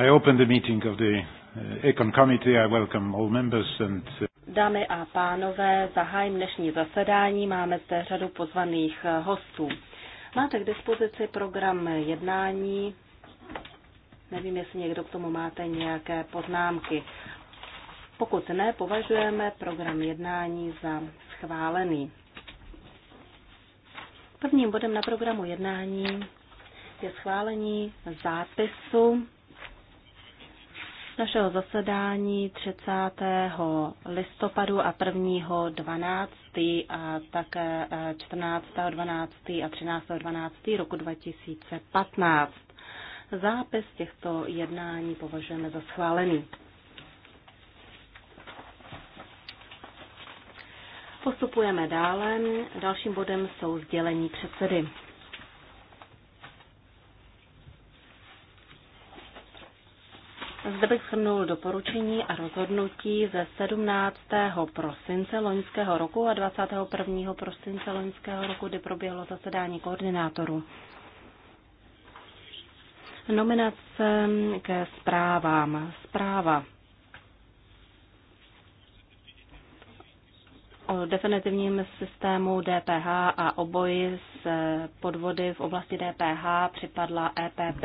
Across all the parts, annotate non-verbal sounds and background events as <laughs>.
I open the meeting of the uh, Econ Committee. I welcome all members and uh, Dámy a pánové, zahájím dnešní zasedání. Máme zde řadu pozvaných uh, hostů. Máte k dispozici program jednání. Nevím, jestli někdo k tomu máte nějaké poznámky. Pokud ne, považujeme program jednání za schválený. Prvním bodem na programu jednání je schválení zápisu našeho zasedání 30. listopadu a 1. 12. a také 14. Eh, 12. a 13. 12. roku 2015. Zápis těchto jednání považujeme za schválený. Postupujeme dále. Dalším bodem jsou sdělení předsedy. Zde bych shrnul doporučení a rozhodnutí ze 17. prosince loňského roku a 21. prosince loňského roku, kdy proběhlo zasedání koordinátorů. Nominace ke zprávám. Zpráva o definitivním systému DPH a oboji s podvody v oblasti DPH připadla EPP.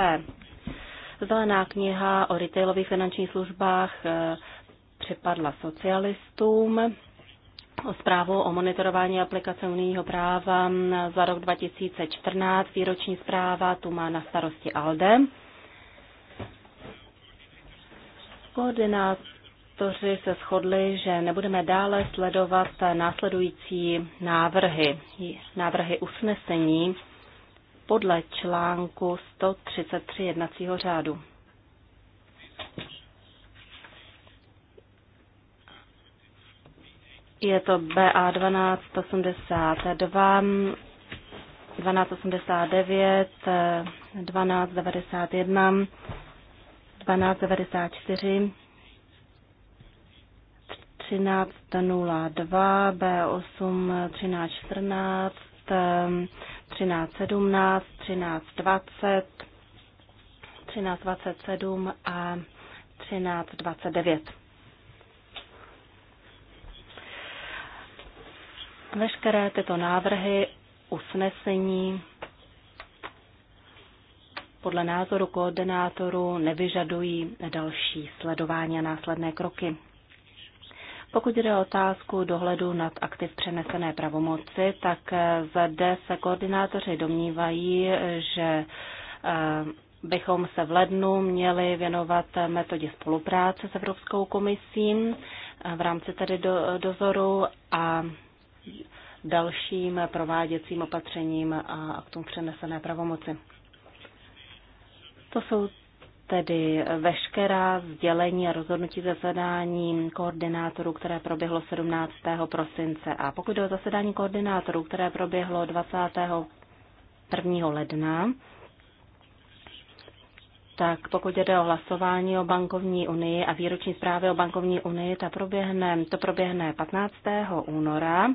Zelená kniha o retailových finančních službách eh, připadla socialistům. O zprávu o monitorování aplikace unijního práva za rok 2014, výroční zpráva, tu má na starosti ALDE. Koordinátoři se shodli, že nebudeme dále sledovat následující návrhy, návrhy usnesení podle článku 133 jednacího řádu. Je to BA 1282, 1289, 1291, 1294, 1302, B8, 1314, 13.17, 13.20, 13.27 a 13.29. Veškeré tyto návrhy usnesení podle názoru koordinátoru nevyžadují další sledování a následné kroky. Pokud jde o otázku dohledu nad aktiv přenesené pravomoci, tak eh, zde se koordinátoři domnívají, že eh, bychom se v lednu měli věnovat metodě spolupráce s Evropskou komisí eh, v rámci tedy do, dozoru a dalším prováděcím opatřením a aktům přenesené pravomoci. To jsou tedy veškerá sdělení a rozhodnutí zasedání koordinátorů, které proběhlo 17. prosince. A pokud jde o zasedání koordinátorů, které proběhlo 21. ledna, tak pokud jde o hlasování o bankovní unii a výroční zprávy o bankovní unii, ta proběhne, to proběhne 15. února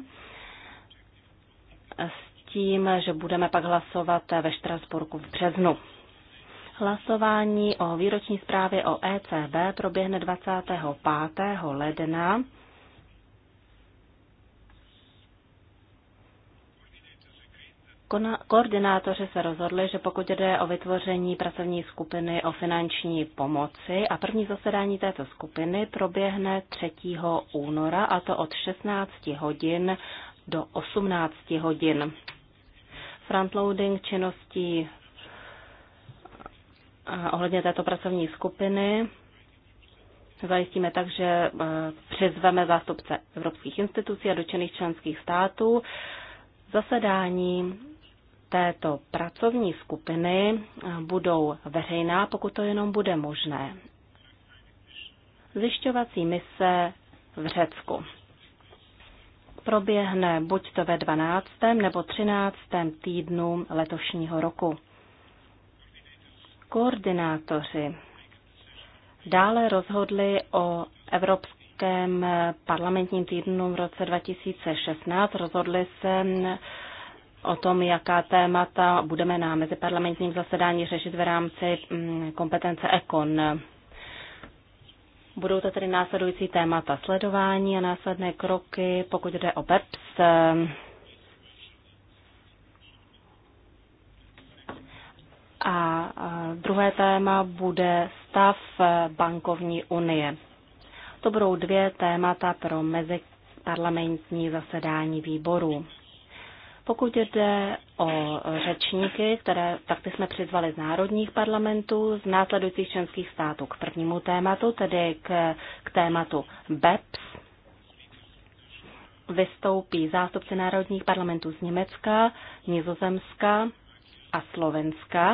s tím, že budeme pak hlasovat ve Štrasburku v březnu. Hlasování o výroční zprávě o ECB proběhne 25. ledna. Koordinátoři se rozhodli, že pokud jde o vytvoření pracovní skupiny o finanční pomoci a první zasedání této skupiny proběhne 3. února a to od 16 hodin do 18 hodin. Frontloading činností ohledně této pracovní skupiny zajistíme tak, že e, přizveme zástupce evropských institucí a dočených členských států. Zasedání této pracovní skupiny e, budou veřejná, pokud to jenom bude možné. Zjišťovací mise v Řecku proběhne buď to ve 12. nebo 13. týdnu letošního roku. Koordinátoři dále rozhodli o Evropském parlamentním týdnu v roce 2016. Rozhodli se o tom, jaká témata budeme na meziparlamentním zasedání řešit v rámci mm, kompetence ECON. Budou to tedy následující témata sledování a následné kroky, pokud jde o BEPS, A druhé téma bude stav bankovní unie. To budou dvě témata pro meziparlamentní zasedání výborů. Pokud jde o řečníky, které, tak ty jsme přizvali z národních parlamentů, z následujících členských států k prvnímu tématu, tedy k, k tématu BEPS. Vystoupí zástupci národních parlamentů z Německa, Nizozemska, a Slovenska.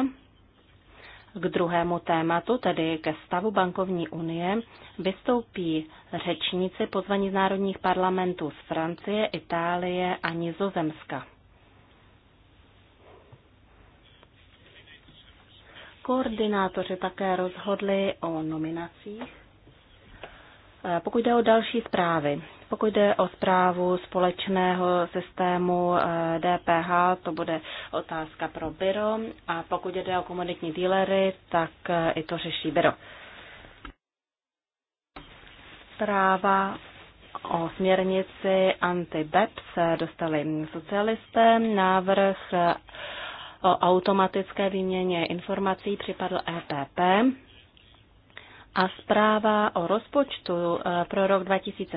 K druhému tématu, tedy ke stavu bankovní unie, vystoupí řečníci pozvaní z národních parlamentů z Francie, Itálie a Nizozemska. Koordinátoři také rozhodli o nominacích. Eh, pokud jde o další zprávy, pokud jde o zprávu společného systému DPH, eh, to bude otázka pro byro. A pokud jde o komunitní dílery, tak eh, i to řeší byro. Zpráva o směrnici anti-BEP se dostali socialisté. Návrh eh, o automatické výměně informací připadl EPP a zpráva o rozpočtu eh, pro rok 2017,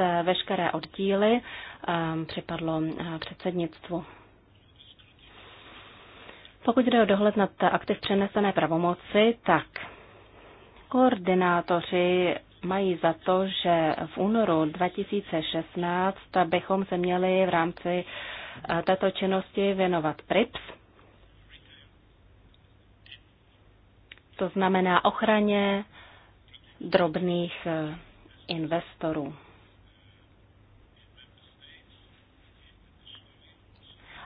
eh, veškeré oddíly, eh, připadlo předsednictvu. Pokud jde o dohled nad aktiv přenesené pravomoci, tak koordinátoři mají za to, že v únoru 2016 bychom se měli v rámci této činnosti věnovat PRIPS, to znamená ochraně drobných eh, investorů.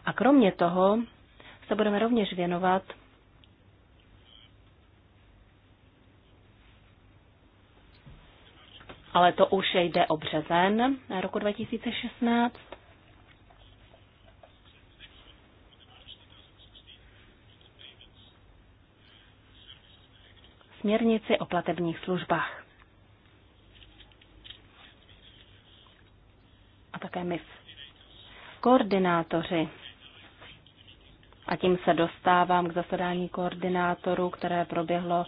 A kromě toho se budeme rovněž věnovat ale to už jde o březen roku 2016. směrnici o platebních službách. A také MIF. Koordinátoři. A tím se dostávám k zasedání koordinátorů, které proběhlo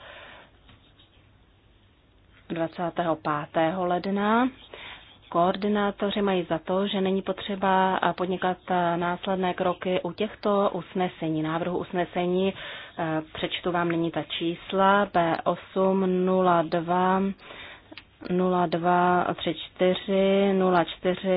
25. ledna koordinátoři mají za to, že není potřeba eh, podnikat eh, následné kroky u těchto usnesení, návrhu usnesení. Eh, přečtu vám nyní ta čísla B802 0526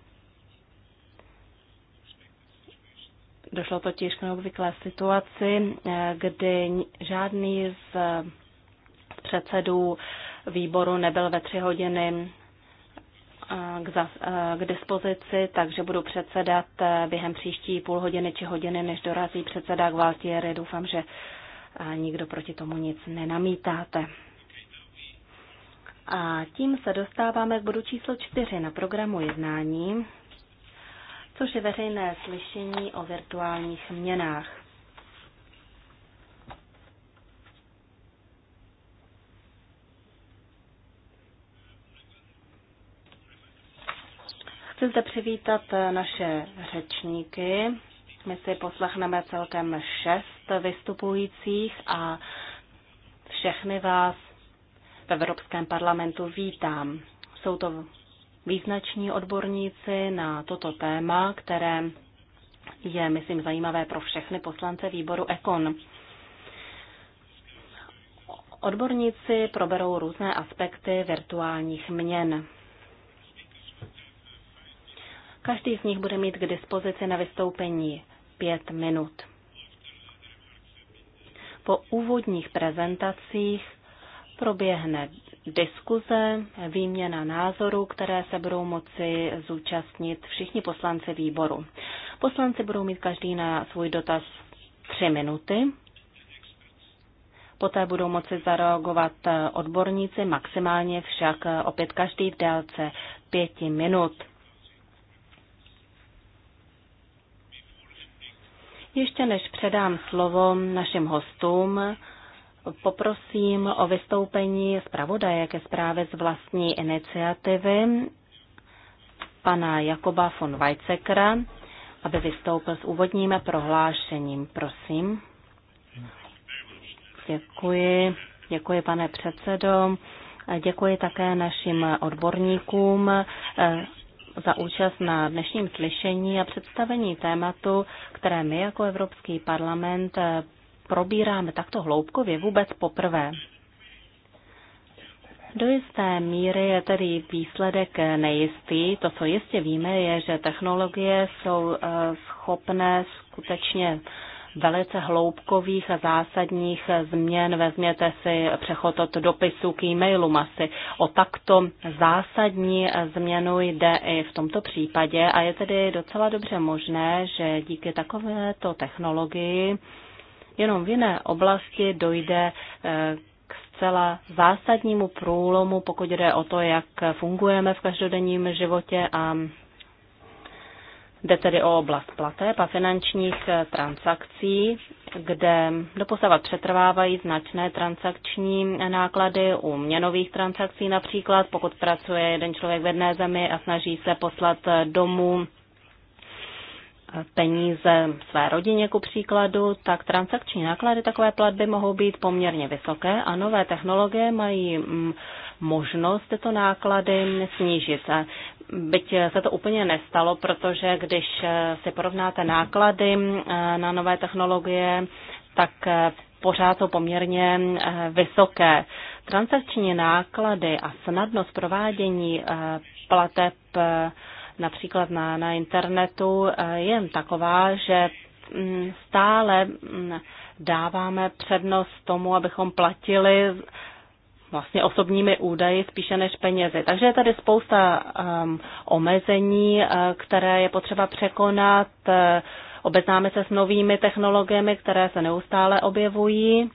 Došlo totiž k neobvyklé situaci, eh, kdy žádný eh, z předsedů výboru nebyl ve tři hodiny eh, k, za, k dispozici, takže budu předsedat během příští půl hodiny či hodiny, než dorazí předseda k Valtieri. Doufám, že nikdo proti tomu nic nenamítáte. A tím se dostáváme k bodu číslo čtyři na programu jednání což je veřejné slyšení o virtuálních měnách. Chci zde přivítat naše řečníky. My si poslechneme celkem šest vystupujících a všechny vás v Evropském parlamentu vítám. Jsou to význační odborníci na toto téma, které je, myslím, zajímavé pro všechny poslance výboru EKON. Odborníci proberou různé aspekty virtuálních měn. Každý z nich bude mít k dispozici na vystoupení pět minut. Po úvodních prezentacích proběhne diskuze, výměna názorů, které se budou moci zúčastnit všichni poslanci výboru. Poslanci budou mít každý na svůj dotaz tři minuty. Poté budou moci zareagovat odborníci, maximálně však opět každý v délce pěti minut. Ještě než předám slovo našim hostům, poprosím o vystoupení zpravodaje ke zprávě z vlastní iniciativy pana Jakoba von Weizsäckera, aby vystoupil s úvodním prohlášením. Prosím. Děkuji. Děkuji, pane předsedo. Děkuji také našim odborníkům eh, za účast na dnešním slyšení a představení tématu, které my jako Evropský parlament eh, probíráme takto hloubkově vůbec poprvé. Do jisté míry je tedy výsledek nejistý. To, co jistě víme, je, že technologie jsou eh, schopné skutečně velice hloubkových a zásadních změn. Vezměte si přechod od dopisu k e-mailům asi. O takto zásadní změnu jde i v tomto případě a je tedy docela dobře možné, že díky takovéto technologii Jenom v jiné oblasti dojde eh, k zcela zásadnímu průlomu, pokud jde o to, jak fungujeme v každodenním životě a Jde tedy o oblast plateb a finančních eh, transakcí, kde doposavat přetrvávají značné transakční náklady u měnových transakcí například, pokud pracuje jeden člověk v jedné zemi a snaží se poslat eh, domů peníze své rodině ku příkladu, tak transakční náklady takové platby mohou být poměrně vysoké a nové technologie mají mm, možnost tyto náklady snížit. Byť se to úplně nestalo, protože když si porovnáte náklady mm, na nové technologie, tak eh, pořád jsou poměrně eh, vysoké. Transakční náklady a snadnost provádění eh, plateb například na, na internetu, eh, je taková, že mm, stále mm, dáváme přednost tomu, abychom platili vlastně osobními údaji spíše než penězi. Takže je tady spousta um, omezení, eh, které je potřeba překonat. Eh, Obeznáme se s novými technologiemi, které se neustále objevují.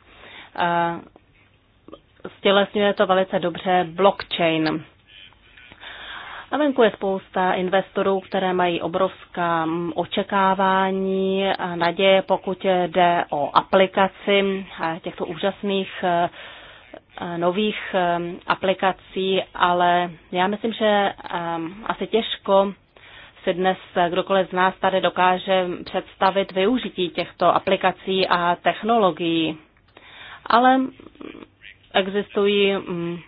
Stělesňuje to velice dobře blockchain. Na venku je spousta investorů, které mají obrovská mm, očekávání a naděje, pokud jde o aplikaci těchto úžasných e, e, nových e, aplikací, ale já myslím, že asi těžko si dnes kdokoliv z nás tady dokáže představit využití těchto aplikací a technologií. Ale existují mm,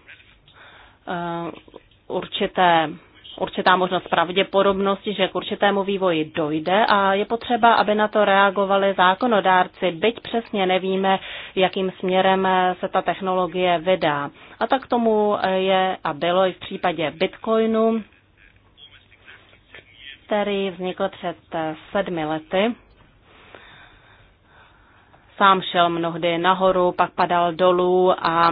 určité určitá možnost pravděpodobnosti, že k určitému vývoji dojde a je potřeba, aby na to reagovali zákonodárci, byť přesně nevíme, jakým směrem se ta technologie vydá. A tak tomu je a bylo i v případě Bitcoinu, který vznikl před sedmi lety. Sám šel mnohdy nahoru, pak padal dolů a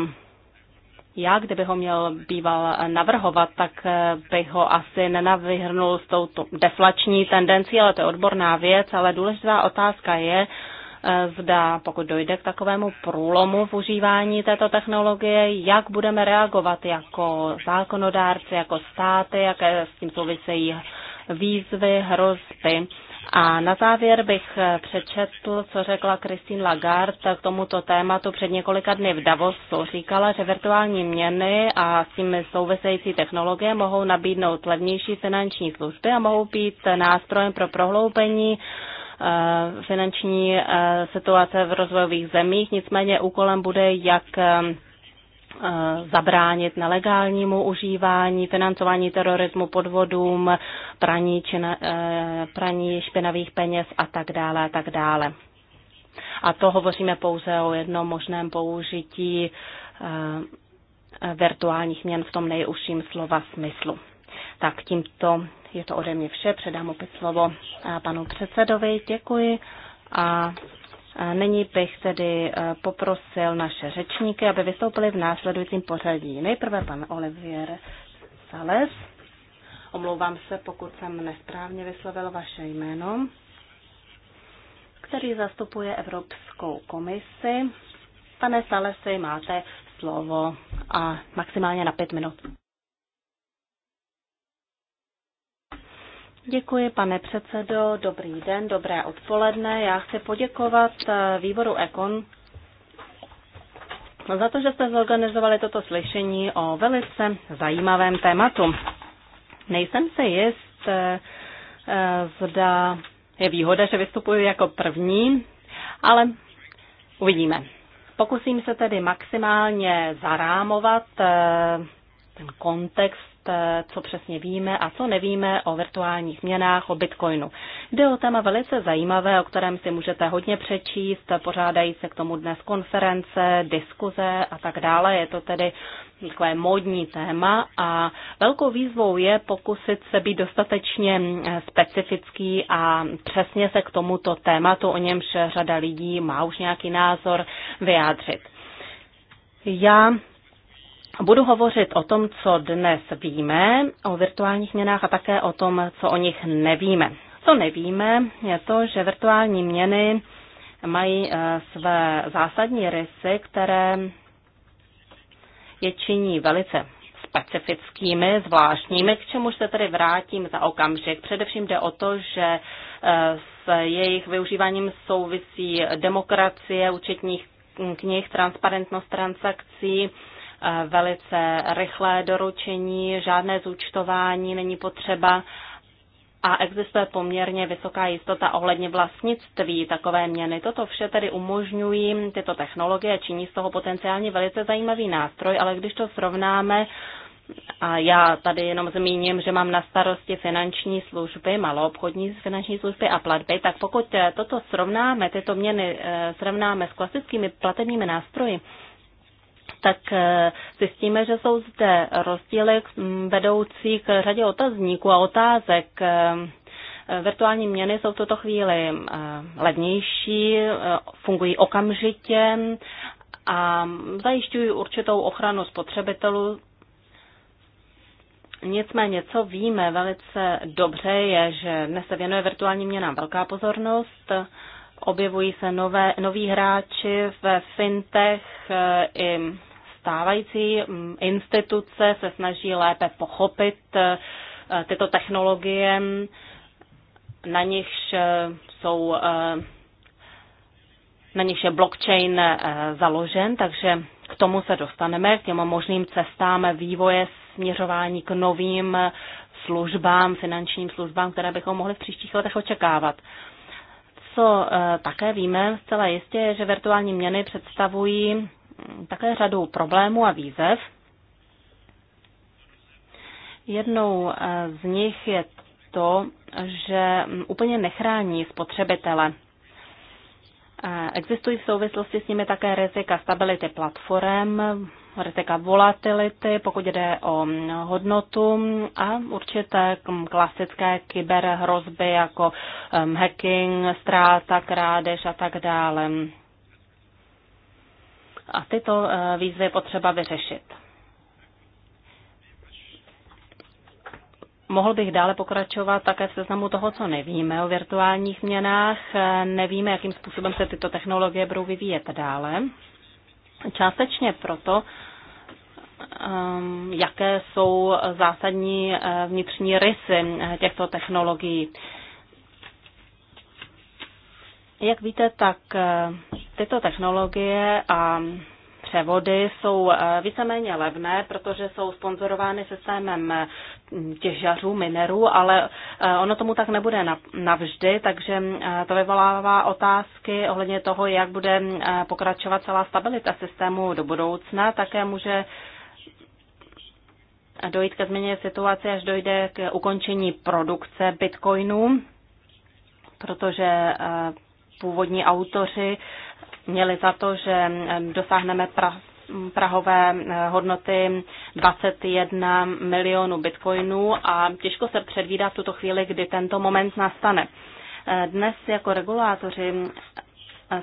já, kdyby ho měl býval navrhovat, tak eh, bych ho asi nenavyhrnul s tou deflační tendencí, ale to je odborná věc. Ale důležitá otázka je, eh, zda pokud dojde k takovému průlomu v užívání této technologie, jak budeme reagovat jako zákonodárci, jako státy, jaké s tím souvisejí výzvy, hrozby. A na závěr bych přečetl, co řekla Christine Lagarde k tomuto tématu před několika dny v Davosu. Říkala, že virtuální měny a s tím související technologie mohou nabídnout levnější finanční služby a mohou být nástrojem pro prohloubení eh, finanční eh, situace v rozvojových zemích. Nicméně úkolem bude, jak eh, Eh, zabránit nelegálnímu užívání, financování terorismu, podvodům, praní, čina, eh, praní špinavých peněz a tak dále a tak dále. A to hovoříme pouze o jednom možném použití eh, virtuálních měn v tom nejužším slova smyslu. Tak tímto je to ode mě vše. Předám opět slovo panu předsedovi. Děkuji a Nyní bych tedy e, poprosil naše řečníky, aby vystoupili v následujícím pořadí. Nejprve pan Olivier Sales. Omlouvám se, pokud jsem nesprávně vyslovil vaše jméno, který zastupuje Evropskou komisi. Pane Salesi, máte slovo a maximálně na pět minut. Děkuji, pane předsedo. Dobrý den, dobré odpoledne. Já chci poděkovat eh, výboru EKON za to, že jste zorganizovali toto slyšení o velice zajímavém tématu. Nejsem si jist, eh, eh, zda je výhoda, že vystupuji jako první, ale uvidíme. Pokusím se tedy maximálně zarámovat ten kontext Eh, co přesně víme a co nevíme o virtuálních měnách, o bitcoinu. Jde o téma velice zajímavé, o kterém si můžete hodně přečíst, pořádají se k tomu dnes konference, diskuze a tak dále. Je to tedy takové módní téma a velkou výzvou je pokusit se být dostatečně eh, specifický a přesně se k tomuto tématu, o němž řada lidí má už nějaký názor, vyjádřit. Já Budu hovořit o tom, co dnes víme o virtuálních měnách a také o tom, co o nich nevíme. Co nevíme, je to, že virtuální měny mají eh, své zásadní rysy, které je činí velice specifickými, zvláštními, k čemuž se tedy vrátím za okamžik. Především jde o to, že eh, s jejich využíváním souvisí demokracie, účetních knih, transparentnost transakcí, Eh, velice rychlé doručení, žádné zúčtování není potřeba a existuje poměrně vysoká jistota ohledně vlastnictví takové měny. Toto vše tedy umožňují tyto technologie, činí z toho potenciálně velice zajímavý nástroj, ale když to srovnáme, a já tady jenom zmíním, že mám na starosti finanční služby, maloobchodní finanční služby a platby, tak pokud toto srovnáme, tyto měny eh, srovnáme s klasickými platebními nástroji, tak eh, zjistíme, že jsou zde rozdíly vedoucí k řadě otazníků a otázek. Eh, virtuální měny jsou v tuto chvíli eh, levnější, fungují okamžitě a zajišťují určitou ochranu spotřebitelů. Nicméně, co víme velice dobře, je, že dnes se věnuje virtuální měnám velká pozornost. Objevují se nové, noví hráči ve fintech i stávající mm, instituce se snaží lépe pochopit eh, tyto technologie, na nichž eh, jsou eh, na nichž je blockchain založen, takže k tomu se dostaneme, k těm možným cestám vývoje směřování k novým službám, finančním službám, které bychom mohli v příštích letech očekávat. Co také víme zcela jistě, je, že virtuální měny představují také řadu problémů a výzev. Jednou eh, z nich je to, že mm, úplně nechrání spotřebitele. Eh, existují v souvislosti s nimi také rizika stability platform, rizika volatility, pokud jde o mm, hodnotu a určité mm, klasické kyberhrozby jako hacking, ztráta, krádež a tak dále. A tyto eh, výzvy je potřeba vyřešit. Mohl bych dále pokračovat také v seznamu toho, co nevíme o virtuálních měnách. Eh, nevíme, jakým způsobem se tyto technologie budou vyvíjet dále. Částečně proto, ehm, jaké jsou zásadní eh, vnitřní rysy těchto technologií. Jak víte, tak eh, tyto technologie a převody jsou eh, víceméně levné, protože jsou sponzorovány systémem hm, těžařů, minerů, ale eh, ono tomu tak nebude navždy, takže to vyvolává otázky ohledně toho, jak bude hm, pokračovat celá stabilita systému do budoucna. Také může dojít ke změně situace, až dojde k ukončení produkce bitcoinů, protože původní autoři měli za to, že eh, dosáhneme pra, prahové eh, hodnoty 21 milionů bitcoinů a těžko se předvídá v tuto chvíli, kdy tento moment nastane. Eh, dnes jako regulátoři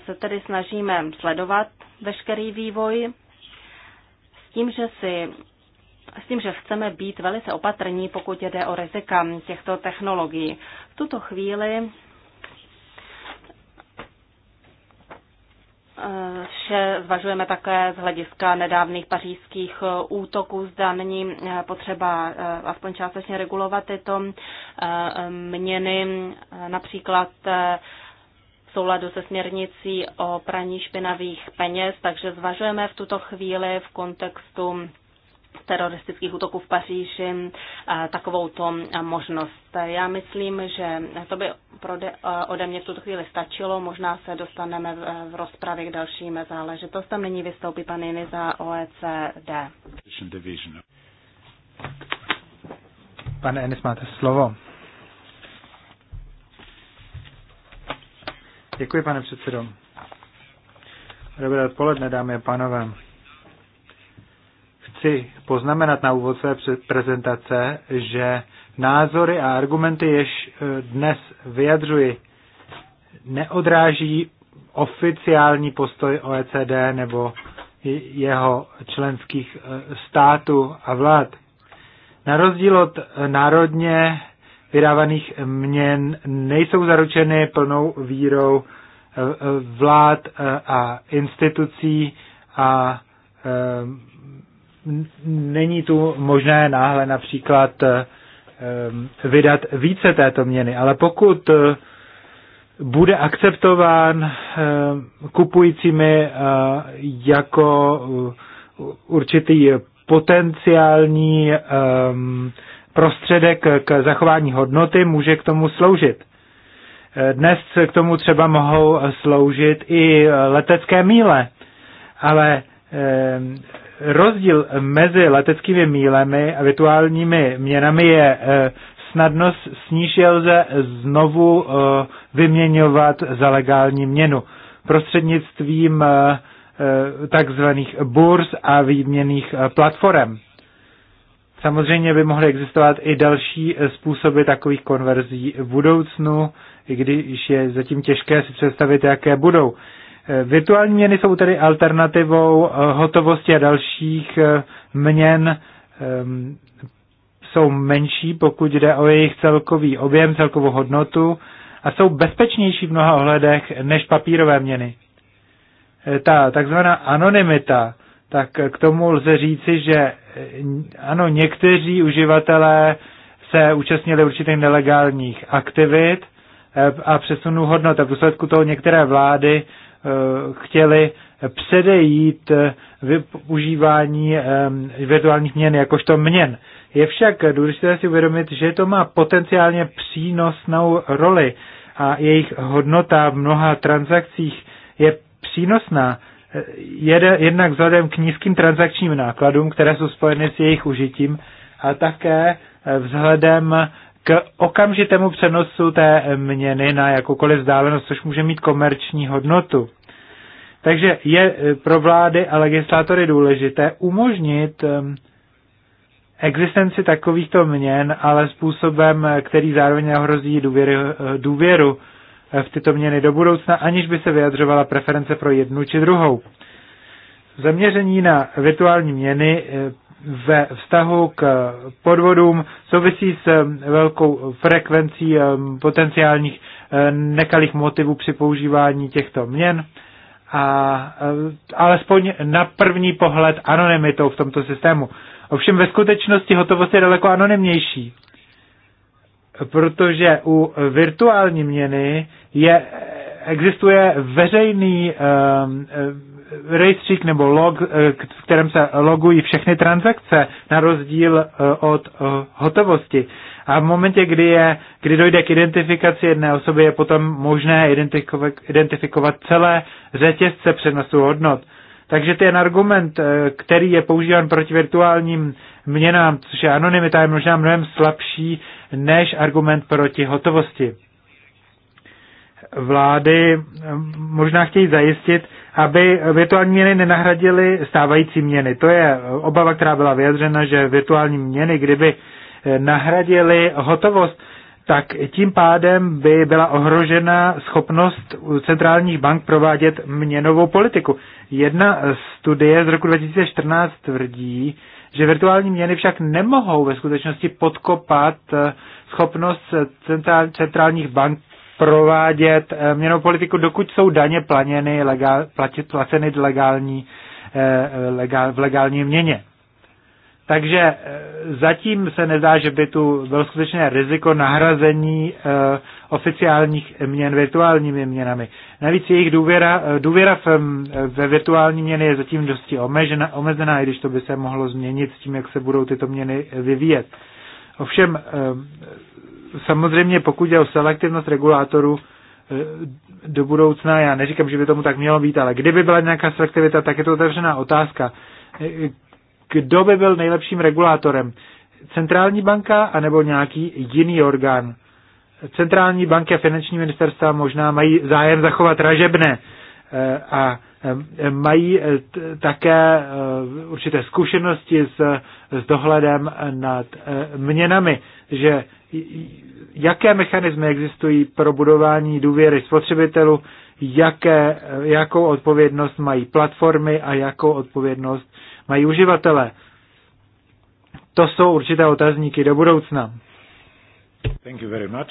se tedy snažíme sledovat veškerý vývoj s tím, že si s tím, že chceme být velice opatrní, pokud jde o rizika těchto technologií. V tuto chvíli vše zvažujeme také z hlediska nedávných pařížských eh, útoků. Zda není eh, potřeba eh, aspoň částečně regulovat tyto měny, například souladu se směrnicí o praní špinavých peněz, takže zvažujeme v tuto chvíli v kontextu teroristických útoků v Paříži takovou to možnost. Já myslím, že to by ode mě v tuto chvíli stačilo. Možná se dostaneme v rozpravě k dalším záležitostem. Nyní vystoupí pan Iny za OECD. Pane Enes, máte slovo. Děkuji, pane předsedo. Dobré odpoledne, dámy a pánové chci poznamenat na úvod své prezentace, že názory a argumenty, jež eh, dnes vyjadřuji, neodráží oficiální postoj OECD nebo jeho členských eh, států a vlád. Na rozdíl od eh, národně vydávaných měn nejsou zaručeny plnou vírou vlád a institucí a není tu možné náhle například eh, vydat více této měny, ale pokud eh, bude akceptován eh, kupujícími jako určitý potenciální prostředek k zachování hodnoty, může k tomu sloužit. Dnes k tomu třeba mohou sloužit i letecké míle, ale rozdíl mezi leteckými mílemi a virtuálními měnami je eh, snadnost, s níž je lze znovu eh, vyměňovat za legální měnu prostřednictvím eh, takzvaných burz a výměných platform. Samozřejmě by mohly existovat i další způsoby takových konverzí v budoucnu, i když je zatím těžké si představit, jaké budou. Eh, virtuální měny jsou tedy alternativou eh, hotovosti a dalších eh, měn ehm, jsou menší, pokud jde o jejich celkový objem, celkovou hodnotu a jsou bezpečnější v mnoha ohledech než papírové měny. Ta takzvaná anonymita, tak k tomu lze říci, že ano, někteří uživatelé se účastnili určitých nelegálních aktivit a přesunu hodnot. A v důsledku toho některé vlády Eh, chtěli předejít eh, využívání eh, virtuálních měn jakožto měn. Je však důležité si uvědomit, že to má potenciálně přínosnou roli a jejich hodnota v mnoha transakcích je přínosná jednak vzhledem k nízkým transakčním nákladům, které jsou spojeny s jejich užitím, a také vzhledem k okamžitému přenosu té měny na jakoukoliv vzdálenost, což může mít komerční hodnotu. Takže je e, pro vlády a legislátory důležité umožnit e, existenci takovýchto měn, ale způsobem, e, který zároveň ohrozí důvěru, důvěru v tyto měny do budoucna, aniž by se vyjadřovala preference pro jednu či druhou. Zaměření na virtuální měny ve vztahu k podvodům souvisí s eh, velkou frekvencí eh, potenciálních eh, nekalých motivů při používání těchto měn a alespoň na první pohled anonymitou v tomto systému. Ovšem ve skutečnosti hotovost je daleko anonymnější, protože u virtuální měny je, existuje veřejný um, rejstřík nebo log, eh, v kterém se logují všechny transakce, na rozdíl eh, od eh, hotovosti. A v momentě, kdy, je, kdy dojde k identifikaci jedné osoby, je potom možné identifikovat, identifikovat celé řetězce přenosu hodnot. Takže ten argument, který je používán proti virtuálním měnám, což je anonymita, je možná mnohem slabší než argument proti hotovosti. Vlády možná chtějí zajistit, aby virtuální měny nenahradily stávající měny. To je obava, která byla vyjadřena, že virtuální měny, kdyby eh, nahradily hotovost, tak tím pádem by byla ohrožena schopnost centrálních bank provádět měnovou politiku. Jedna studie z roku 2014 tvrdí, že virtuální měny však nemohou ve skutečnosti podkopat eh, schopnost centrálních bank provádět eh, měnou politiku, dokud jsou daně planěny, legál, placeny legální, eh, legál, v legální měně. Takže eh, zatím se nezdá, že by tu bylo skutečné riziko nahrazení oficiálních měn virtuálními měnami. Navíc jejich důvěra, důvěra v, ve virtuální měny je zatím dosti omezená, omezená, i když to by se mohlo změnit s tím, jak se budou tyto měny vyvíjet. Ovšem samozřejmě pokud je o selektivnost regulátorů eh, do budoucna, já neříkám, že by tomu tak mělo být, ale kdyby byla nějaká selektivita, tak je to otevřená otázka. Eh, kdo by byl nejlepším regulátorem? Centrální banka anebo nějaký jiný orgán? Centrální banky a finanční ministerstva možná mají zájem zachovat ražebné eh, a mají také určité zkušenosti s s dohledem nad eh, měnami, že jaké mechanismy existují pro budování důvěry spotřebitelů, jaké, eh, jakou odpovědnost mají platformy a jakou odpovědnost mají uživatelé. To jsou určité otázníky do budoucna. Thank you very much.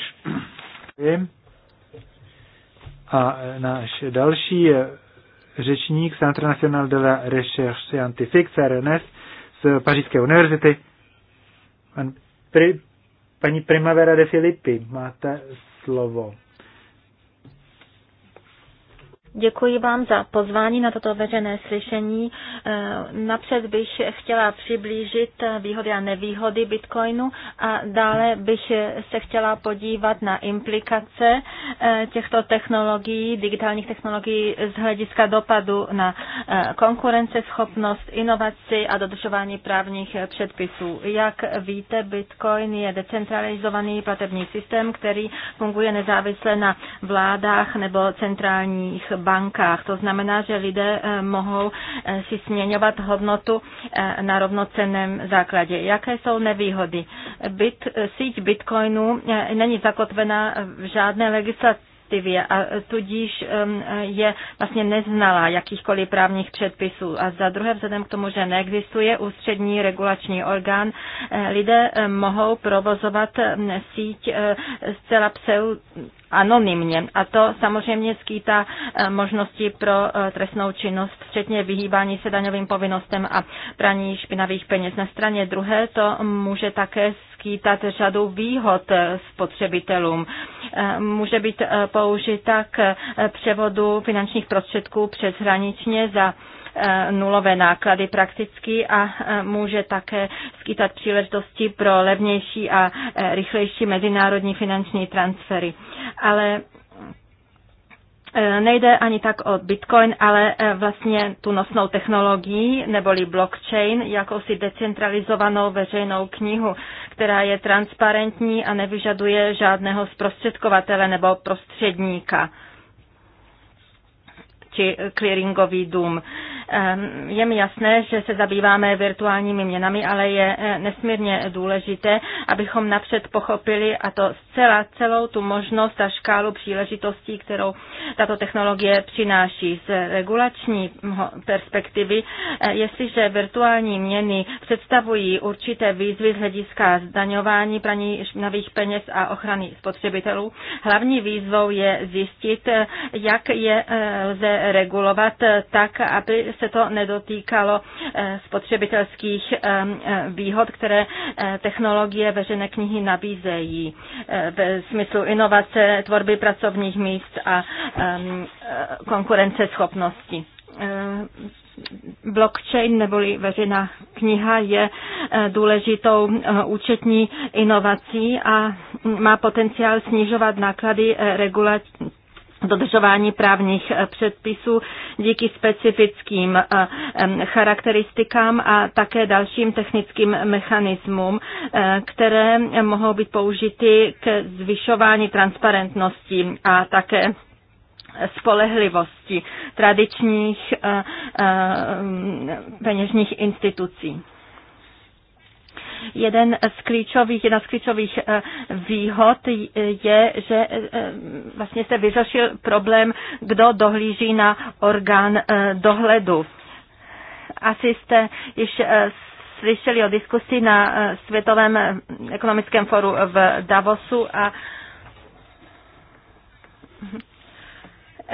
A eh, náš další řečník Centre National de la Recherche Scientifique, CRNS, z Pařížské univerzity. Pan pri, paní Primavera de Filippi, máte slovo. Děkuji vám za pozvání na toto veřejné slyšení. Eh, napřed bych chtěla přiblížit eh, výhody a nevýhody Bitcoinu a dále bych eh, se chtěla podívat na implikace těchto technologií, digitálních technologií z hlediska dopadu na konkurenceschopnost, inovaci a dodržování právních předpisů. Jak víte, Bitcoin je decentralizovaný platební systém, který funguje nezávisle na vládách nebo centrálních bankách. To znamená, že lidé eh, mohou eh, si směňovat hodnotu eh, na rovnocenném základě. Jaké jsou nevýhody? Bit, síť bitcoinu není zakotvená v žádné legislativě legislativě a tudíž je vlastně neznala jakýchkoliv právních předpisů. A za druhé, vzhledem k tomu, že neexistuje ústřední regulační orgán, eh, lidé eh, mohou provozovat síť eh, zcela pseu anonymně. A to samozřejmě skýtá možnosti pro trestnou činnost, včetně vyhýbání se daňovým povinnostem a praní špinavých peněz. Na straně druhé to může také skýtat řadu výhod spotřebitelům. Může být eh, použita k eh, převodu finančních prostředků přeshraničně za eh, nulové náklady prakticky a může také skýtat příležitosti pro levnější a rychlejší mezinárodní finanční transfery. Ale E, nejde ani tak o Bitcoin, ale e, vlastně tu nosnou technologii neboli blockchain, jakousi decentralizovanou veřejnou knihu, která je transparentní a nevyžaduje žádného zprostředkovatele nebo prostředníka či clearingový dům. Ehm, je mi jasné, že se zabýváme virtuálními měnami, ale je eh, nesmírně důležité, abychom napřed pochopili a to zcela celou tu možnost a škálu příležitostí, kterou tato technologie přináší z regulační perspektivy. Eh, jestliže virtuální měny představují určité výzvy z hlediska zdaňování praní nových peněz a ochrany spotřebitelů, hlavní výzvou je zjistit, eh, jak je lze regulovat tak, aby se to nedotýkalo eh, spotřebitelských eh, eh, výhod, které technologie veřejné knihy nabízejí ve smyslu inovace, tvorby pracovních míst a ehm, konkurenceschopnosti blockchain neboli veřejná kniha je důležitou účetní inovací a má potenciál snižovat náklady regulační dodržování právních eh, předpisů díky specifickým eh, charakteristikám a také dalším technickým mechanismům, eh, které mohou být použity k zvyšování transparentnosti a také spolehlivosti tradičních peněžních institucí. Jeden z klíčových, jedna z klíčových eh, výhod je, že eh, vlastně se vyřešil problém, kdo dohlíží na orgán eh, dohledu. Asi jste již slyšeli o diskusi na Světovém ekonomickém foru v Davosu a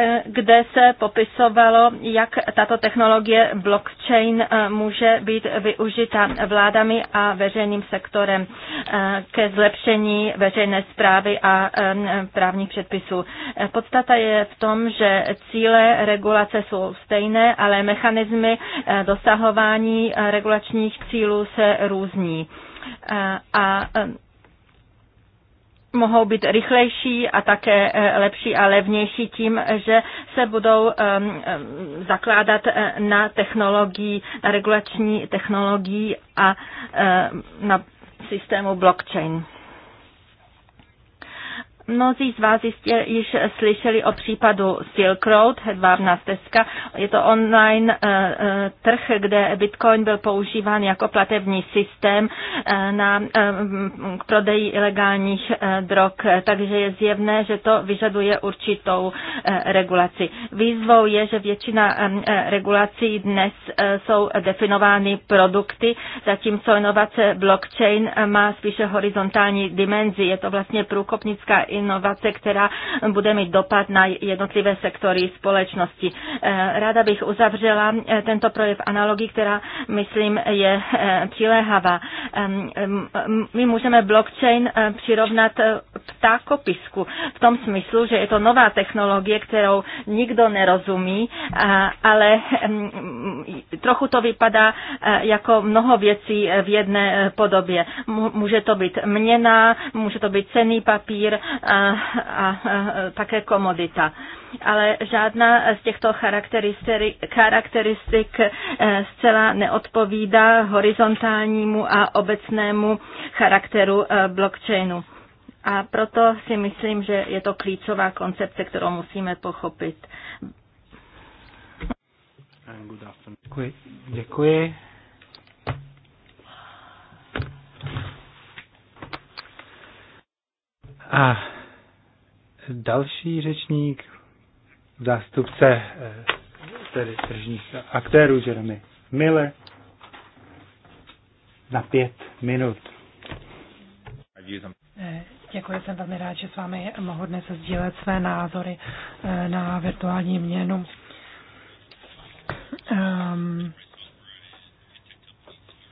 Eh, kde se popisovalo, jak tato technologie blockchain eh, může být využita vládami a veřejným sektorem eh, ke zlepšení veřejné zprávy a právních předpisů. Podstata je v tom, že cíle regulace jsou stejné, ale mechanismy dosahování regulačních cílů se různí. A mohou být rychlejší a také eh, lepší a levnější tím, že se budou eh, eh, zakládat na technologii, na regulační technologii a na systému blockchain. Mnozí z vás jistě již slyšeli o případu Silk Road, hedvábná stezka. Je to online eh, eh, trh, kde Bitcoin byl používán jako platební systém eh, na, k prodeji ilegálních drog, takže je zjevné, že to vyžaduje určitou regulaci. Výzvou je, že většina regulací dnes jsou definovány produkty, zatímco inovace blockchain má spíše horizontální dimenzi. Je to vlastně průkopnická inovace, která bude mít dopad na jednotlivé sektory společnosti. Eh, ráda bych uzavřela eh, tento projev analogii, která, myslím, je eh, přiléhavá. Ehm, ehm, my můžeme blockchain přirovnat ptákopisku v tom smyslu, že je to nová technologie, kterou nikdo nerozumí, ale ehm, trochu to vypadá jako mnoho věcí v jedné podobě. Může to být měna, může to být cený papír, a, a, a také komodita. Ale žádná z těchto charakteristik, eh, zcela neodpovídá horizontálnímu a obecnému charakteru eh, blockchainu. A proto si myslím, že je to klíčová koncepce, kterou musíme pochopit. Děkuji. Děkuji. A Další řečník, zástupce eh, tedy tržních aktérů Jeremy Miller na pět minut. Eh, děkuji, jsem velmi rád, že s vámi mohu dnes sdílet své názory eh, na virtuální měnu. Um,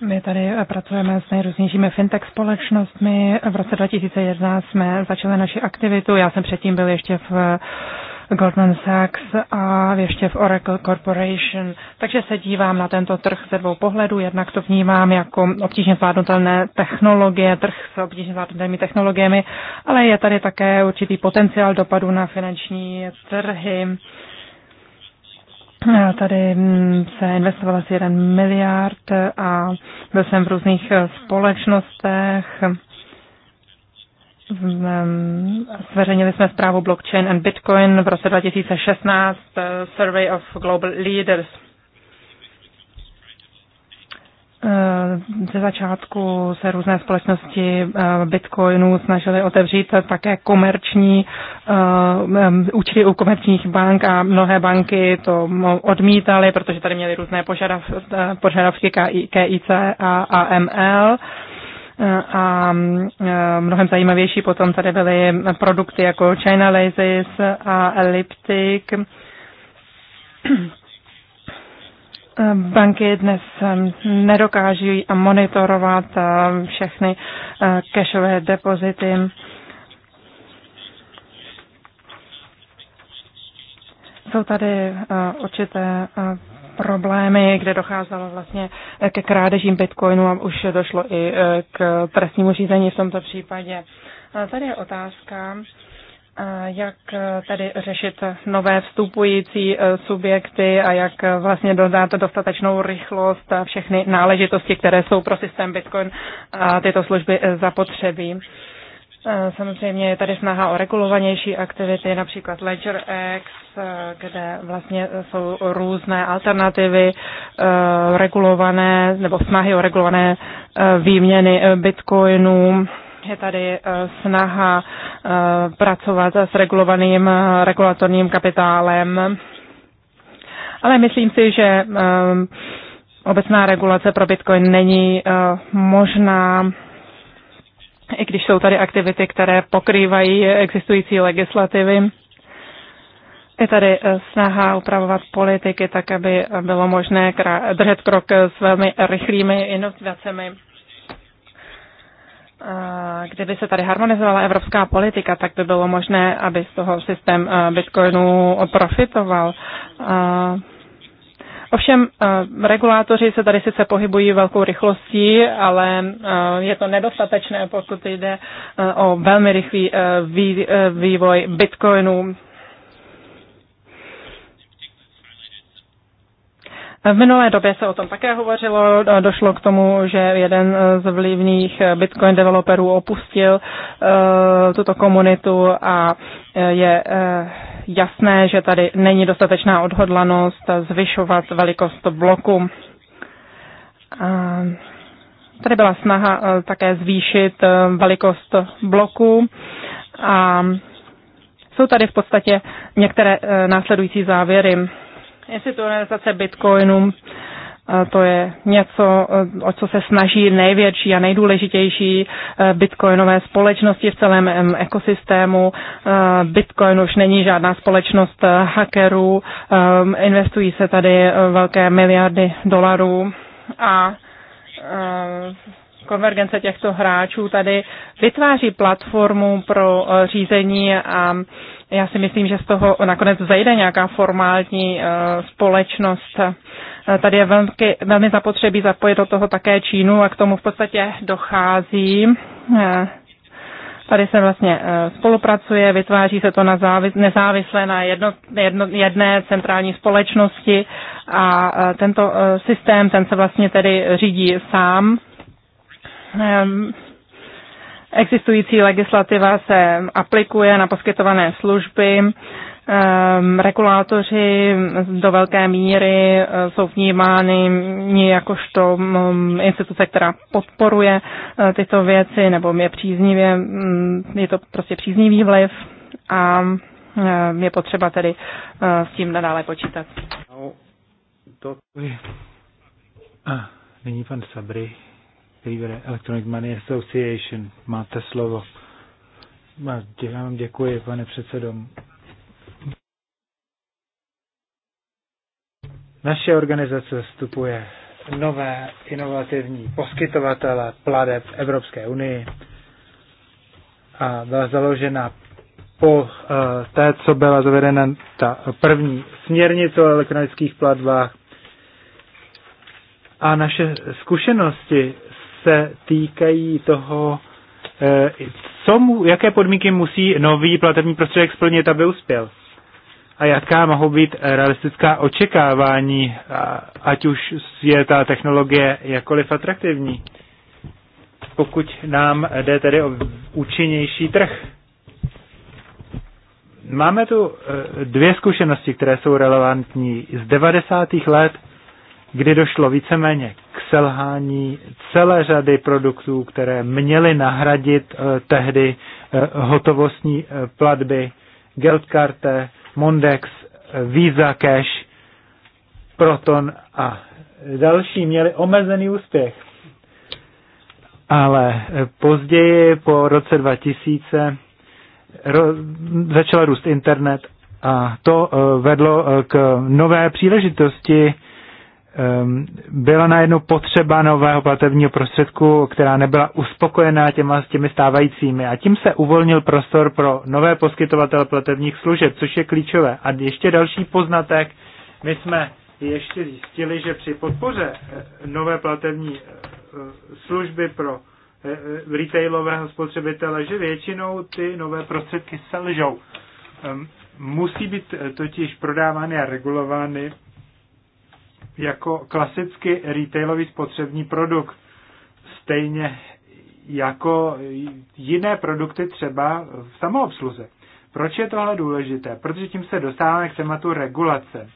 my tady eh, pracujeme s nejrůznějšími fintech společnostmi. V roce 2011 jsme začali naši aktivitu. Já jsem předtím byl ještě v eh, Goldman Sachs a ještě v Oracle Corporation. Takže se dívám na tento trh ze dvou pohledů. Jednak to vnímám jako obtížně zvládnutelné technologie, trh s obtížně zvládnutelnými technologiemi, ale je tady také určitý potenciál dopadu na finanční trhy. Tady mm, se investovalo asi 1 miliard a byl jsem v různých eh, společnostech. Mm, zveřejnili jsme zprávu Blockchain and Bitcoin v roce 2016, eh, Survey of Global Leaders. Eh, ze začátku se různé společnosti eh, Bitcoinu snažily otevřít také komerční eh, účty u komerčních bank a mnohé banky to odmítaly, protože tady měly různé požadavky KIC a AML a mnohem zajímavější potom tady byly produkty jako China Laces a Elliptic Banky dnes nedokáží monitorovat eh, všechny eh, cashové depozity. Jsou tady eh, určité problémy, kde docházelo vlastně ke krádežím bitcoinu a už došlo i k trestnímu řízení v tomto případě. Tady je otázka, jak e, tady řešit nové vstupující e, subjekty a jak e, vlastně dodat dostatečnou rychlost a všechny náležitosti, které jsou pro systém Bitcoin a tyto služby zapotřebí. Samozřejmě je tady snaha o regulovanější aktivity, například Ledger X, kde vlastně jsou různé alternativy regulované nebo snahy o regulované výměny bitcoinů je tady eh, snaha eh, pracovat s regulovaným eh, regulatorním kapitálem, ale myslím si, že obecná regulace pro Bitcoin není možná, i když jsou tady aktivity, které pokrývají existující legislativy. Je tady snaha upravovat politiky tak, aby bylo možné držet krok s velmi rychlými inovacemi. Eh, kdyby se tady harmonizovala evropská politika, tak by bylo možné, aby z toho systém eh, bitcoinu profitoval. Eh, ovšem, regulátoři se tady sice pohybují velkou rychlostí, ale je to nedostatečné, pokud jde o velmi rychlý vývoj bitcoinu. V minulé době se o tom také hovořilo, došlo k tomu, že jeden z vlivných bitcoin developerů opustil eh, tuto komunitu a eh, je eh, jasné, že tady není dostatečná odhodlanost zvyšovat velikost bloku. Tady byla snaha také zvýšit velikost bloku a jsou tady v podstatě některé následující závěry institucionalizace bitcoinu, eh, to je něco, eh, o co se snaží největší a nejdůležitější eh, bitcoinové společnosti v celém ekosystému. Bitcoin už není žádná společnost hackerů, investují se tady velké miliardy dolarů a konvergence těchto hráčů tady vytváří platformu pro řízení a já si myslím, že z toho nakonec zajde nějaká formální eh, společnost. Eh, tady je velmi, velmi zapotřebí zapojit do toho také Čínu a k tomu v podstatě dochází. Eh, tady se vlastně spolupracuje, vytváří se to na závis, nezávisle na jedno, jedno, jedné centrální společnosti a tento systém, ten se vlastně tedy řídí sám. Ehm, Existující legislativa se aplikuje na poskytované služby, ehm, regulátoři do velké míry eh, jsou vnímány jakožto mm, instituce, která podporuje eh, tyto věci nebo je příznivě, mm, je to prostě příznivý vliv a eh, je potřeba tedy s tím nadále počítat. No, to... A, nyní pan Sabry který vede Electronic Money Association. Máte slovo. Já vám děkuji, pane předsedo. Naše organizace vstupuje nové inovativní poskytovatele pladeb v Evropské unii a byla založena po eh, té, co byla zavedena ta první směrnice o elektronických platbách. A naše zkušenosti se týkají toho, eh, co mu, jaké podmínky musí nový platební prostředek splnit, aby uspěl. A jaká mohou být realistická očekávání, ať už je ta technologie jakkoliv atraktivní, pokud nám jde tedy o účinnější trh. Máme tu eh, dvě zkušenosti, které jsou relevantní z 90. let kdy došlo víceméně k selhání celé řady produktů, které měly nahradit eh, tehdy eh, hotovostní eh, platby Geldkarte, Mondex, Visa Cash, Proton a další měli omezený úspěch. Ale později, po roce 2000, ro- začal růst internet a to vedlo k nové příležitosti Ehm, byla najednou potřeba nového platebního prostředku, která nebyla uspokojená těma, s těmi stávajícími. A tím se uvolnil prostor pro nové poskytovatele platebních služeb, což je klíčové. A ještě další poznatek, my jsme ještě zjistili, že při podpoře eh, nové platební eh, služby pro eh, retailového spotřebitele, že většinou ty nové prostředky selžou. Ehm, musí být totiž prodávány a regulovány jako klasicky retailový spotřební produkt. Stejně jako jiné produkty třeba v samoobsluze. Proč je tohle důležité? Protože tím se dostáváme k tématu regulace.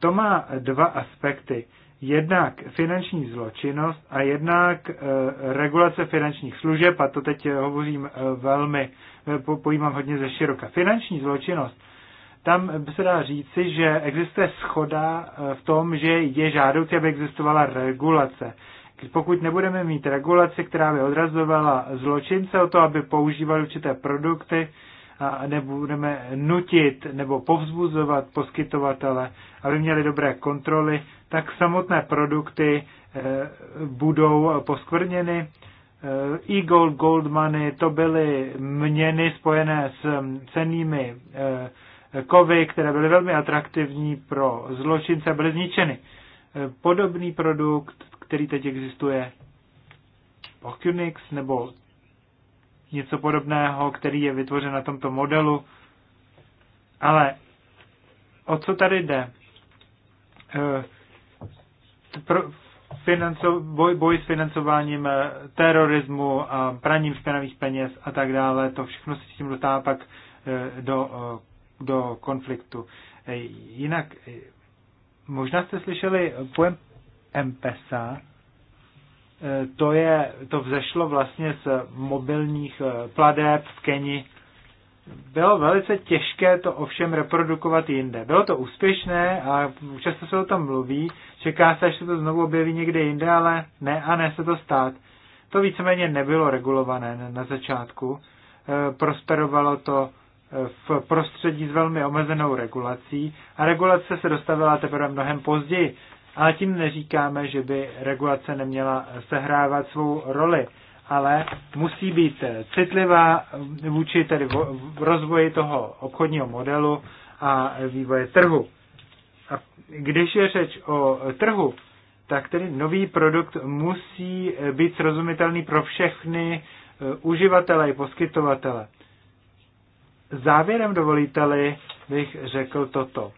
To má dva aspekty. Jednak finanční zločinnost a jednak e, regulace finančních služeb, a to teď hovořím e, velmi, e, pojímám hodně ze široka. Finanční zločinnost tam by se dá říci, že existuje schoda eh, v tom, že je žádoucí, aby existovala regulace. Pokud nebudeme mít regulaci, která by odrazovala zločince o to, aby používali určité produkty, a nebudeme nutit nebo povzbuzovat poskytovatele, aby měli dobré kontroly, tak samotné produkty eh, budou poskvrněny. Eh, e-gold, gold money, to byly měny spojené s mm, cenými kovy, které byly velmi atraktivní pro zločince, byly zničeny. Podobný produkt, který teď existuje, Oculix nebo něco podobného, který je vytvořen na tomto modelu. Ale o co tady jde? Eh, pro boj, boj s financováním eh, terorismu a praním špinavých peněz a tak dále, to všechno se s tím dostává pak eh, do do konfliktu. E, jinak, e, možná jste slyšeli pojem MPSA, e, to, je, to vzešlo vlastně z mobilních pladeb v Keni. Bylo velice těžké to ovšem reprodukovat jinde. Bylo to úspěšné a často se o tom mluví. Čeká se, až se to znovu objeví někde jinde, ale ne a ne se to stát. To víceméně nebylo regulované na začátku. Prosperovalo to v prostředí s velmi omezenou regulací a regulace se dostavila teprve mnohem později. Ale tím neříkáme, že by regulace neměla sehrávat svou roli, ale musí být citlivá vůči tedy v rozvoji toho obchodního modelu a vývoje trhu. A když je řeč o trhu, tak tedy nový produkt musí být srozumitelný pro všechny uživatele i poskytovatele. Závěrem dovolíte-li, bych řekl toto.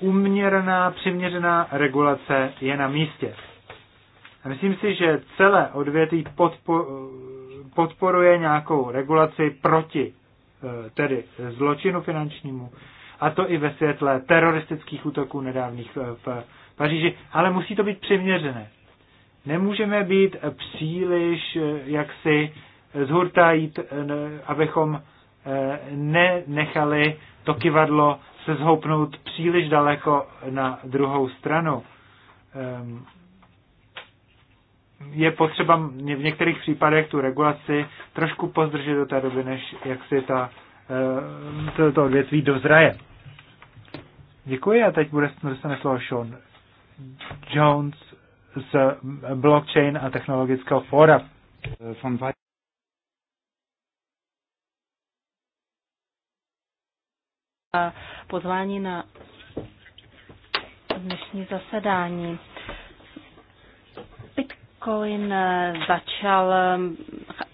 Uměrná, přiměřená regulace je na místě. A myslím si, že celé odvětví podpo, podporuje nějakou regulaci proti e, tedy zločinu finančnímu, a to i ve světle teroristických útoků nedávných e, v Paříži, ale musí to být přiměřené. Nemůžeme být příliš e, jaksi zhurta abychom nenechali to kivadlo se zhoupnout příliš daleko na druhou stranu. Ehm, je potřeba v některých případech tu regulaci trošku pozdržet do té doby, než jak si ta, ehm, to, to odvětví dozraje. Děkuji a teď bude dostane slovo Sean Jones z Blockchain a technologického fóra. pozvání na dnešní zasedání. Bitcoin začal,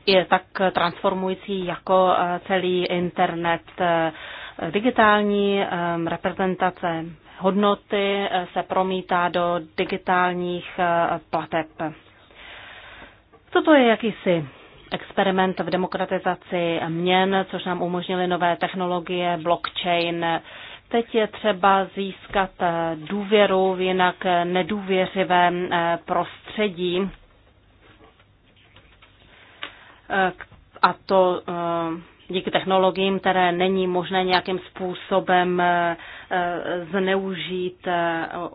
je tak transformující jako celý internet. Digitální reprezentace hodnoty se promítá do digitálních eh, plateb. to je jakýsi experiment v demokratizaci měn, což nám umožnily nové technologie, blockchain. Teď je třeba získat důvěru v jinak nedůvěřivém eh, prostředí, eh, a to eh, díky technologiím, které není možné nějakým způsobem zneužít,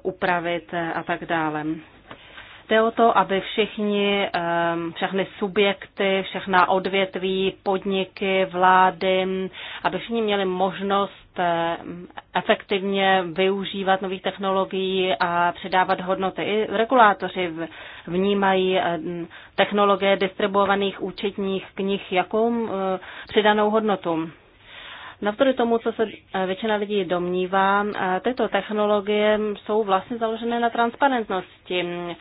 upravit a tak dále. Jde o to, aby všichni, ehm, všechny subjekty, všechna odvětví, podniky, vlády, aby všichni měli možnost ehm, efektivně využívat nových technologií a předávat hodnoty. I regulátoři vnímají ehm, technologie distribuovaných účetních knih jakou přidanou hodnotu. Navzdory tomu, co se eh, většina lidí domnívá, eh, tyto technologie jsou vlastně založené na transparentnosti. Eh,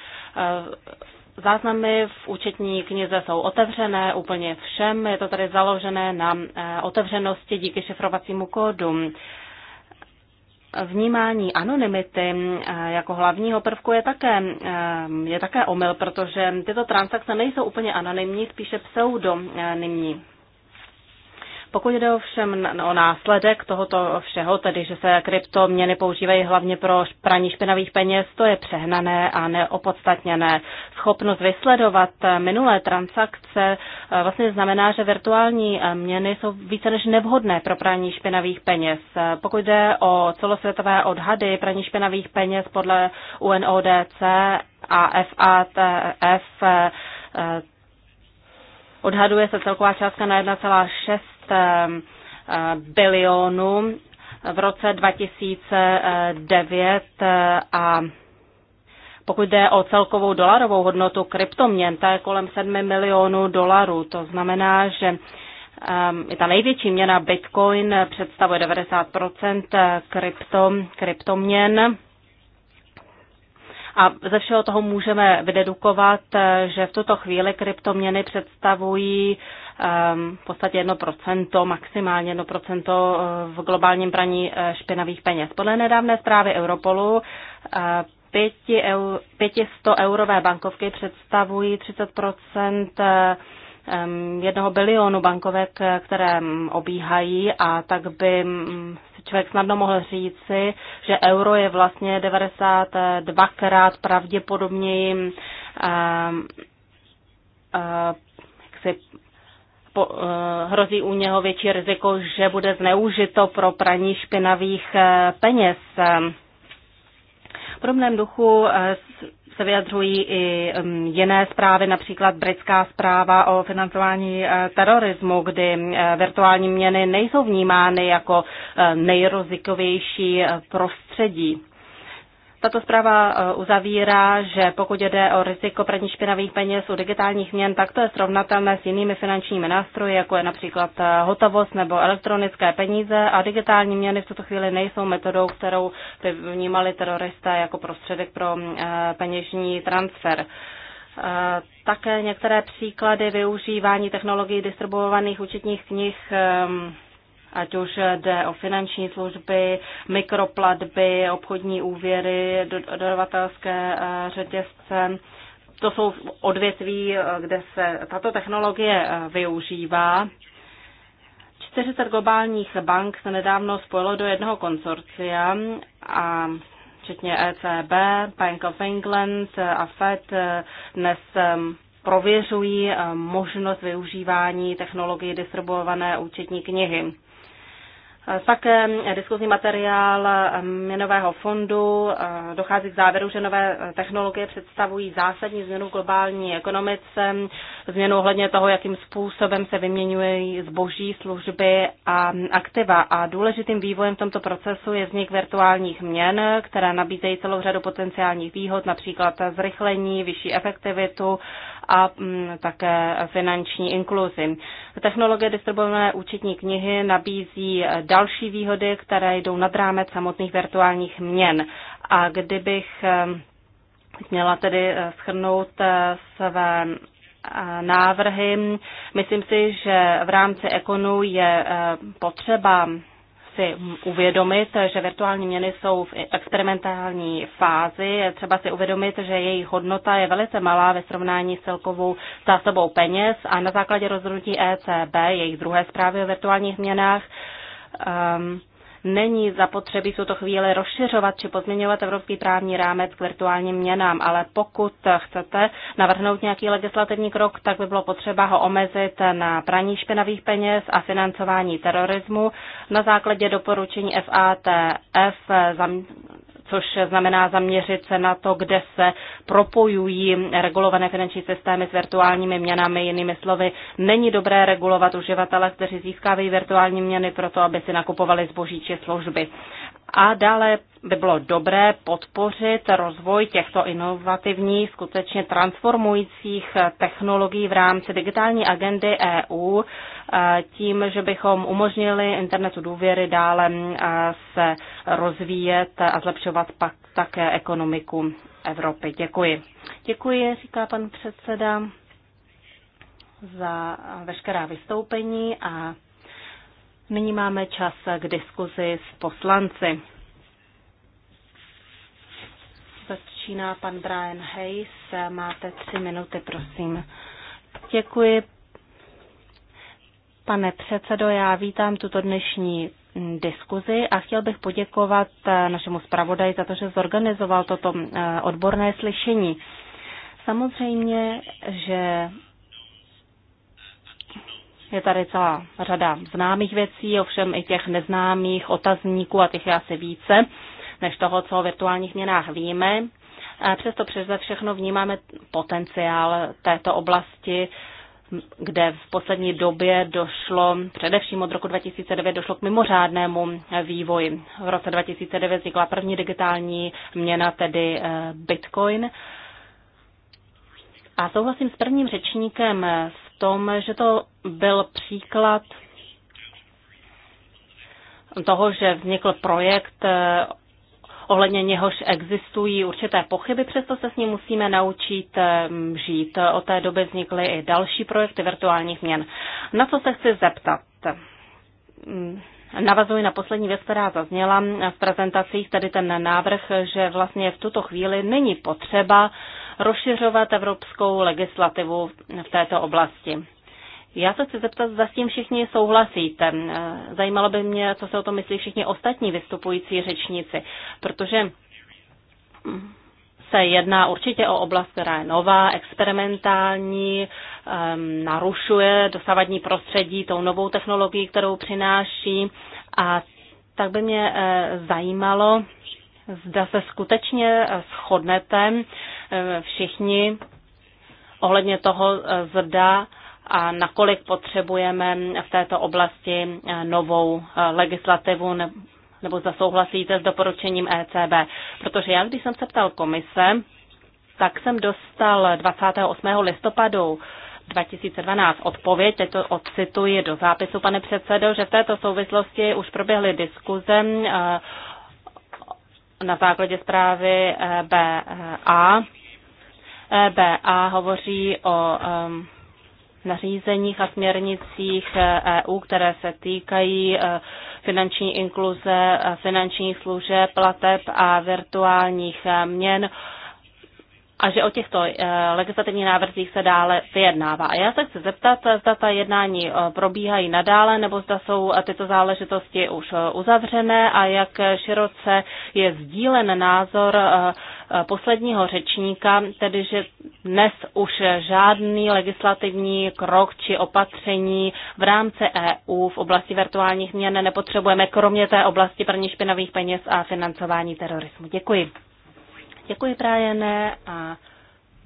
záznamy v účetní knize jsou otevřené úplně všem, je to tady založené na otevřenosti díky šifrovacímu kódu. Vnímání anonymity jako hlavního prvku je také, je také omyl, protože tyto transakce nejsou úplně anonymní, spíše pseudonymní. Pokud jde ovšem o následek tohoto všeho, tedy že se kryptoměny používají hlavně pro praní špinavých peněz, to je přehnané a neopodstatněné. Schopnost vysledovat minulé transakce eh, vlastně znamená, že virtuální eh, měny jsou více než nevhodné pro praní špinavých peněz. Eh, pokud jde o celosvětové odhady praní špinavých peněz podle UNODC a FATF, Odhaduje se celková částka na 1,6 Eh, bilionů v roce 2009 a pokud jde o celkovou dolarovou hodnotu kryptoměn, ta je kolem 7 milionů dolarů. To znamená, že eh, ta největší měna Bitcoin představuje 90 eh, krypto, kryptoměn a ze všeho toho můžeme vydedukovat, eh, že v tuto chvíli kryptoměny představují ehm, v podstatě 1%, maximálně 1% eh, v globálním praní eh, špinavých peněz. Podle nedávné zprávy Europolu 500 eurové bankovky představují 30 jednoho bilionu bankovek, které obíhají a tak by mm, si člověk snadno mohl říci, že euro je vlastně 92krát pravděpodobněji eh, jaksi eh, hrozí u něho větší riziko, že bude zneužito pro praní špinavých eh, peněz. V podobném duchu se vyjadřují i jiné zprávy, například britská zpráva o financování eh, terorismu, kdy eh, virtuální měny nejsou vnímány jako eh, nejrozikovější prostředí. Tato zpráva eh, uzavírá, že pokud jde o riziko praní špinavých peněz u digitálních měn, tak to je srovnatelné s jinými finančními nástroji, jako je například eh, hotovost nebo elektronické peníze a digitální měny v tuto chvíli nejsou metodou, kterou by vnímali teroristé jako prostředek pro mm, eh, peněžní transfer. Také některé příklady využívání technologií distribuovaných účetních knih ehm, ať už jde o finanční služby, mikroplatby, obchodní úvěry, dodavatelské eh, řetězce. To jsou odvětví, eh, kde se tato technologie eh, využívá. 40 globálních bank se nedávno spojilo do jednoho konsorcia a včetně ECB, Bank of England a Fed dnes prověřují možnost využívání technologií distribuované účetní knihy. Také diskuzní materiál měnového fondu dochází k závěru, že nové technologie představují zásadní změnu v globální ekonomice, změnu ohledně toho, jakým způsobem se vyměňují zboží, služby a aktiva. A důležitým vývojem v tomto procesu je vznik virtuálních měn, které nabízejí celou řadu potenciálních výhod, například zrychlení, vyšší efektivitu, a mm, také finanční inkluzi. Technologie distribuované účetní knihy nabízí eh, další výhody, které jdou nad rámec samotných virtuálních měn. A kdybych eh, měla tedy eh, schrnout své návrhy. Myslím si, že v rámci ekonu je potřeba si uvědomit, že virtuální měny jsou v experimentální fázi. třeba si uvědomit, že jejich hodnota je velice malá ve srovnání s celkovou zásobou peněz a na základě rozhodnutí ECB, jejich druhé zprávy o virtuálních měnách, um, není zapotřebí v tuto chvíli rozšiřovat či pozměňovat evropský právní rámec k virtuálním měnám, ale pokud chcete navrhnout nějaký legislativní krok, tak by bylo potřeba ho omezit na praní špinavých peněz a financování terorismu na základě doporučení FATF což znamená zaměřit se na to, kde se propojují regulované finanční systémy s virtuálními měnami. Jinými slovy, není dobré regulovat uživatele, kteří získávají virtuální měny proto, aby si nakupovali zboží či služby. A dále by bylo dobré podpořit rozvoj těchto inovativních, skutečně transformujících technologií v rámci digitální agendy EU eh, tím, že bychom umožnili internetu důvěry dále eh, se rozvíjet a zlepšovat pak také ekonomiku Evropy. Děkuji. Děkuji, říká pan předseda, za veškerá vystoupení a Nyní máme čas k diskuzi s poslanci. Začíná pan Brian Hayes. Máte tři minuty, prosím. Děkuji, pane předsedo. Já vítám tuto dnešní diskuzi a chtěl bych poděkovat eh, našemu zpravodaji za to, že zorganizoval toto eh, odborné slyšení. Samozřejmě, že je tady celá řada známých věcí, ovšem i těch neznámých otazníků a těch je asi více, než toho, co o virtuálních měnách víme. Přesto přeze všechno vnímáme potenciál této oblasti, kde v poslední době došlo, především od roku 2009, došlo k mimořádnému vývoji. V roce 2009 vznikla první digitální měna, tedy eh, Bitcoin. A souhlasím s prvním řečníkem tom, že to byl příklad toho, že vznikl projekt, eh, ohledně něhož existují určité pochyby, přesto se s ním musíme naučit eh, žít. Od té doby vznikly i další projekty virtuálních měn. Na co se chci zeptat? Hmm navazuji na poslední věc, která zazněla v prezentacích, tady ten návrh, že vlastně v tuto chvíli není potřeba rozšiřovat evropskou legislativu v této oblasti. Já se chci zeptat, zda s tím všichni souhlasíte. Zajímalo by mě, co se o tom myslí všichni ostatní vystupující řečníci, protože se jedná určitě o oblast, která je nová, experimentální, narušuje dosavadní prostředí tou novou technologií, kterou přináší. A tak by mě eh, zajímalo, zda se skutečně eh, shodnete eh, všichni ohledně toho, zda a nakolik potřebujeme v této oblasti novou legislativu nebo zda souhlasíte s doporučením ECB. Protože já, když jsem se ptal komise, tak jsem dostal 28. listopadu 2012 odpověď, teď to odcituji do zápisu, pane předsedo, že v této souvislosti už proběhly diskuze eh, na základě zprávy eh, BA. Eh, BA hovoří o nařízeních a směrnicích EU, eh, e které se týkají eh, finanční inkluze, eh, finančních služeb, plateb a virtuálních měn a že o těchto eh, legislativních návrzích se dále vyjednává. A já se chci zeptat, zda ta jednání eh, probíhají nadále, nebo zda jsou eh, tyto záležitosti už uzavřené a jak široce je sdílen názor posledního řečníka, tedy že dnes už žádný legislativní krok či opatření v rámci EU v oblasti virtuálních měn nepotřebujeme, kromě té oblasti praní špinavých peněz a financování terorismu. Děkuji. Děkuji, Brianne, a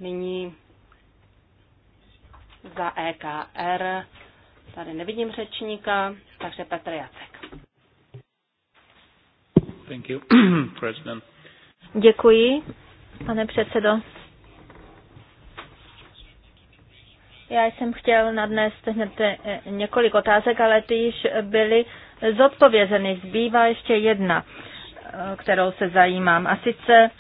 nyní za EKR. Tady nevidím řečníka, takže Petr Jacek. Thank you, <clears throat> President. Děkuji, pane předsedo. Já jsem chtěl nadnést hned eh, několik otázek, ale ty již byly zodpovězeny. Zbývá ještě jedna, eh, kterou se zajímám. A sice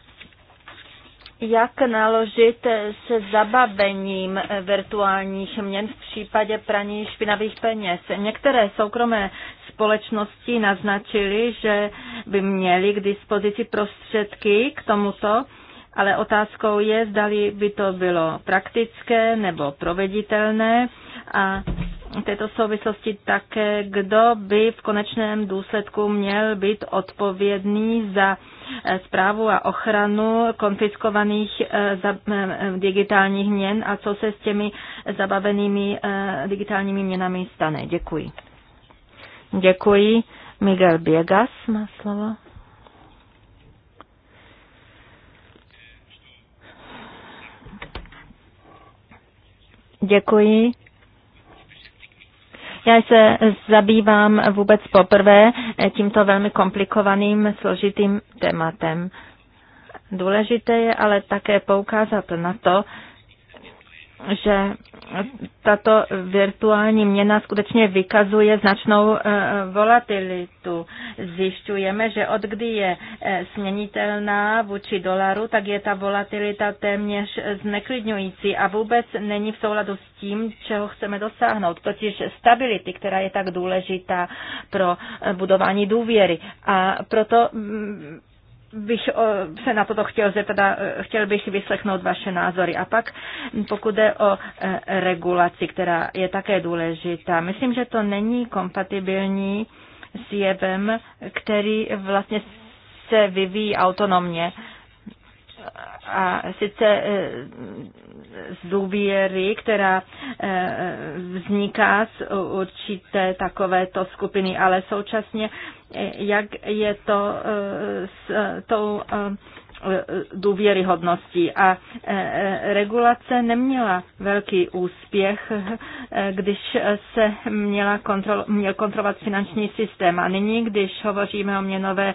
jak naložit se zabavením virtuálních měn v případě praní špinavých peněz. Některé soukromé společnosti naznačily, že by měly k dispozici prostředky k tomuto, ale otázkou je, zdali by to bylo praktické nebo proveditelné a této souvislosti také, kdo by v konečném důsledku měl být odpovědný za zprávu eh, a ochranu konfiskovaných eh, eh, digitálních měn a co se s těmi zabavenými digitálními měnami stane. Děkuji. Děkuji. Miguel Biegas má slovo. Děkuji. Já se zabývám vůbec poprvé tímto velmi komplikovaným, složitým tématem. Důležité je ale také poukázat na to, že tato virtuální měna skutečně vykazuje značnou eh, volatilitu. Zjišťujeme, že od kdy je eh, směnitelná vůči dolaru, tak je ta volatilita téměř zneklidňující a vůbec není v souladu s tím, čeho chceme dosáhnout, totiž stability, která je tak důležitá pro eh, budování důvěry. A proto mm, bych eh, se na toto chtěl zeptat a eh, chtěl bych vyslechnout vaše názory. A pak pokud jde o eh, regulaci, která je také důležitá, myslím, že to není kompatibilní s jevem, který vlastně se vyvíjí autonomně a sice eh, z důvěry, která eh, vzniká z určité takovéto skupiny, ale současně eh, jak je to s tou Eh, důvěryhodnosti. A eh, eh, regulace neměla velký úspěch, když se měla kontrol, měl kontrolovat finanční systém. A nyní, když hovoříme o měnové,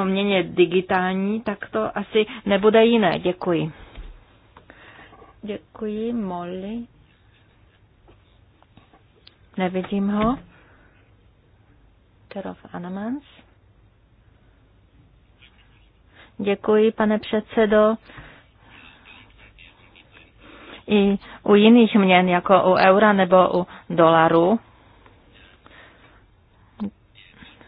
o měně digitální, tak to asi nebude jiné. Děkuji. Děkuji, Molly. Nevidím ho. Kerov Anamans. Děkuji, pane předsedo. I u jiných měn, jako u eura nebo u dolaru,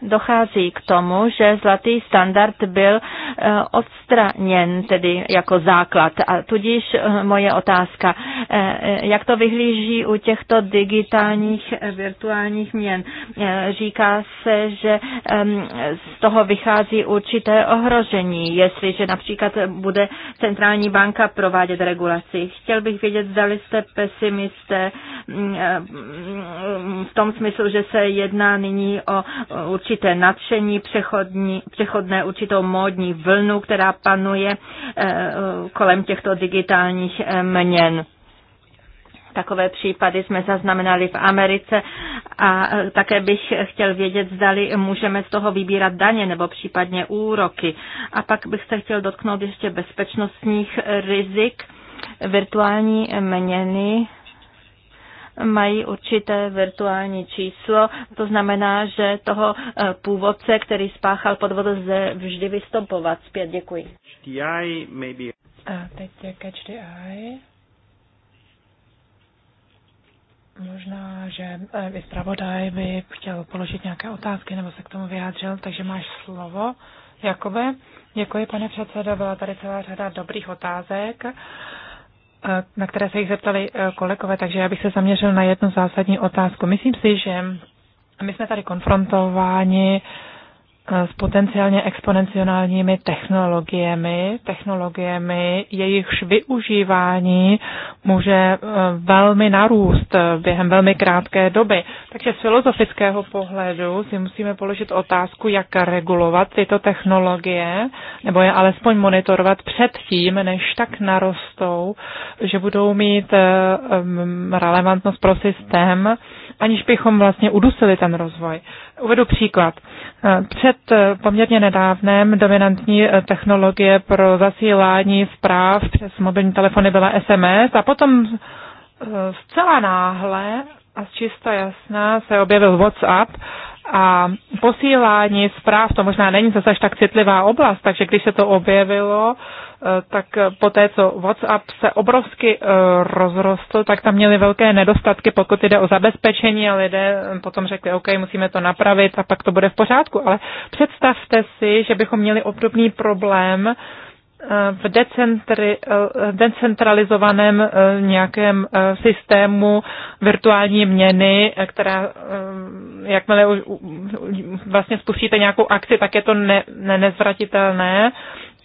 dochází k tomu, že zlatý standard byl eh, odstraněn tedy jako základ. A tudíž eh, moje otázka, eh, jak to vyhlíží u těchto digitálních virtuálních měn? Říká se, že ehm, z toho vychází určité ohrožení, jestliže například bude centrální banka provádět regulaci. Chtěl bych vědět, zda jste pesimisté mm, mm, v tom smyslu, že se jedná nyní o určité určité nadšení, přechodní, přechodné určitou módní vlnu, která panuje eh, kolem těchto digitálních eh, měn. Takové případy jsme zaznamenali v Americe a eh, také bych chtěl vědět, zdali můžeme z toho vybírat daně nebo případně úroky. A pak bych se chtěl dotknout ještě bezpečnostních rizik. Virtuální měny mají určité virtuální číslo, to znamená, že toho eh, původce, který spáchal podvod, lze vždy vystupovat zpět. Děkuji. maybe. A teď je catch the eye. Možná, že eh, i zpravodaj by chtěl položit nějaké otázky nebo se k tomu vyjádřil, takže máš slovo. Jakobe, děkuji pane předsedo, byla tady celá řada dobrých otázek na které se jich zeptali eh, kolegové, takže já bych se zaměřil na jednu zásadní otázku. Myslím si, že my jsme tady konfrontováni uh, s potenciálně exponenciálními technologiemi, technologiemi, jejichž využívání může e, velmi narůst během velmi krátké doby. Takže z filozofického pohledu si musíme položit otázku, jak regulovat tyto technologie, nebo je alespoň monitorovat před tím, než tak narostou, že budou mít e, relevantnost pro systém, aniž bychom vlastně udusili ten rozvoj. Uvedu příklad. Eh, před eh, poměrně nedávnem dominantní eh, technologie pro zasílání zpráv přes mobilní telefony byla SMS a potom zcela náhle a z čista jasná se objevil WhatsApp a posílání zpráv, to možná není zase až tak citlivá oblast, takže když se to objevilo, eh, tak po té, co WhatsApp se obrovsky eh, rozrostl, tak tam měli velké nedostatky, pokud jde o zabezpečení a lidé potom řekli, OK, musíme to napravit a pak to bude v pořádku. Ale představte si, že bychom měli obdobný problém v eh, decentralizovaném eh, nějakém eh, systému virtuální měny, která jakmile vlastně spustíte nějakou akci, tak je to ne, ne, nezvratitelné.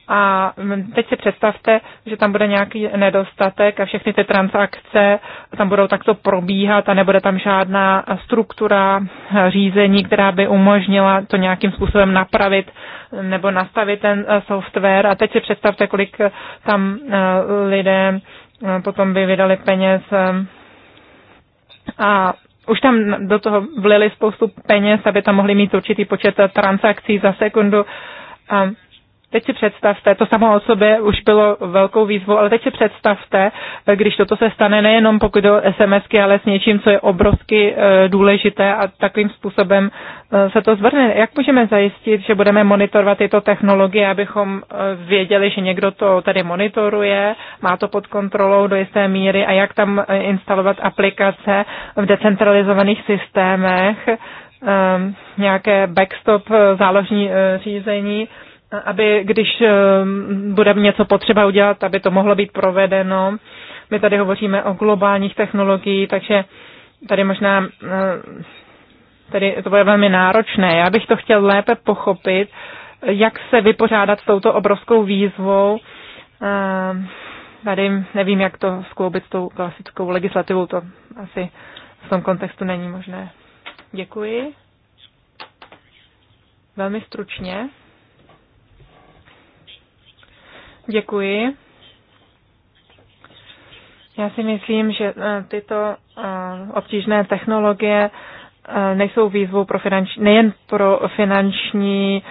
A teď si představte, že tam bude nějaký nedostatek a všechny ty transakce tam budou takto probíhat a nebude tam žádná struktura řízení, která by umožnila to nějakým způsobem napravit nebo nastavit ten eh, software. A teď si představte, kolik eh, tam eh, lidé potom by vydali peněz a už tam do toho vlili spoustu peněz, aby tam mohli mít určitý počet transakcí za sekundu. A Teď si představte, to samo o sobě už bylo velkou výzvou, ale teď si představte, když toto se stane nejenom pokud do SMSky, ale s něčím, co je obrovsky eh, důležité a takovým způsobem eh, se to zvrne. Jak můžeme zajistit, že budeme monitorovat tyto technologie, abychom eh, věděli, že někdo to tady monitoruje, má to pod kontrolou do jisté míry a jak tam instalovat aplikace v decentralizovaných systémech, nějaké backstop záložní řízení aby když eh, bude něco potřeba udělat, aby to mohlo být provedeno. My tady hovoříme o globálních technologiích, takže tady možná eh, tady to bude velmi náročné. Já bych to chtěl lépe pochopit, jak se vypořádat s touto obrovskou výzvou. Eh, tady nevím, jak to skloubit s tou klasickou legislativou, to asi v tom kontextu není možné. Děkuji. Velmi stručně. Děkuji. Já si myslím, že eh, tyto eh, obtížné technologie eh, nejsou výzvou pro finanční, nejen pro finanční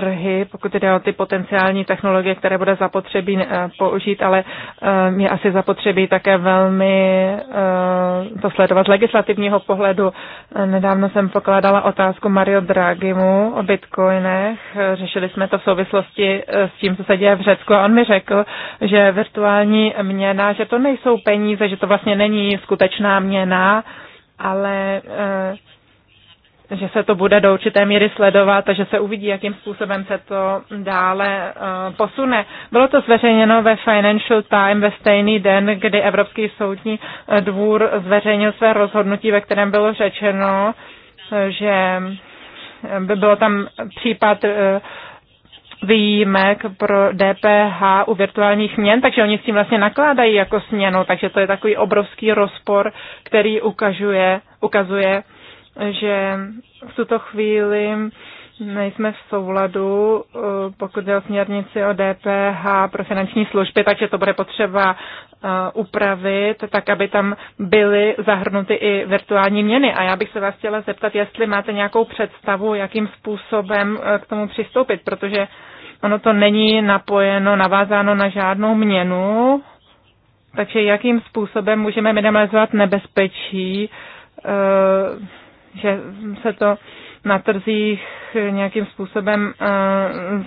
trhy, pokud jde o ty potenciální technologie, které bude zapotřebí eh, použít, ale eh, je asi zapotřebí také velmi eh, to sledovat z legislativního pohledu. Nedávno jsem pokládala otázku Mario Dragimu o bitcoinech. Řešili jsme to v souvislosti s tím, co se děje v Řecku a on mi řekl, že virtuální měna, že to nejsou peníze, že to vlastně není skutečná měna, ale že se to bude do určité míry sledovat a že se uvidí, jakým způsobem se to dále eh, posune. Bylo to zveřejněno ve Financial Time ve stejný den, kdy Evropský soudní eh, dvůr zveřejnil své rozhodnutí, ve kterém bylo řečeno, eh, že by bylo tam případ výjimek pro DPH u virtuálních měn, takže oni s tím vlastně nakládají jako směnu, takže to je takový obrovský rozpor, který ukazuje, ukazuje že v tuto chvíli nejsme v souladu, eh, pokud je o směrnici o DPH pro finanční služby, takže to bude potřeba eh, upravit, tak aby tam byly zahrnuty i virtuální měny. A já bych se vás chtěla zeptat, jestli máte nějakou představu, jakým způsobem eh, k tomu přistoupit, protože ono to není napojeno, navázáno na žádnou měnu, takže jakým způsobem můžeme minimalizovat nebezpečí, že se to na trzích nějakým způsobem eh,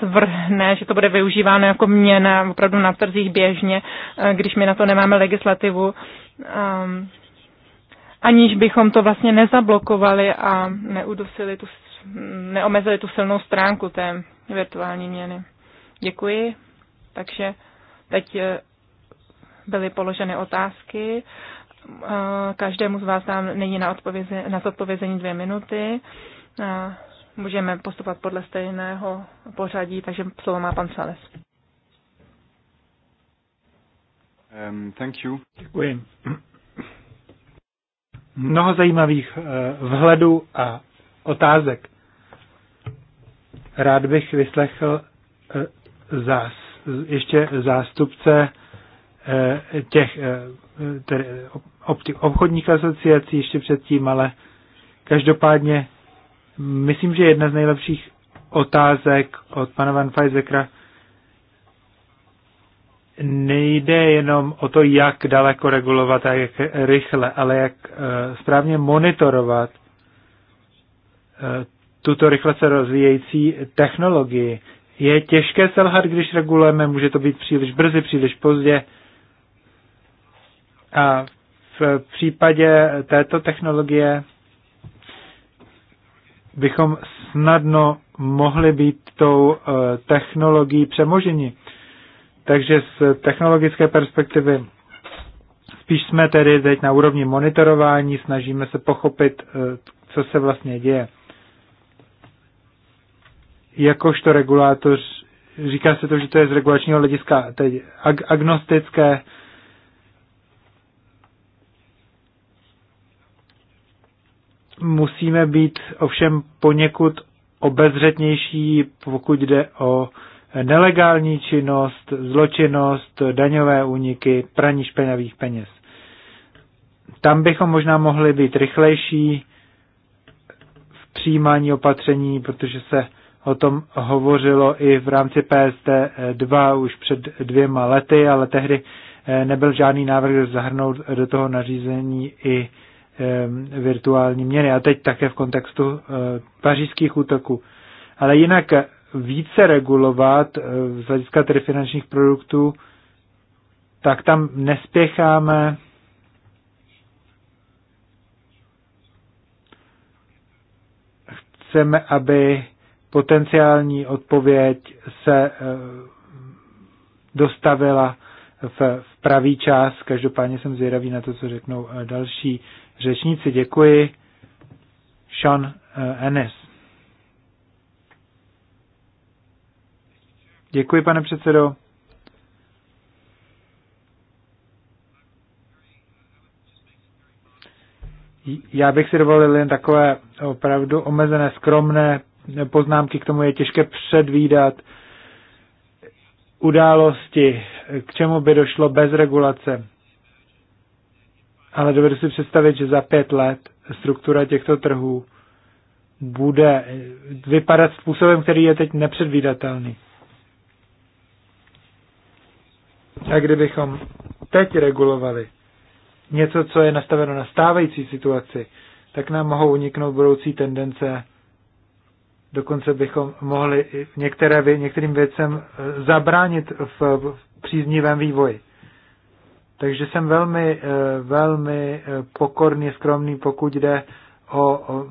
zvrhne, že to bude využíváno jako měna opravdu na trzích běžně, eh, když my na to nemáme legislativu, ehm, aniž bychom to vlastně nezablokovali a neudusili tu, neomezili tu silnou stránku té virtuální měny. Děkuji. Takže teď eh, byly položeny otázky Každému z vás tam není na, na zodpovězení dvě minuty. Můžeme postupovat podle stejného pořadí, takže slovo má pan Sales. Um, thank you. Děkuji. Mnoho zajímavých eh, vhledů a otázek. Rád bych vyslechl eh, zás, ještě zástupce Eh, těch eh, tedy obchodních asociací ještě předtím, ale každopádně myslím, že jedna z nejlepších otázek od pana Van Fajzekra nejde jenom o to, jak daleko regulovat a jak rychle, ale jak eh, správně monitorovat tuto rychle se rozvíjející technologii. Je těžké selhat, když regulujeme, může to být příliš brzy, příliš pozdě, a v případě této technologie bychom snadno mohli být tou eh, technologií přemoženi. Takže z technologické perspektivy spíš jsme tedy teď na úrovni monitorování, snažíme se pochopit, eh, co se vlastně děje. Jakožto regulátor, říká se to, že to je z regulačního hlediska teď agnostické, musíme být ovšem poněkud obezřetnější, pokud jde o nelegální činnost, zločinnost, daňové úniky, praní špenavých peněz. Tam bychom možná mohli být rychlejší v přijímání opatření, protože se o tom hovořilo i v rámci PST 2 už před dvěma lety, ale tehdy eh, nebyl žádný návrh zahrnout do toho nařízení i virtuální měny. A teď také v kontextu eh, pařížských útoků. Ale jinak více regulovat eh, z hlediska tedy finančních produktů, tak tam nespěcháme. Chceme, aby potenciální odpověď se eh, dostavila v, pravý čas. Každopádně jsem zvědavý na to, co řeknou další řečníci. Děkuji. Sean eh, Ennis. Děkuji, pane předsedo. Já bych si dovolil jen takové opravdu omezené, skromné poznámky, k tomu je těžké předvídat události, k čemu by došlo bez regulace ale dovedu si představit, že za pět let struktura těchto trhů bude vypadat způsobem, který je teď nepředvídatelný. A kdybychom teď regulovali něco, co je nastaveno na stávající situaci, tak nám mohou uniknout budoucí tendence. Dokonce bychom mohli některé, některým věcem eh, zabránit v, v příznivém vývoji. Takže jsem velmi, eh, velmi eh, pokorný, skromný, pokud jde o, o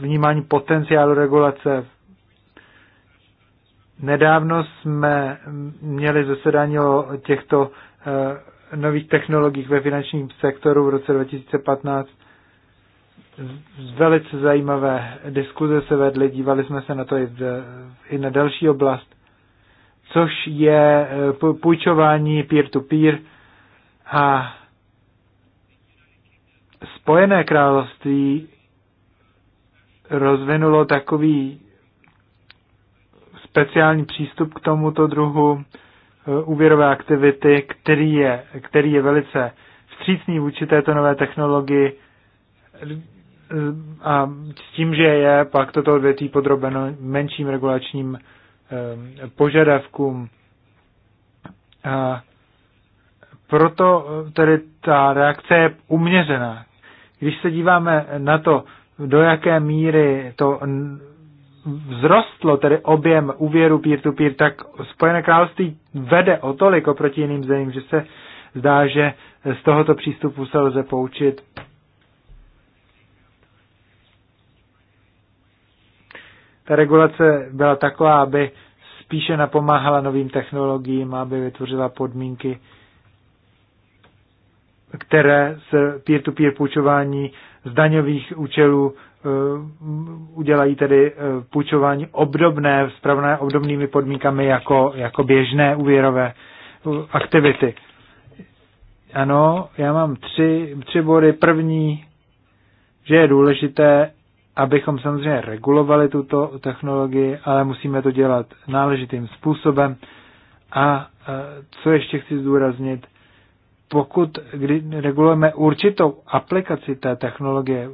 vnímání potenciálu regulace. Nedávno jsme měli zasedání o těchto eh, nových technologiích ve finančním sektoru v roce 2015. Velice zajímavé diskuze se vedly, dívali jsme se na to i, v, i na další oblast, což je půjčování peer-to-peer, -peer, a Spojené království rozvinulo takový speciální přístup k tomuto druhu eh, úvěrové aktivity, který je, který je velice vstřícný vůči této nové technologii eh, a s tím, že je pak toto odvětví podrobeno menším regulačním eh, požadavkům. A proto eh, tedy ta reakce je uměřená. Když se díváme na to, do jaké míry to vzrostlo, tedy objem úvěru peer-to-peer, -peer, tak Spojené království vede o tolik oproti jiným zemím, že se zdá, že z tohoto přístupu se lze poučit. Ta regulace byla taková, aby spíše napomáhala novým technologiím, aby vytvořila podmínky které z peer-to-peer půjčování z daňových účelů eh, udělají tedy eh, půjčování obdobné, spravné obdobnými podmínkami jako, jako běžné úvěrové eh, aktivity. Ano, já mám tři, tři body. První, že je důležité, abychom samozřejmě regulovali tuto technologii, ale musíme to dělat náležitým způsobem. A co ještě chci zdůraznit, pokud kdy regulujeme určitou aplikaci té technologie,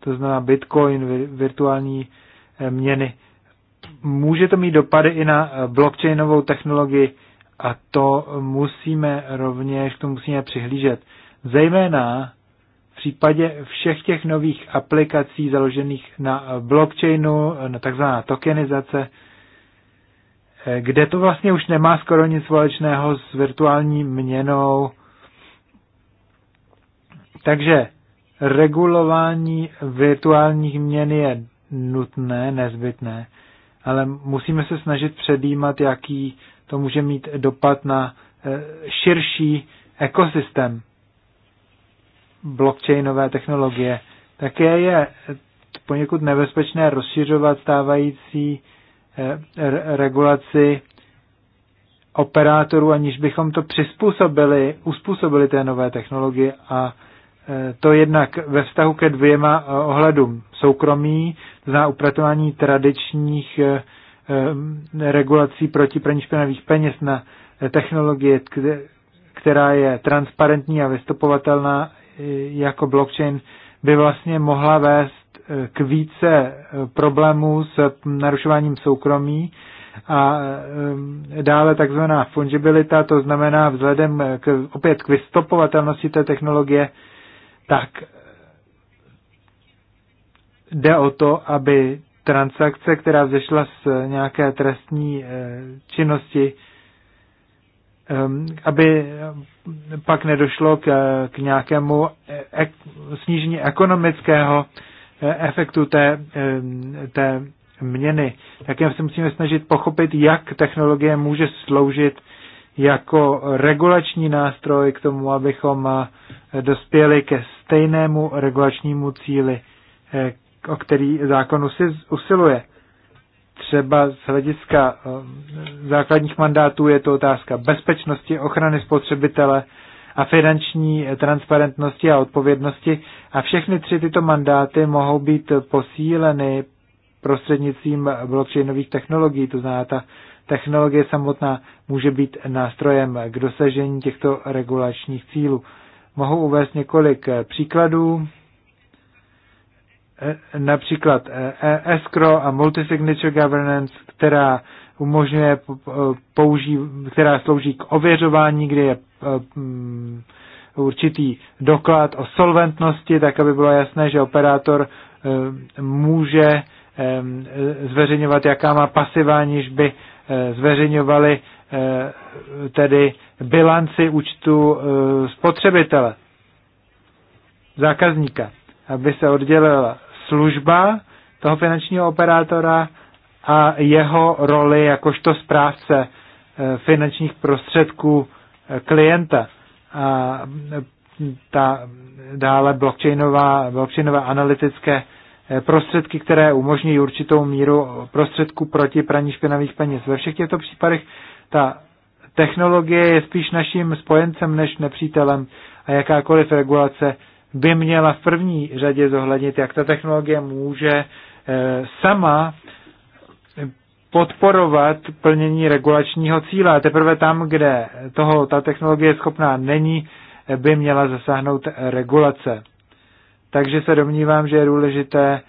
to znamená bitcoin, virtuální eh, měny, může to mít dopady i na eh, blockchainovou technologii a to musíme rovněž, to musíme přihlížet. Zejména v případě všech těch nových aplikací založených na eh, blockchainu, na takzvaná tokenizace, kde to vlastně už nemá skoro nic společného s virtuální měnou, takže regulování virtuálních měn je nutné, nezbytné, ale musíme se snažit předjímat, jaký to může mít dopad na eh, širší ekosystém blockchainové technologie. Také je poněkud nebezpečné rozšiřovat stávající eh, regulaci operátorů, aniž bychom to přizpůsobili, uspůsobili té nové technologie a Eh, to jednak ve vztahu ke dvěma eh, ohledům. Soukromí, zná upratování tradičních eh, regulací proti praní špinavých peněz na technologie, která je transparentní a vystupovatelná jako blockchain, by vlastně mohla vést k více problémů s narušováním soukromí a dále takzvaná fungibilita, to znamená vzhledem k, opět k vystupovatelnosti té technologie, tak jde o to, aby transakce, která vzešla z nějaké trestní eh, činnosti, ehm, aby pak nedošlo k, k nějakému e, ek, snížení ekonomického eh, efektu té, ehm, té měny. Také se musíme snažit pochopit, jak technologie může sloužit jako regulační nástroj k tomu, abychom eh, dospěli ke stejnému regulačnímu cíli, eh, o který zákon usiluje. Třeba z hlediska eh, základních mandátů je to otázka bezpečnosti, ochrany spotřebitele a finanční transparentnosti a odpovědnosti. A všechny tři tyto mandáty mohou být posíleny prostřednictvím blockchainových technologií, to znamená ta technologie samotná může být nástrojem k dosažení těchto regulačních cílů. Mohu uvést několik eh, příkladů, eh, například escrow eh, e a multisignature governance, která umožňuje použí, která slouží k ověřování, kde je mm, určitý doklad o solventnosti, tak aby bylo jasné, že operátor může zveřejňovat, jaká má pasiva, aniž by Eh, zveřejňovali eh, tedy bilanci účtu eh, spotřebitele, zákazníka, aby se oddělila služba toho finančního operátora a jeho roli jakožto správce finančních prostředků klienta. A mm, ta dále blockchainová, blockchainové analytické Eh, prostředky, které umožní určitou míru prostředků proti praní špinavých peněz. Ve všech těchto případech ta technologie je spíš naším spojencem než nepřítelem a jakákoliv regulace by měla v první řadě zohlednit, jak ta technologie může eh, sama podporovat plnění regulačního cíle. A teprve tam, kde toho ta technologie schopná není, eh, by měla zasáhnout regulace. Takže se domnívám, že je důležité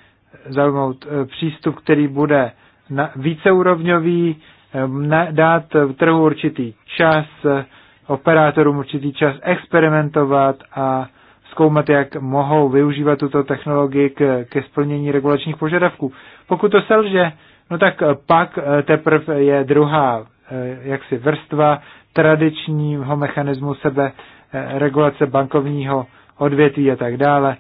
zaujmout eh, přístup, který bude na víceúrovňový, eh, dát trhu určitý čas, eh, operátorům určitý čas experimentovat a zkoumat, jak mohou využívat tuto technologii k, ke splnění regulačních požadavků. Pokud to selže, no tak pak teprve je druhá jaksi vrstva tradičního mechanismu sebe regulace bankovního odvětví a tak dále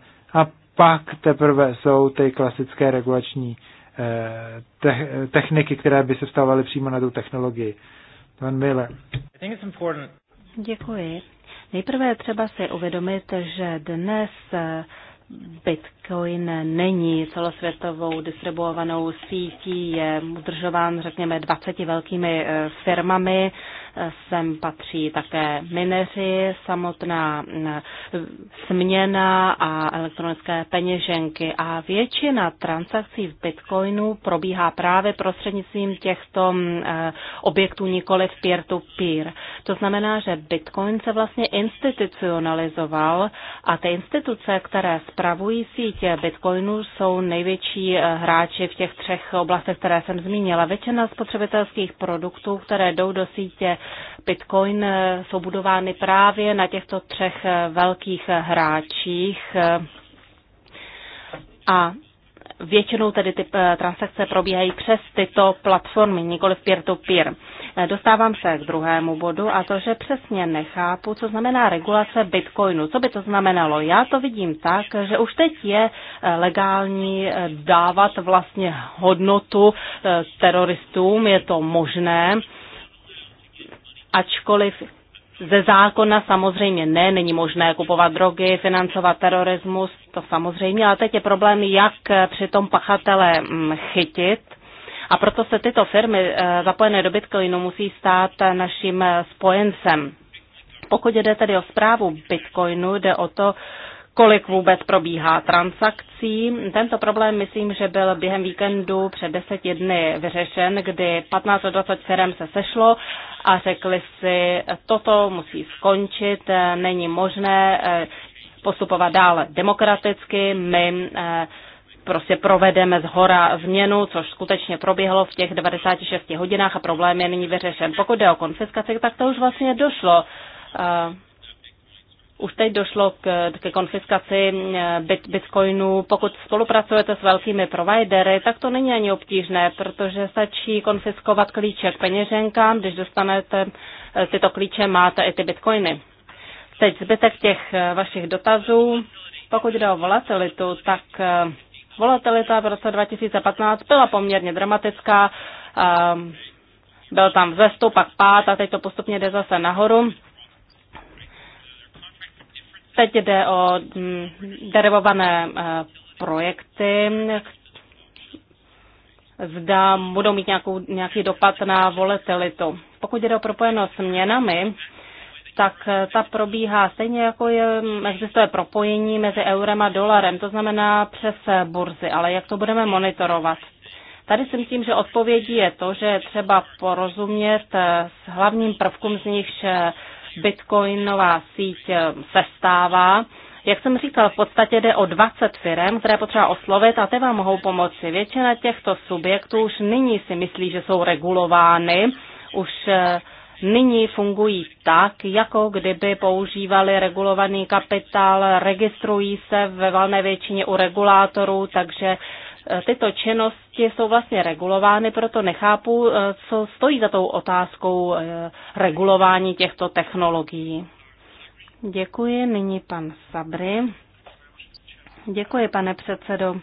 pak teprve jsou ty klasické regulační eh, te- techniky, které by se vstávaly přímo na tu technologii. Pan Miller. Děkuji. Nejprve je třeba si uvědomit, že dnes eh, byt mimo jiné není celosvětovou distribuovanou sítí, je udržován, řekněme, 20 velkými eh, firmami. Eh, sem patří také mineři, samotná mm, směna a elektronické peněženky. A většina transakcí v bitcoinu probíhá právě prostřednictvím těchto mm, eh, objektů, nikoli v peer-to-peer. -to, to znamená, že bitcoin se vlastně institucionalizoval a ty instituce, které spravují síť Bitcoinu jsou největší eh, hráči v těch třech oblastech, které jsem zmínila. Většina spotřebitelských produktů, které jdou do sítě bitcoin, eh, jsou budovány právě na těchto třech eh, velkých hráčích. A většinou tedy ty eh, transakce probíhají přes tyto platformy, nikoli peer-to-peer. Eh, dostávám se k druhému bodu a to, že přesně nechápu, co znamená regulace bitcoinu. Co by to znamenalo? Já to vidím tak, že už teď je eh, legální dávat vlastně hodnotu teroristům, je to možné, ačkoliv ze zákona samozřejmě ne, není možné kupovat drogy, financovat terorismus, to samozřejmě, ale teď je problém, jak přitom pachatele mm, chytit. A proto se tyto firmy eh, zapojené do Bitcoinu musí stát eh, naším eh, spojencem. Pokud jde tedy o zprávu Bitcoinu, jde o to kolik vůbec probíhá transakcí. Tento problém, myslím, že byl během víkendu před deseti dny vyřešen, kdy 15 až 20 firm se sešlo a řekli si, toto musí skončit, není možné eh, postupovat dále demokraticky, my eh, prostě provedeme z hora změnu, což skutečně proběhlo v těch 96 hodinách a problém je nyní vyřešen. Pokud jde o konfiskaci, tak to už vlastně došlo eh, už teď došlo k, k konfiskaci eh, bit, bitcoinů. Pokud spolupracujete s velkými providery, tak to není ani obtížné, protože stačí konfiskovat klíče k peněženkám. Když dostanete eh, tyto klíče, máte i ty bitcoiny. Teď zbytek těch eh, vašich dotazů. Pokud jde o volatilitu, tak volatilita v roce 2015 byla poměrně dramatická. Byl tam vzestup, pak pád a teď to postupně jde zase nahoru. Teď jde o mm, derivované eh, projekty. Zda budou mít nějakou, nějaký dopad na volatilitu. Pokud jde o propojenost s měnami, tak eh, ta probíhá stejně jako je, mm, existuje propojení mezi eurem a dolarem, to znamená přes eh, burzy, ale jak to budeme monitorovat? Tady si myslím, že odpovědí je to, že třeba porozumět s hlavním prvkům z nichž bitcoinová síť eh, sestává. Jak jsem říkal, v podstatě jde o 20 firm, které potřeba oslovit a ty vám mohou pomoci. Většina těchto subjektů už nyní si myslí, že jsou regulovány, už eh, nyní fungují tak, jako kdyby používali regulovaný kapitál, registrují se ve valné většině u regulátorů, takže tyto činnosti jsou vlastně regulovány, proto nechápu, eh, co stojí za tou otázkou eh, regulování těchto technologií. Děkuji. Nyní pan Sabry. Děkuji, pane předsedo.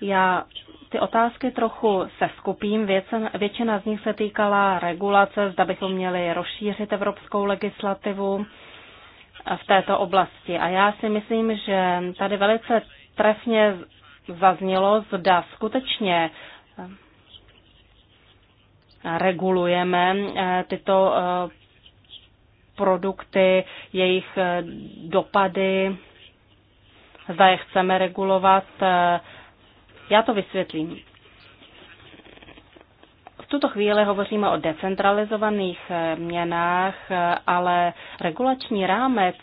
Já ty otázky trochu seskupím. Většina z nich se týkala regulace, zda bychom měli rozšířit evropskou legislativu v této oblasti. A já si myslím, že tady velice trefně zaznělo, zda skutečně eh, regulujeme eh, tyto eh, produkty, jejich dopady, zda je chceme regulovat. Já to vysvětlím. V tuto chvíli hovoříme o decentralizovaných měnách, ale regulační rámec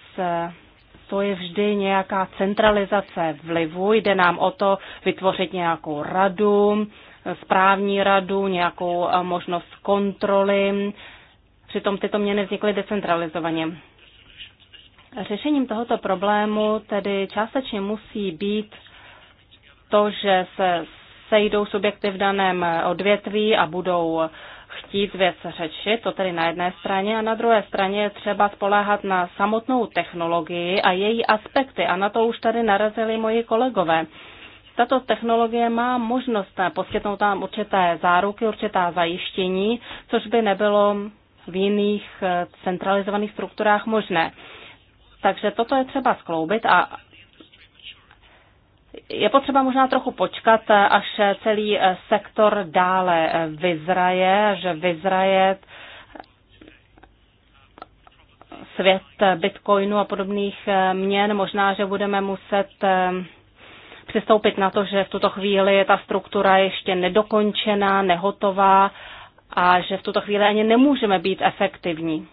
to je vždy nějaká centralizace vlivu. Jde nám o to vytvořit nějakou radu, správní radu, nějakou eh, možnost kontroly. Přitom tyto měny vznikly decentralizovaně. Řešením tohoto problému tedy částečně musí být to, že se sejdou subjekty v daném odvětví a budou chtít věc řečit, to tedy na jedné straně, a na druhé straně je třeba spoléhat na samotnou technologii a její aspekty. A na to už tady narazili moji kolegové. Tato technologie má možnost poskytnout tam určité záruky, určitá zajištění, což by nebylo v jiných eh, centralizovaných strukturách možné. Takže toto je třeba skloubit a je potřeba možná trochu počkat, až celý eh, sektor dále eh, vyzraje, že vyzraje eh, svět bitcoinu a podobných měn. Možná, že budeme muset přistoupit na to, že v tuto chvíli je ta struktura ještě nedokončená, nehotová a že v tuto chvíli ani nemůžeme být efektivní.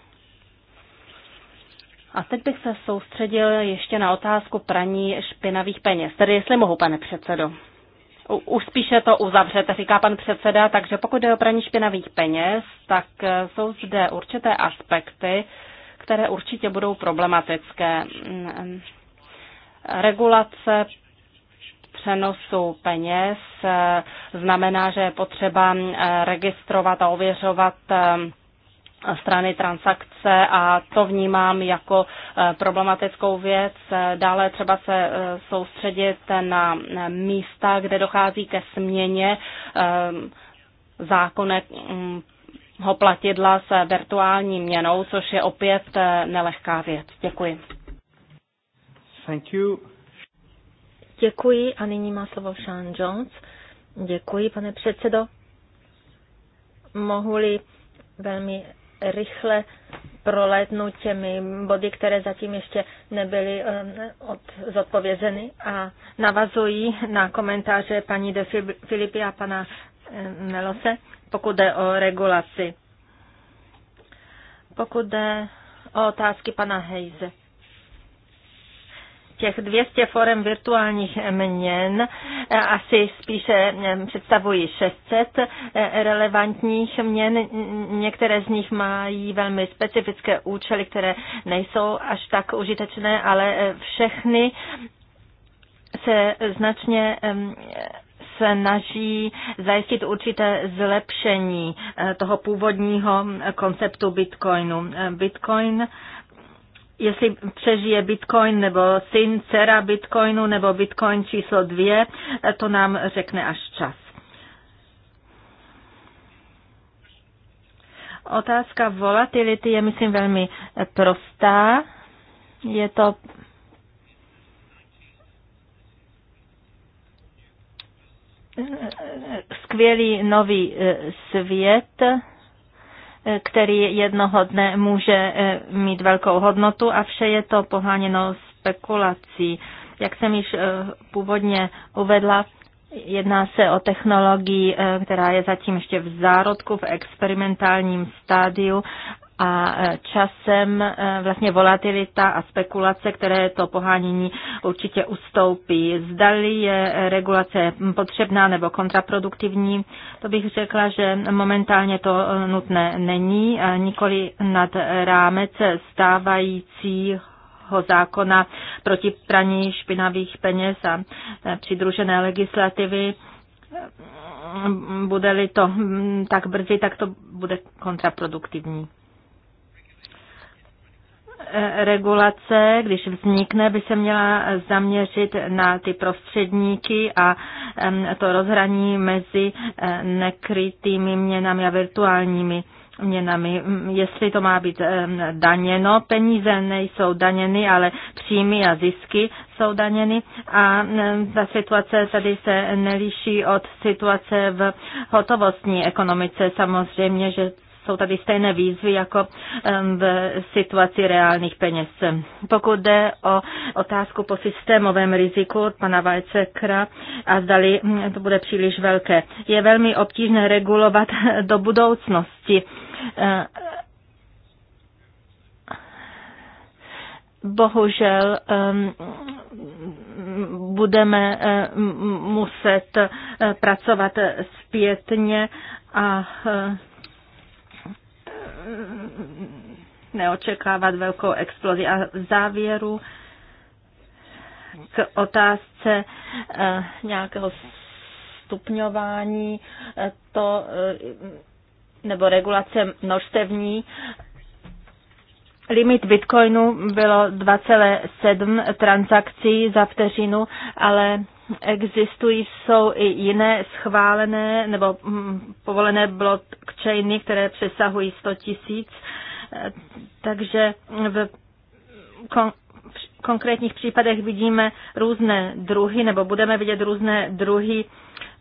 A teď bych se soustředil ještě na otázku praní špinavých peněz. Tedy jestli mohu, pane předsedo. Už spíše to uzavřete, říká pan předseda, takže pokud jde o praní špinavých peněz, tak eh, jsou zde určité aspekty, které určitě budou problematické. Mm, mm. Regulace přenosu peněz eh, znamená, že je potřeba eh, registrovat a ověřovat strany transakce a to vnímám jako eh, problematickou věc. Dále třeba se eh, soustředit na místa, kde dochází ke směně ho eh, mm, platidla s virtuální měnou, což je opět nelehká věc. Děkuji. Thank you. Děkuji a nyní má slovo Sean Jones. Děkuji, pane předsedo. Mohu-li velmi rychle prolétnu těmi body, které zatím ještě nebyly eh, od, zodpovězeny a navazují na komentáře paní de Filipy a pana eh, Melose, pokud jde o regulaci. Pokud jde o otázky pana Hejze těch 200 forem virtuálních měn eh, asi spíše eh, představují 600 eh, relevantních měn. Některé z nich mají velmi specifické účely, které nejsou až tak užitečné, ale všechny se značně snaží zajistit určité zlepšení toho původního konceptu Bitcoinu. Bitcoin jestli přežije Bitcoin nebo syn, dcera Bitcoinu nebo Bitcoin číslo dvě, to nám řekne až čas. Otázka volatility je, myslím, velmi prostá. Je to skvělý nový eh, svět, který jednoho dne může eh, mít velkou hodnotu a vše je to poháněno spekulací. Jak jsem již eh, původně uvedla, jedná se o technologii, eh, která je zatím ještě v zárodku, v experimentálním stádiu a e, časem e, vlastně volatilita a spekulace, které to pohánění určitě ustoupí. Zdali je regulace potřebná nebo kontraproduktivní, to bych řekla, že momentálně to e, nutné není, nikoli nad rámec stávajícího zákona proti praní špinavých peněz a přidružené legislativy bude-li to tak brzy, tak to bude kontraproduktivní regulace, když vznikne, by se měla zaměřit na ty prostředníky a to rozhraní mezi nekrytými měnami a virtuálními měnami. Jestli to má být daněno, peníze nejsou daněny, ale příjmy a zisky jsou daněny a ta situace tady se nelíší od situace v hotovostní ekonomice. Samozřejmě, že jsou tady stejné výzvy jako v situaci reálných peněz. Pokud jde o otázku po systémovém riziku od pana Vajcekra a zdali hm, to bude příliš velké, je velmi obtížné regulovat do budoucnosti. Eh, bohužel budeme muset eh, pracovat eh, zpětně a neočekávat velkou explozi. A v závěru k otázce eh, nějakého stupňování eh, to, eh, nebo regulace množstevní. Limit bitcoinu bylo 2,7 transakcí za vteřinu, ale existují, jsou i jiné schválené nebo mm, povolené blockchainy, které přesahují 100 tisíc. Takže v kon- konkrétních případech vidíme různé druhy, nebo budeme vidět různé druhy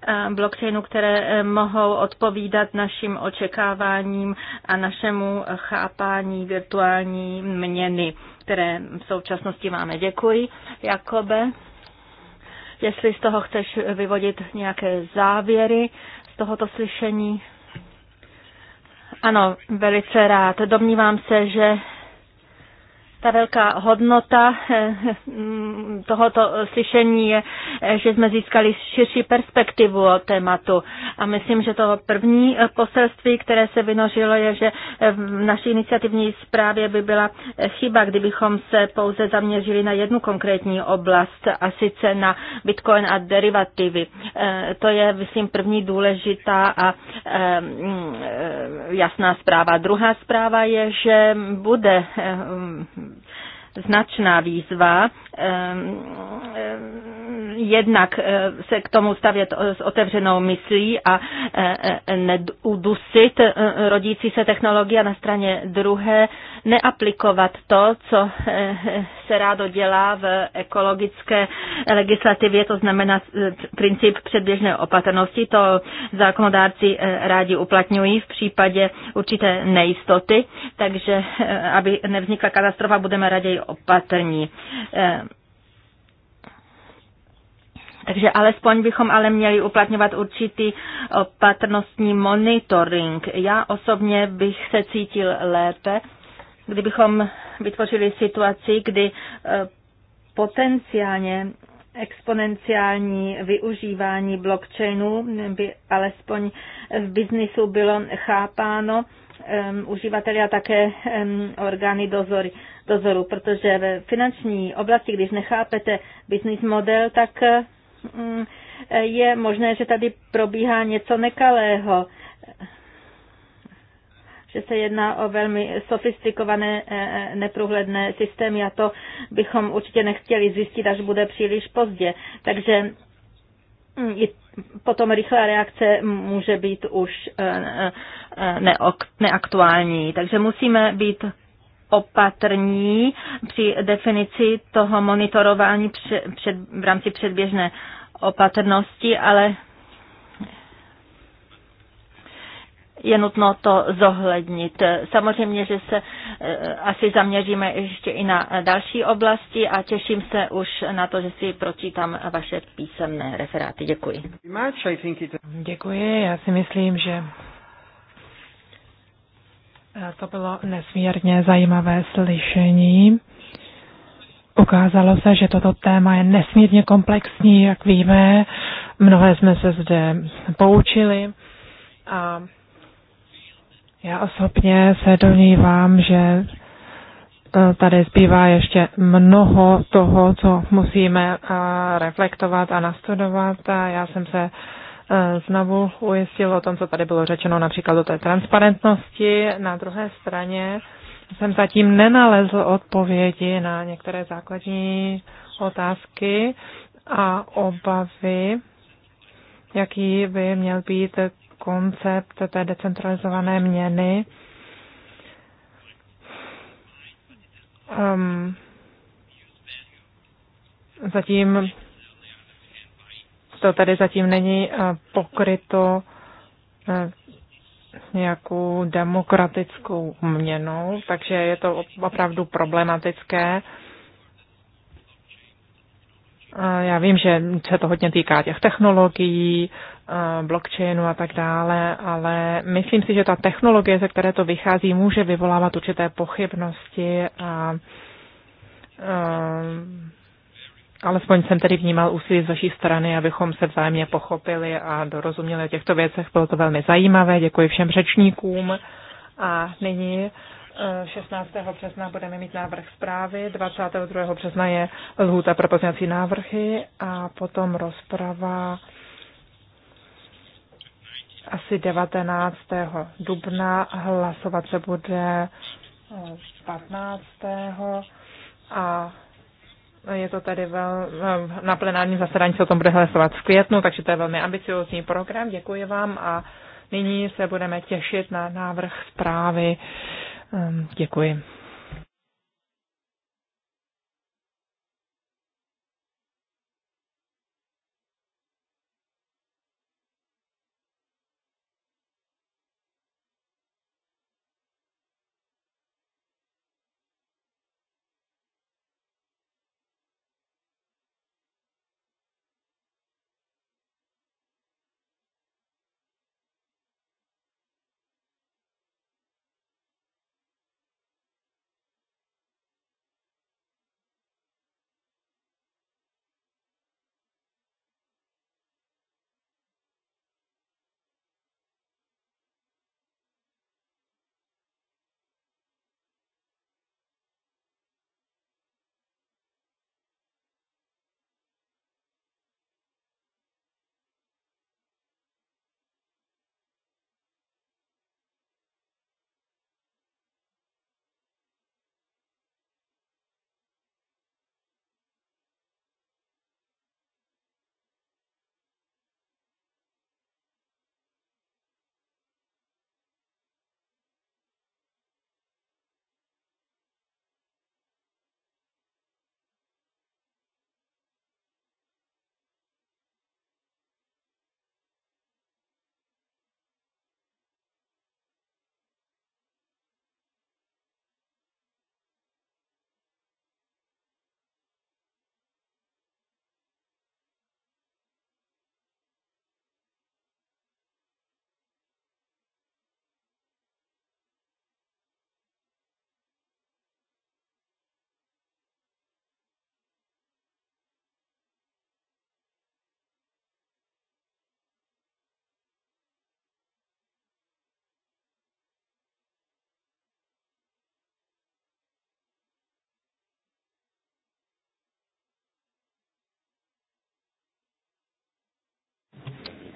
eh, blockchainu, které eh, mohou odpovídat našim očekáváním a našemu chápání virtuální měny, které v současnosti máme. Děkuji, Jakobe jestli z toho chceš vyvodit nějaké závěry z tohoto slyšení. Ano, velice rád. Domnívám se, že ta velká hodnota eh, mm, tohoto slyšení je, eh, že jsme získali širší perspektivu o tématu. A myslím, že to první eh, poselství, které se vynořilo, je, že v naší iniciativní zprávě by byla chyba, kdybychom se pouze zaměřili na jednu konkrétní oblast, a sice na bitcoin a derivativy. To je, myslím, první důležitá a mm, jasná zpráva. Druhá zpráva je, že bude značná výzva ehm, ehm, jednak eh, se k tomu stavět eh, s otevřenou myslí a eh, neudusit rodící se technologie a na straně druhé neaplikovat to, co se rádo dělá v ekologické legislativě, to znamená princip předběžné opatrnosti. To zákonodárci rádi uplatňují v případě určité nejistoty, takže aby nevznikla katastrofa, budeme raději opatrní. Takže alespoň bychom ale měli uplatňovat určitý opatrnostní eh, monitoring. Já osobně bych se cítil lépe, kdybychom vytvořili situaci, kdy eh, potenciálně exponenciální využívání blockchainu by alespoň v biznisu bylo chápáno um, uživateli a také um, orgány dozory, dozoru, protože ve finanční oblasti, když nechápete biznis model, tak eh, Mm, je možné, že tady probíhá něco nekalého, že se jedná o velmi sofistikované eh, eh, neprůhledné systémy a to bychom určitě nechtěli zjistit, až bude příliš pozdě. Takže mm, potom rychlá reakce může být už eh, neaktuální. Takže musíme být opatrní při definici toho monitorování před, před, v rámci předběžné opatrnosti, ale je nutno to zohlednit. Samozřejmě, že se eh, asi zaměříme ještě i na další oblasti a těším se už na to, že si pročítám vaše písemné referáty. Děkuji. Děkuji, já si myslím, že to bylo nesmírně zajímavé slyšení. Ukázalo se, že toto téma je nesmírně komplexní, jak víme. Mnohé jsme se zde poučili a já osobně se domnívám, že e, tady zbývá ještě mnoho toho, co musíme e, reflektovat a nastudovat. Já jsem se e, znovu ujistil o tom, co tady bylo řečeno například o té transparentnosti. Na druhé straně jsem zatím nenalezl odpovědi na některé základní otázky a obavy, jaký by měl být koncept té decentralizované měny. Um, zatím to tady zatím není uh, pokryto uh, nějakou demokratickou měnou, takže je to opravdu problematické. Já vím, že se to hodně týká těch technologií, blockchainu a tak dále, ale myslím si, že ta technologie, ze které to vychází, může vyvolávat určité pochybnosti a Alespoň jsem tedy vnímal úsilí z vaší strany, abychom se vzájemně pochopili a dorozuměli o těchto věcech. Bylo to velmi zajímavé. Děkuji všem řečníkům. A nyní 16. Eh, března budeme mít návrh zprávy, 22. března je lhůta pro pozměňovací návrhy a potom rozprava asi 19. dubna, hlasovat se bude 15. Eh, a je to tady vel, eh, na plenárním zasedání se o tom bude hlasovat v květnu, takže to je velmi ambiciozní program. Děkuji vám a nyní se budeme těšit na návrh zprávy. Ehm, děkuji.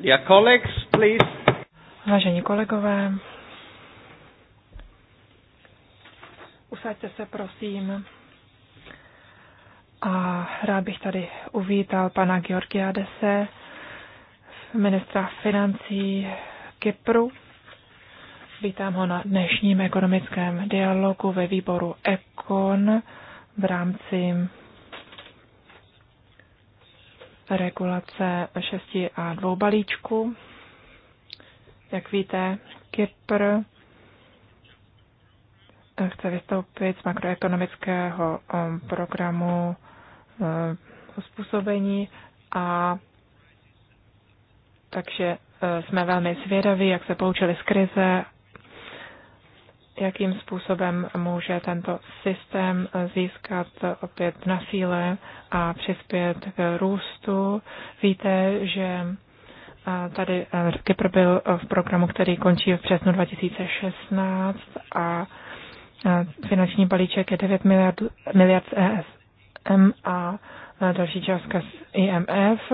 Dear colleagues, please. Vážení kolegové, usaďte se prosím. A rád bych tady uvítal pana Georgiadese, ministra financí Kypru. Vítám ho na dnešním ekonomickém dialogu ve výboru EKON v rámci regulace 6 a 2 balíčku. Jak víte, Kypr chce vystoupit z makroekonomického um, programu uspůsobení uh, a takže uh, jsme velmi zvědaví, jak se poučili z krize jakým způsobem může tento systém získat opět na síle a přispět k růstu. Víte, že tady Kypr byl v programu, který končí v přesnu 2016 a finanční balíček je 9 miliard, miliard ESM a další částka z IMF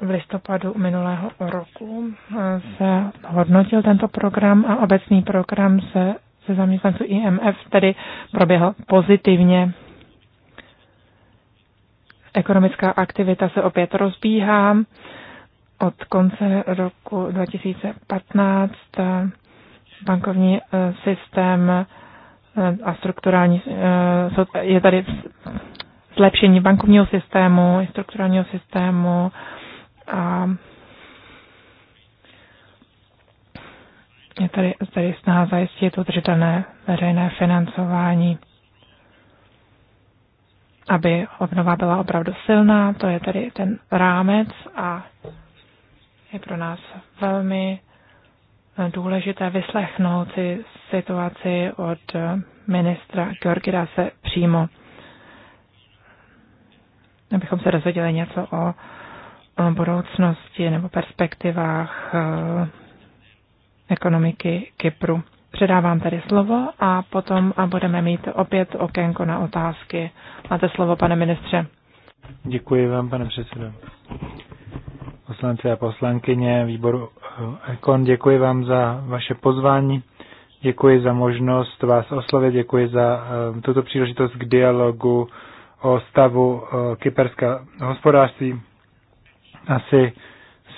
v listopadu minulého roku eh, se hodnotil tento program a obecný program se, se zaměstnanců IMF tedy proběhl pozitivně. Ekonomická aktivita se opět rozbíhá. Od konce roku 2015 eh, bankovní eh, systém a strukturální, je tady zlepšení bankovního systému, strukturálního systému, a je tady, tady snaha zajistit udržitelné veřejné financování, aby obnova byla opravdu silná. To je tady ten rámec a je pro nás velmi důležité vyslechnout si situaci od ministra Georgida se přímo, abychom se dozvěděli něco o budoucnosti nebo perspektivách eh, ekonomiky Kypru. Předávám tady slovo a potom budeme mít opět okénko na otázky. Máte slovo, pane ministře. Děkuji vám, pane předsedo. Poslanci a poslankyně výboru eh, Ekon, děkuji vám za vaše pozvání. Děkuji za možnost vás oslovit, děkuji za eh, tuto příležitost k dialogu o stavu kyperského hospodářství asi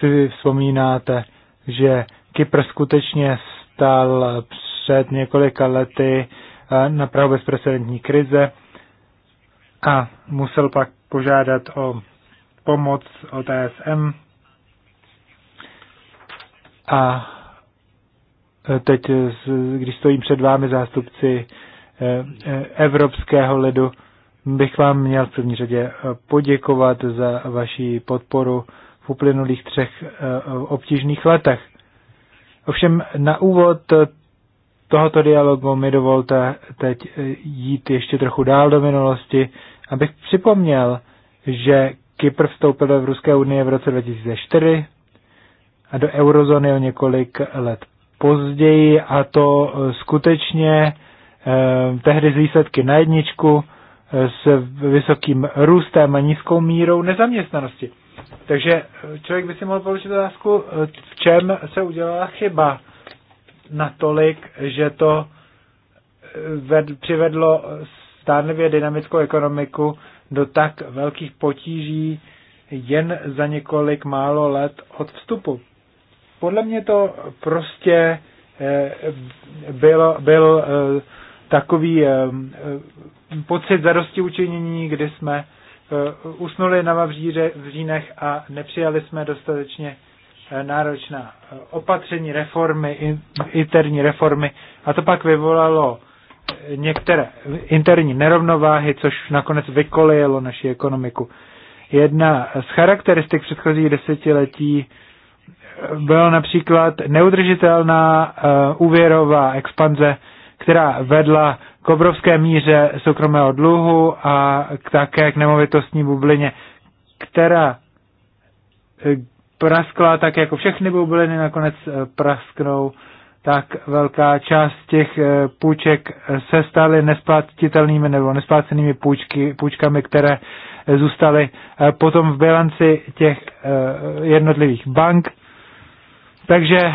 si vzpomínáte, že Kypr skutečně stál před několika lety eh, na prahu bezprecedentní krize a musel pak požádat o pomoc od TSM. A eh, teď, když stojím před vámi zástupci eh, evropského lidu, bych vám měl v první řadě eh, poděkovat za vaši podporu v uplynulých třech eh, obtížných letech. Ovšem na úvod eh, tohoto dialogu mi dovolte teď jít ještě trochu dál do minulosti, abych připomněl, že Kypr vstoupil do Ruské unie v roce 2004 a do eurozóny o několik let později a to skutečně eh, tehdy z výsledky na jedničku s vysokým růstem a nízkou mírou nezaměstnanosti. Takže člověk by si mohl položit otázku, v čem se udělala chyba natolik, že to eh, ved, přivedlo stárnivě dynamickou ekonomiku do tak velkých potíží jen za několik málo let od vstupu. Podle mě to prostě eh, bylo, bylo eh, takový eh, eh, pocit zarosti učinění, kdy jsme eh, usnuli na vavřínech a nepřijali jsme dostatečně náročná opatření, reformy, interní reformy a to pak vyvolalo některé interní nerovnováhy, což nakonec vykolejelo naši ekonomiku. Jedna z charakteristik předchozích desetiletí byla například neudržitelná úvěrová expanze, která vedla k obrovské míře soukromého dluhu a také k nemovitostní bublině, která eh, praskla tak jako všechny bubliny nakonec eh, prasknou, tak velká část těch eh, půjček se staly nesplatitelnými nebo nesplácenými půjčky, půjčkami, které zůstaly potom v bilanci těch jednotlivých bank takže eh,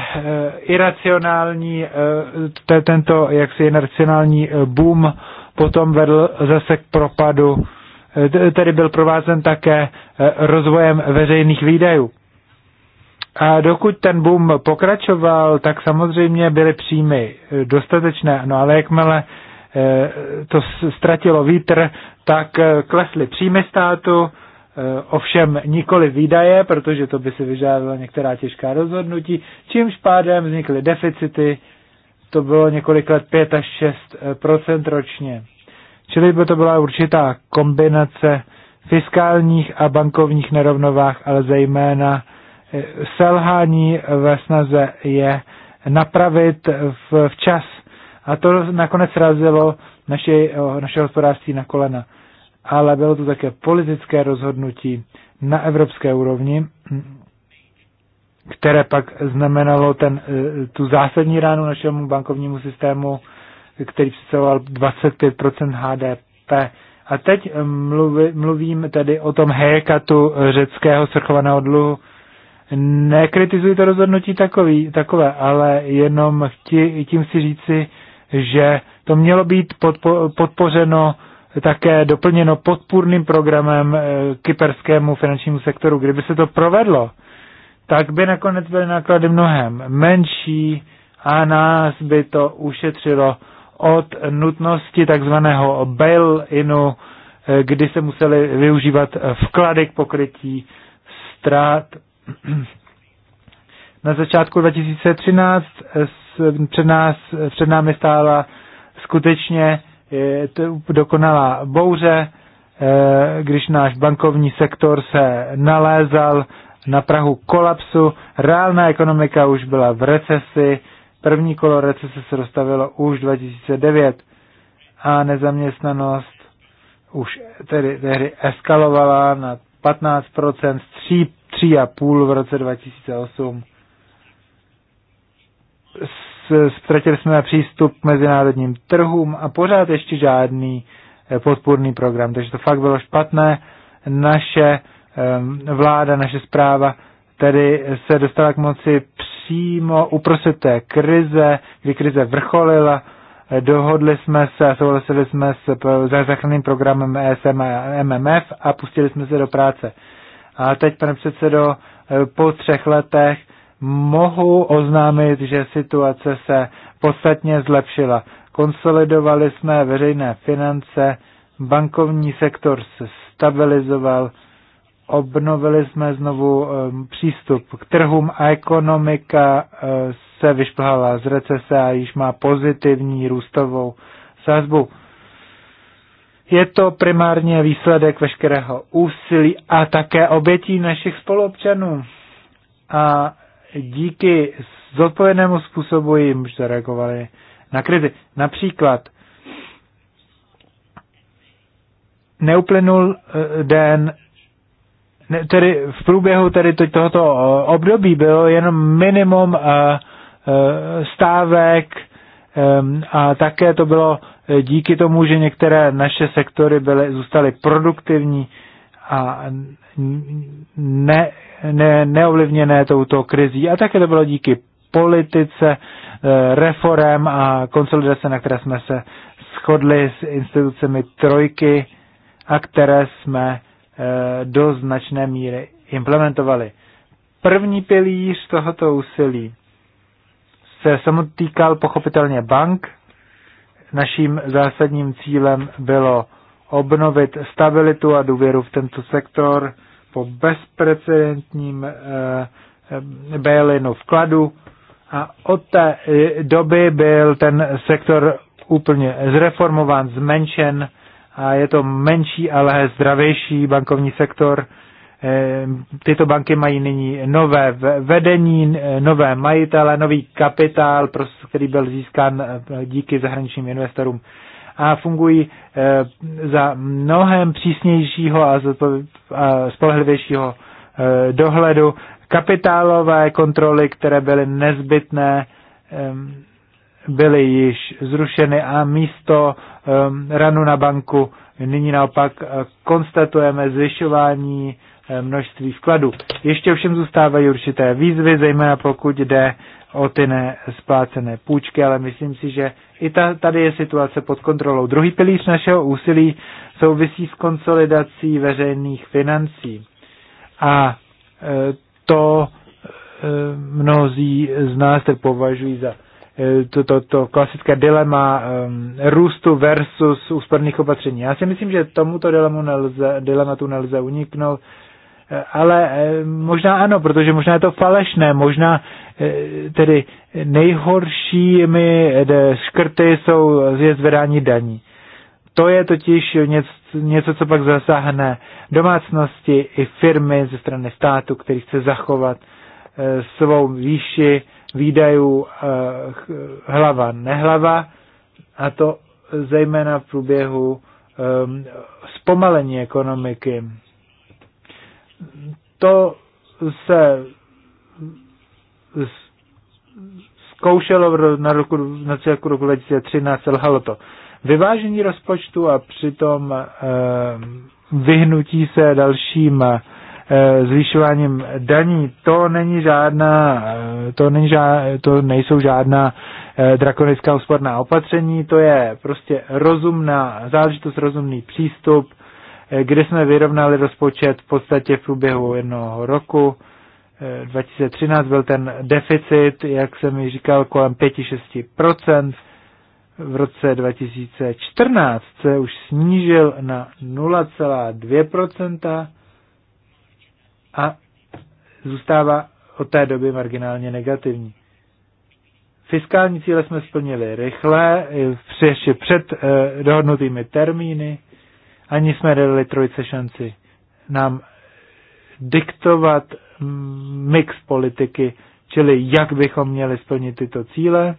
iracionální, eh, tento jaksi iracionální eh, boom potom vedl zase k propadu, tedy byl provázen také rozvojem veřejných výdajů. A dokud ten boom pokračoval, tak samozřejmě byly příjmy dostatečné, no ale jakmile to ztratilo vítr, tak klesly příjmy státu, Eh, ovšem nikoli výdaje, protože to by si vyžádalo některá těžká rozhodnutí, čímž pádem vznikly deficity, to bylo několik let 5 až 6 eh, ročně. Čili by to byla určitá kombinace fiskálních a bankovních nerovnovách, ale zejména eh, selhání ve snaze je napravit včas. A to nakonec razilo naše, naše hospodářství na kolena ale bylo to také politické rozhodnutí na evropské úrovni, které pak znamenalo ten, eh, tu zásadní ránu našemu bankovnímu systému, který představoval 25% HDP. A teď eh, mluví, mluvím tedy o tom haircutu řeckého srchovaného dluhu. Nekritizuji to rozhodnutí takový, takové, ale jenom chci, tím si říci, že to mělo být podpo, podpořeno také doplněno podpůrným programem eh, kyperskému finančnímu sektoru. Kdyby se to provedlo, tak by nakonec byly náklady mnohem menší a nás by to ušetřilo od nutnosti takzvaného bail-inu, eh, kdy se museli využívat vklady k pokrytí ztrát. <clears throat> Na začátku 2013 před, nás, před námi stála skutečně dokonalá bouře, eh, když náš bankovní sektor se nalézal na Prahu kolapsu, reálná ekonomika už byla v recesi, první kolo recese se dostavilo už 2009 a nezaměstnanost už tedy tehdy eskalovala na 15%, z 3,5 v roce 2008 ztratili jsme přístup k mezinárodním trhům a pořád ještě žádný eh, podpůrný program. Takže to fakt bylo špatné. Naše ehm, vláda, naše zpráva tedy se dostala k moci přímo uprostřed té krize, kdy krize vrcholila. Eh, dohodli jsme se a souhlasili jsme s zachranným programem ESM a MMF a pustili jsme se do práce. A teď, pane předsedo, eh, po třech letech mohu oznámit, že situace se podstatně zlepšila. Konsolidovali jsme veřejné finance, bankovní sektor se stabilizoval, obnovili jsme znovu um, přístup k trhům a ekonomika uh, se vyšplhala z recese a již má pozitivní růstovou sazbu. Je to primárně výsledek veškerého úsilí a také obětí našich spoluobčanů. A díky zodpovědnému způsobu jim zareagovali na krizi. Například neuplynul eh, den, ne, tedy v průběhu tedy tohoto eh, období bylo jenom minimum eh, stávek a také to bylo díky tomu, že některé naše sektory byly, zůstaly produktivní a ne, ne, neovlivněné touto krizí. A také to bylo díky politice, eh, reform a konsolidace, na které jsme se shodli s institucemi trojky a které jsme eh, do značné míry implementovali. První pilíř tohoto úsilí se samotýkal pochopitelně bank. Naším zásadním cílem bylo obnovit stabilitu a důvěru v tento sektor, po bezprecedentním eh, eh, bailinu vkladu a od té eh, doby byl ten sektor úplně zreformován, zmenšen a je to menší, ale zdravější bankovní sektor. Tyto banky mají nyní nové vedení, nové majitele, nový kapitál, který byl získán díky zahraničním investorům a fungují eh, za mnohem přísnějšího a spolehlivějšího eh, dohledu. Kapitálové kontroly, které byly nezbytné, byly již zrušeny a místo ranu na banku nyní naopak eh, konstatujeme zvyšování množství vkladů. Ještě ovšem zůstávají určité výzvy, zejména pokud jde o ty nesplácené půjčky, ale myslím si, že i ta, tady je situace pod kontrolou. Druhý pilíř našeho úsilí souvisí s konsolidací veřejných financí. A e, to e, mnozí z nás tak považují za e, to, to, to klasické dilema e, růstu versus úsporných opatření. Já si myslím, že tomuto dilemu nelze, dilematu nelze uniknout ale eh, možná ano, protože možná je to falešné, možná eh, tedy nejhoršími eh, škrty jsou je zvedání daní. To je totiž něco, něco, co pak zasáhne domácnosti i firmy ze strany státu, který chce zachovat svou výši výdajů hlava nehlava a to zejména v průběhu zpomalení ekonomiky to se zkoušelo na, roku, na celku roku 2013, selhalo to. Vyvážení rozpočtu a přitom e, vyhnutí se dalším e, eh, zvýšováním daní, to není žádná, eh, to, není žá, to nejsou žádná e, drakonická úsporná opatření, to je prostě rozumná záležitost, rozumný přístup, Eh, kde jsme vyrovnali rozpočet v podstatě v průběhu jednoho roku. Eh, 2013 byl ten deficit, jak jsem mi říkal, kolem 5-6%. V roce 2014 se už snížil na 0,2% a zůstává od té doby marginálně negativní. Fiskální cíle jsme splnili rychle, ještě před eh, dohodnutými termíny ani jsme nedali trojce šanci nám diktovat mix politiky, čili jak bychom měli splnit tyto cíle.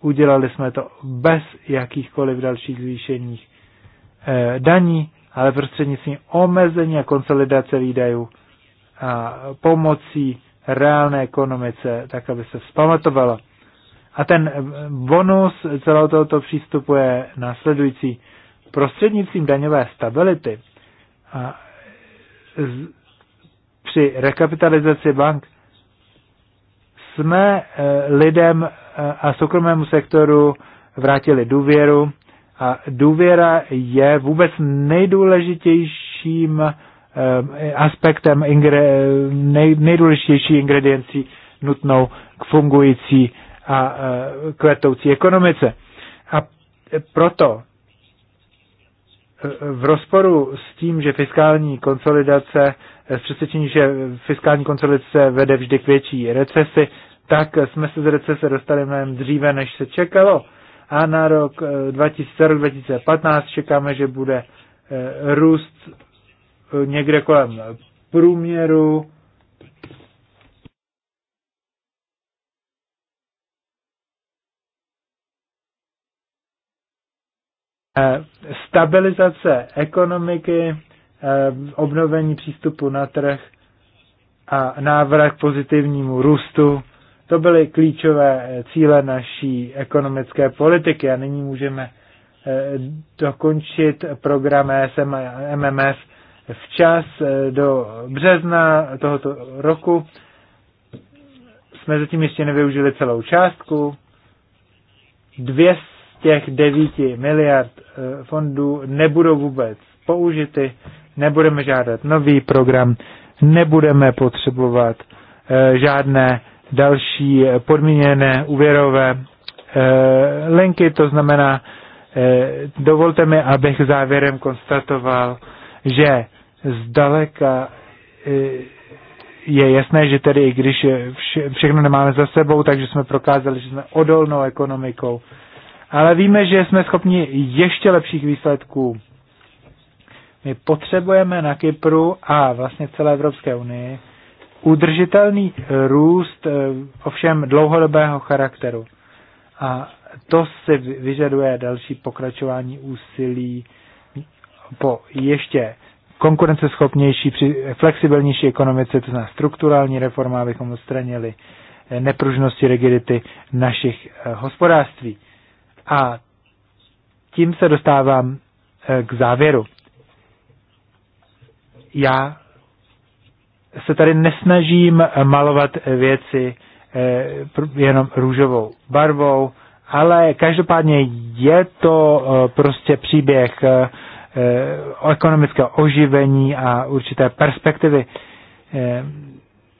Udělali jsme to bez jakýchkoliv dalších zvýšených eh, daní, ale prostřednictvím omezení a konsolidace výdajů a pomocí reálné ekonomice, tak aby se vzpamatovala. A ten bonus celého tohoto přístupu je následující. Prostřednictvím daňové stability a z, při rekapitalizaci bank jsme eh, lidem eh, a soukromému sektoru vrátili důvěru a důvěra je vůbec nejdůležitějším eh, aspektem, ingre, nej, nejdůležitější ingrediencí nutnou k fungující a e, kvetoucí ekonomice. A proto e, v rozporu s tím, že fiskální konsolidace, e, s přesvědčení, že fiskální konsolidace vede vždy k větší recesi, tak jsme se z recese dostali mnohem dříve, než se čekalo. A na rok 2015 čekáme, že bude růst někde kolem průměru Eh, stabilizace ekonomiky, eh, obnovení přístupu na trh a návrat k pozitivnímu růstu. To byly klíčové eh, cíle naší ekonomické politiky a nyní můžeme dokončit program ESM a MMF včas do března tohoto roku. Jsme zatím ještě nevyužili celou částku. 200 těch 9 miliard eh, fondů nebudou vůbec použity, nebudeme žádat nový program, nebudeme potřebovat eh, žádné další podmíněné úvěrové eh, linky, to znamená, dovolte mi, abych závěrem konstatoval, že zdaleka je jasné, že tedy i když vše, všechno nemáme za sebou, takže jsme prokázali, že jsme odolnou ekonomikou, ale víme, že jsme schopni ještě lepších výsledků. My potřebujeme na Kypru a vlastně v celé Evropské unii udržitelný růst eh, ovšem dlouhodobého charakteru. A to si vyžaduje další pokračování úsilí po ještě konkurenceschopnější, flexibilnější ekonomice, to znamená strukturální reforma, abychom odstranili nepružnosti, rigidity našich eh, hospodářství. A tím se dostávám eh, k závěru. Já se tady nesnažím malovat věci eh, jenom růžovou barvou, ale každopádně je to eh, prostě příběh ekonomického oživení a určité perspektivy.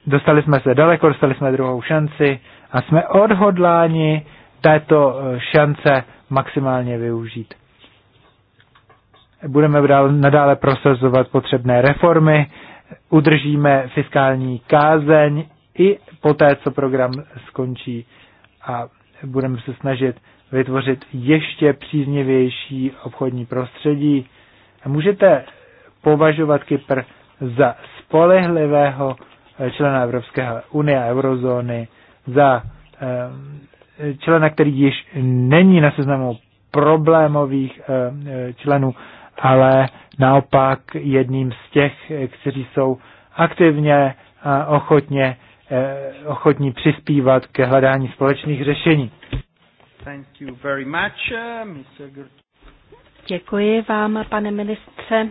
Dostali jsme se daleko, dostali jsme druhou šanci a jsme odhodláni této eh, šance maximálně využít. Budeme nadále prosazovat potřebné reformy, udržíme fiskální kázeň i poté, co program skončí a budeme se snažit vytvořit ještě příznivější obchodní prostředí. Můžete považovat Kypr za spolehlivého eh, člena Evropské unie a eurozóny, za eh, člena, který již není na seznamu problémových eh, eh, členů, ale naopak jedním z těch, kteří jsou aktivně a ochotně, eh, ochotní přispívat ke hledání společných řešení. Thank you very much, Mr. Děkuji vám, pane ministře.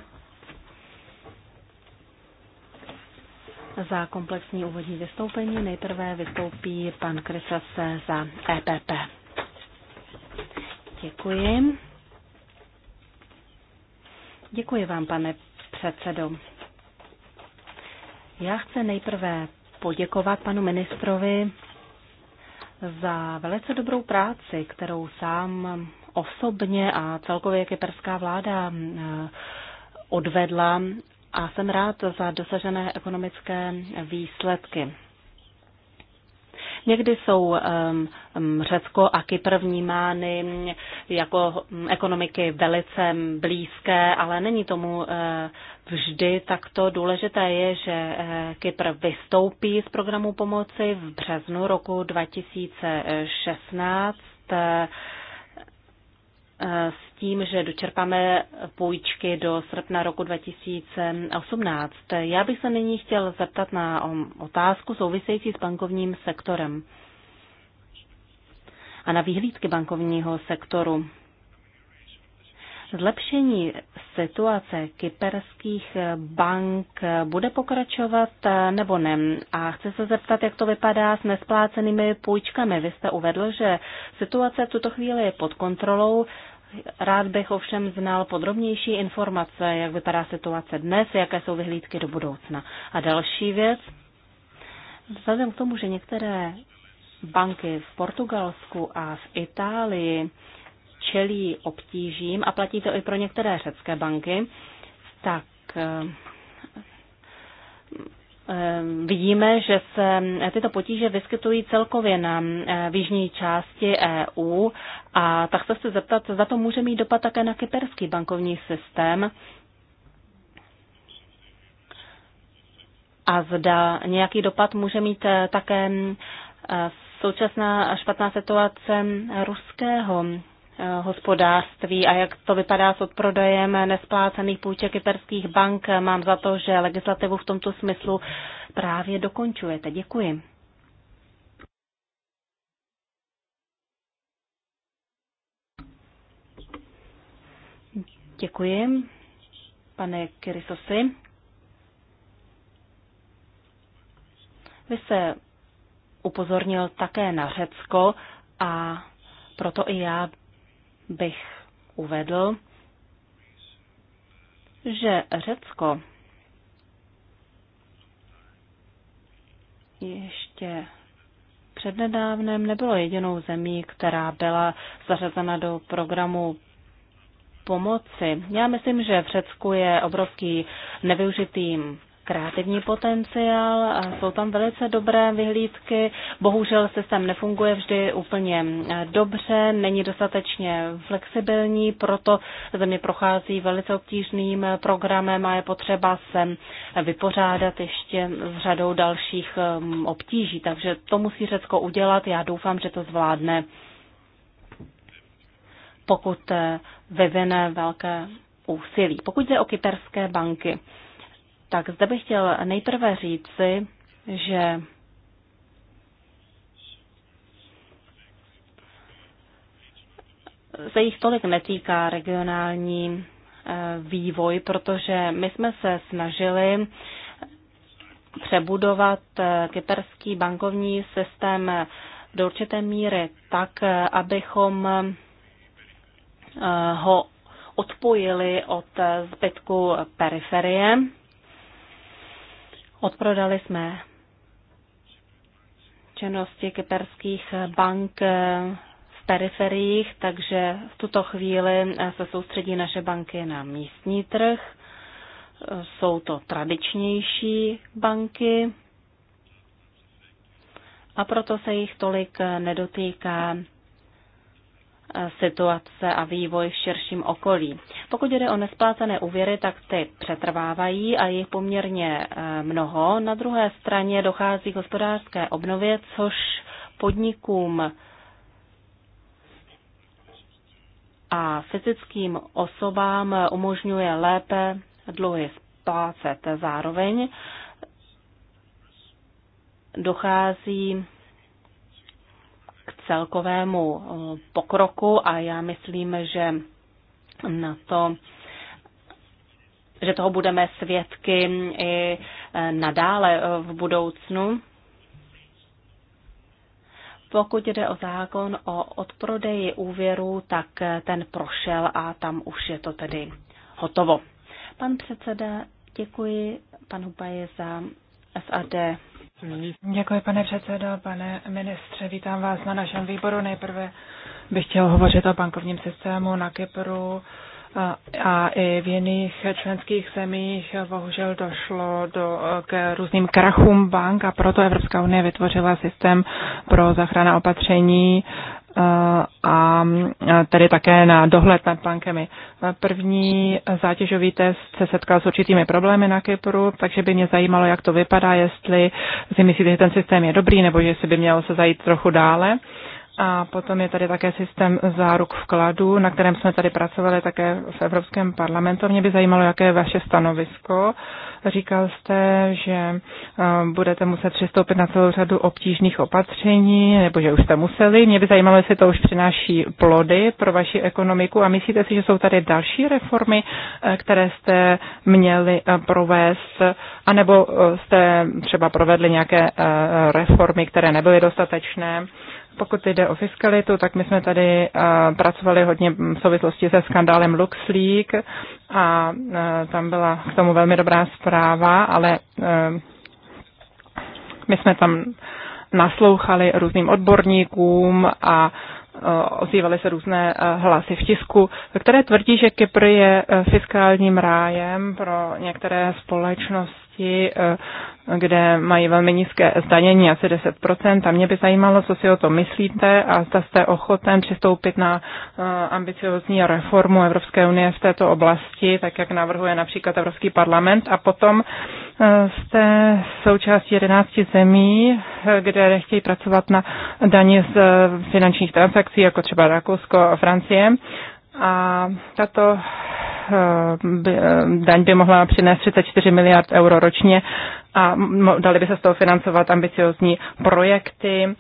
za komplexní úvodní vystoupení. Nejprve vystoupí pan Krysas za EPP. Děkuji. Děkuji vám, pane předsedo. Já chci nejprve poděkovat panu ministrovi za velice dobrou práci, kterou sám osobně a celkově kyperská vláda eh, odvedla a jsem rád za dosažené ekonomické výsledky. Někdy jsou um, Řecko a Kypr vnímány jako ekonomiky velice blízké, ale není tomu uh, vždy takto. Důležité je, že uh, Kypr vystoupí z programu pomoci v březnu roku 2016 s tím, že dočerpáme půjčky do srpna roku 2018. Já bych se nyní chtěl zeptat na otázku související s bankovním sektorem a na výhlídky bankovního sektoru. Zlepšení situace kyperských bank bude pokračovat eh, nebo ne? A chci se zeptat, jak to vypadá s nesplácenými půjčkami. Vy jste uvedl, že situace v tuto chvíli je pod kontrolou. Rád bych ovšem znal podrobnější informace, jak vypadá situace dnes, jaké jsou vyhlídky do budoucna. A další věc, vzhledem k tomu, že některé banky v Portugalsku a v Itálii čelí obtížím, a platí to i pro některé řecké banky, tak eh, Vidíme, že se tyto potíže vyskytují celkově na eh, jižní části EU a tak se chci zeptat, za to může mít dopad také na kyperský bankovní systém a zda nějaký dopad může mít eh, také současná špatná situace ruského Eh, hospodářství a jak to vypadá s odprodejem nesplácených půjček kyperských bank. Mám za to, že legislativu v tomto smyslu právě dokončujete. Děkuji. Děkuji, pane Kyrisosi. Vy se upozornil také na Řecko a proto i já bych uvedl, že Řecko ještě přednedávnem nebylo jedinou zemí, která byla zařazena do programu pomoci. Já myslím, že v Řecku je obrovský nevyužitý kreativní potenciál, a jsou tam velice dobré vyhlídky. Bohužel systém nefunguje vždy úplně eh, dobře, není dostatečně flexibilní, proto země prochází velice obtížným eh, programem a je potřeba se vypořádat ještě s řadou dalších eh, obtíží. Takže to musí Řecko udělat, já doufám, že to zvládne pokud vyvine velké úsilí. Pokud jde o kyperské banky, tak zde bych chtěl nejprve říci, že se jich tolik netýká regionální eh, vývoj, protože my jsme se snažili přebudovat eh, kyperský bankovní systém do určité míry tak, abychom eh, ho odpojili od zbytku periferie Odprodali jsme činnosti kyperských bank eh, v periferiích, takže v tuto chvíli eh, se soustředí naše banky na místní trh. Eh, jsou to tradičnější banky a proto se jich tolik nedotýká Eh, situace a vývoj v širším okolí. Pokud jde o nesplácené úvěry, tak ty přetrvávají a je poměrně eh, mnoho. Na druhé straně dochází k hospodářské obnově, což podnikům a fyzickým osobám umožňuje lépe dluhy splácet. Zároveň dochází celkovému eh, pokroku a já myslím, že na to že toho budeme svědky i eh, nadále eh, v budoucnu. Pokud jde o zákon o odprodeji úvěru, tak ten prošel a tam už je to tedy hotovo. Pan předseda, děkuji panu Baje za SAD Děkuji, pane předsedo, pane ministře, vítám vás na našem výboru. Nejprve bych chtěl hovořit o bankovním systému na Kypru a i v jiných členských zemích bohužel došlo do, k různým krachům bank a proto Evropská unie vytvořila systém pro zachrana opatření a tedy také na dohled nad bankami. První zátěžový test se setkal s určitými problémy na Kypru, takže by mě zajímalo, jak to vypadá, jestli si myslíte, že ten systém je dobrý, nebo jestli by měl se zajít trochu dále. A potom je tady také systém záruk vkladu, na kterém jsme tady pracovali také v Evropském parlamentu. Mě by zajímalo, jaké je vaše stanovisko. Říkal jste, že eh, budete muset přistoupit na celou řadu obtížných opatření, nebo že už jste museli. Mě by zajímalo, jestli to už přináší plody pro vaši ekonomiku a myslíte si, že jsou tady další reformy, eh, které jste měli eh, provést, anebo jste třeba provedli nějaké reformy, které nebyly dostatečné. Pokud jde o fiskalitu, tak my jsme tady eh, pracovali hodně v souvislosti se skandálem LuxLeak a eh, tam byla k tomu velmi dobrá zpráva, ale eh, my jsme tam naslouchali různým odborníkům a ozývaly se různé hlasy v tisku, které tvrdí, že Kypr je fiskálním rájem pro některé společnosti, kde mají velmi nízké zdanění, asi 10%. A mě by zajímalo, co si o to myslíte a zda jste ochoten přistoupit na eh, ambiciozní reformu Evropské unie v této oblasti, tak jak navrhuje například Evropský parlament. A potom eh, jste součástí 11 zemí, eh, kde nechtějí pracovat na daně z finančních transakcí, jako třeba Rakousko a Francie. A tato Eh, by, eh, daň by mohla přinést 34 miliard euro ročně a dali by se z toho financovat ambiciozní projekty, eh,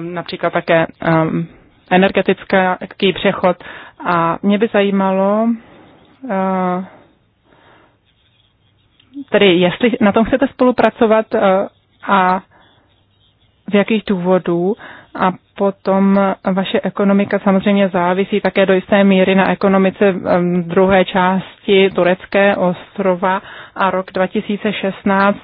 například také energetický přechod. A mě by zajímalo, tedy jestli na tom chcete spolupracovat a v jakých důvodů a potom vaše ekonomika samozřejmě závisí také do jisté míry na ekonomice druhé části turecké ostrova a rok 2016,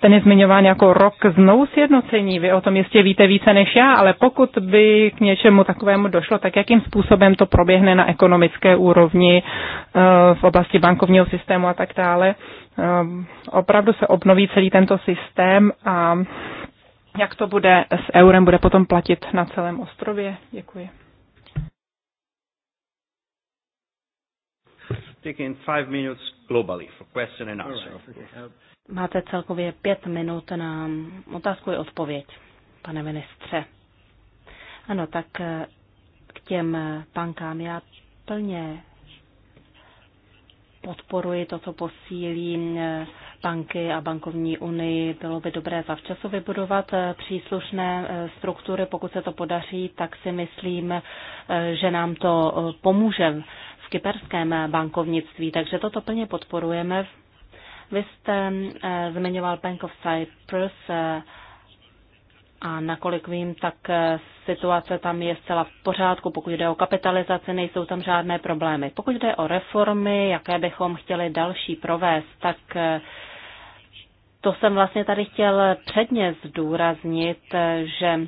ten je zmiňován jako rok znovu sjednocení. Vy o tom jistě víte více než já, ale pokud by k něčemu takovému došlo, tak jakým způsobem to proběhne na ekonomické úrovni eh, v oblasti bankovního systému a tak dále. Opravdu se obnoví celý tento systém a jak to bude s eurem, bude potom platit na celém ostrově? Děkuji. Máte celkově pět minut na otázku i odpověď, pane ministře. Ano, tak eh, k těm bankám já plně podporuji to, co posílí eh, banky a bankovní unii. Bylo by dobré zavčasu vybudovat eh, příslušné eh, struktury. Pokud se to podaří, tak si myslím, eh, že nám to pomůže v kyperském bankovnictví. Takže toto plně podporujeme. Vy jste zmiňoval Bank of Cyprus a nakolik vím, tak situace tam je zcela v pořádku. Pokud jde o kapitalizaci, nejsou tam žádné problémy. Pokud jde o reformy, jaké bychom chtěli další provést, tak to jsem vlastně tady chtěl předně zdůraznit, že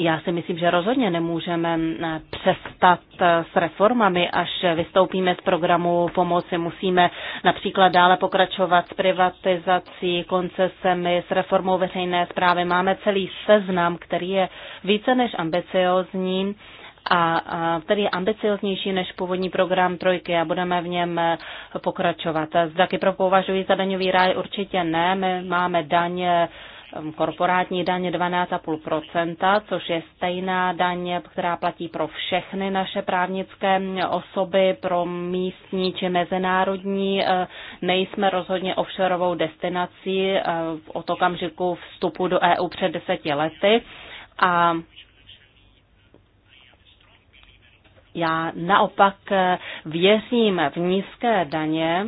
já si myslím, že rozhodně nemůžeme eh, přestat eh, s reformami, až vystoupíme z programu pomoci. Musíme například dále pokračovat s privatizací, koncesemi, s reformou veřejné zprávy. Máme celý seznam, který je více než ambiciozní a který je ambicioznější než původní program trojky a budeme v něm eh, pokračovat. Zda Kypro považuji za daňový ráj určitě ne, my máme daň eh, korporátní daň 12,5%, což je stejná daň, která platí pro všechny naše právnické hm, osoby, pro místní či mezinárodní. Eh, nejsme rozhodně offshoreovou destinací od okamžiku vstupu do EU před deseti lety. A Já naopak eh, věřím v nízké daně,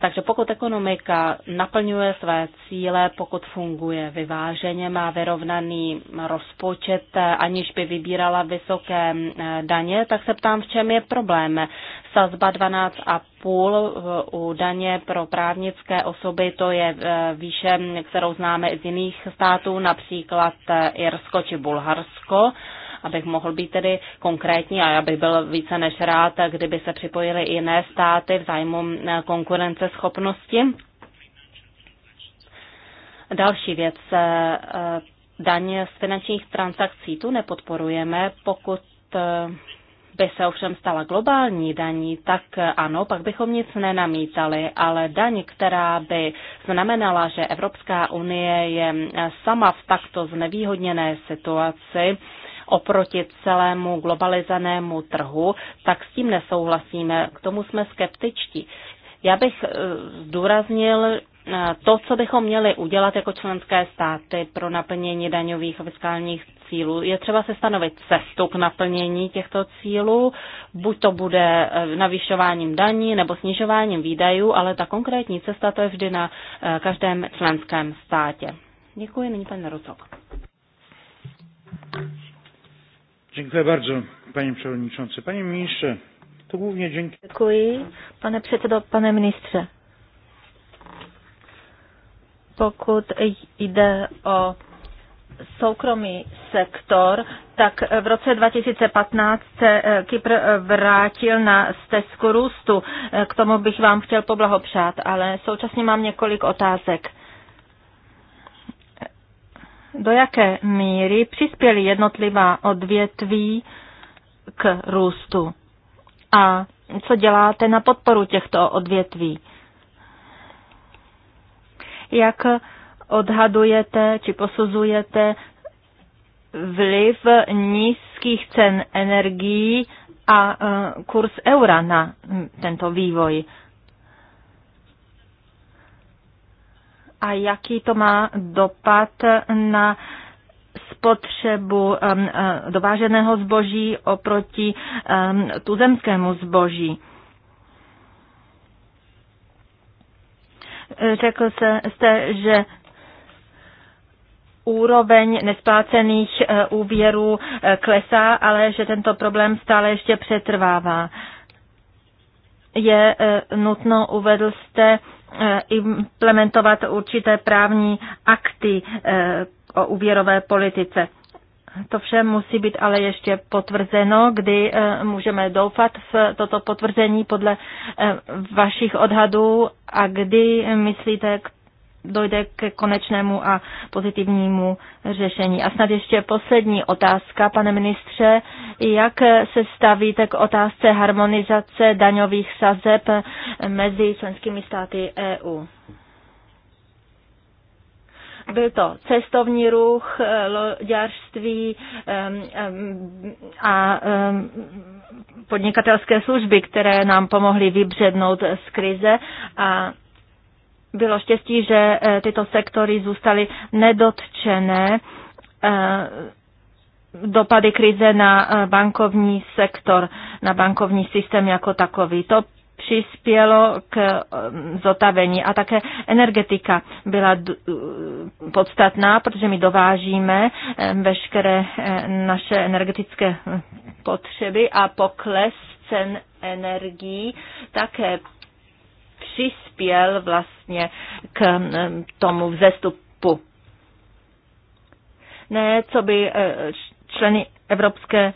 takže pokud ekonomika naplňuje své cíle, pokud funguje vyváženě, má vyrovnaný rozpočet, eh, aniž by vybírala vysoké eh, daně, tak se ptám, v čem je problém. Sazba 12,5 u daně pro právnické osoby, to je výše, kterou známe i z jiných států, například Irsko či Bulharsko abych mohl být tedy konkrétní a já bych byl více než rád, kdyby se připojily i jiné státy v zájmu eh, konkurenceschopnosti. Další věc, eh, eh, daně z finančních transakcí tu nepodporujeme, pokud by se ovšem stala globální daní, tak ano, pak bychom nic nenamítali, ale daň, která by znamenala, že Evropská unie je sama v takto znevýhodněné situaci, oproti celému globalizanému trhu, tak s tím nesouhlasíme. K tomu jsme skeptičtí. Já bych eh, zdůraznil eh, to, co bychom měli udělat jako členské státy pro naplnění daňových a fiskálních cílů. Je třeba se stanovit cestu k naplnění těchto cílů, buď to bude eh, navyšováním daní nebo snižováním výdajů, ale ta konkrétní cesta to je vždy na každém členském státě. Děkuji, nyní pan Rusok. Dziękuję bardzo, panie przewodniczący. Panie ministrze, to głównie dzięki... Děkuji, pane předsedo, pane ministře. Pokud jde o soukromý sektor, tak v roce 2015 se eh, Kypr eh, vrátil na stezku růstu. Eh, k tomu bych vám chtěl poblahopřát, ale současně mám několik otázek do jaké míry přispěly jednotlivá odvětví k růstu a co děláte na podporu těchto odvětví. Jak odhadujete či posuzujete vliv nízkých cen energií a e, kurz eura na tento vývoj? a jaký to má dopad na spotřebu um, uh, dováženého zboží oproti um, tuzemskému zboží. Řekl jste, že úroveň nesplácených uh, úvěrů uh, klesá, ale že tento problém stále ještě přetrvává. Je nutno, uvedl jste, Eh, implementovat určité právní akty eh, o úvěrové politice. To vše musí být ale ještě potvrzeno, kdy eh, můžeme doufat v toto potvrzení podle vašich odhadů a kdy myslíte k dojde k konečnému a pozitivnímu řešení. A snad ještě poslední otázka, pane ministře. Jak se stavíte k otázce harmonizace daňových sazeb mezi členskými státy EU? byl to cestovní ruch, loďářství a podnikatelské služby, které nám pomohly vybřednout z krize a bylo štěstí, že eh, tyto sektory zůstaly nedotčené eh, dopady krize na eh, bankovní sektor, na bankovní systém jako takový. To přispělo k zotavení a také energetika byla podstatná, protože my dovážíme veškeré naše energetické potřeby a pokles cen energií také přispěl vlastně k mm, tomu vzestupu. Ne, co by eh, členy Evropské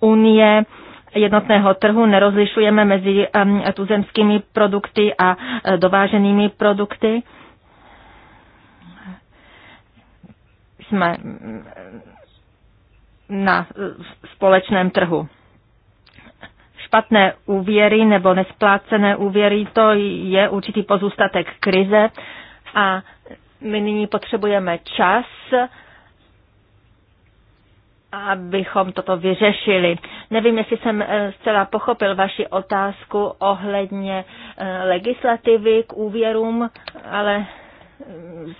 unie jednotného trhu nerozlišujeme mezi mm, tuzemskými produkty a eh, dováženými produkty. Jsme mm, na eh, společném trhu špatné úvěry nebo nesplácené úvěry, to je určitý pozůstatek krize a my nyní potřebujeme čas, abychom toto vyřešili. Nevím, jestli jsem eh, zcela pochopil vaši otázku ohledně eh, legislativy k úvěrům, ale eh,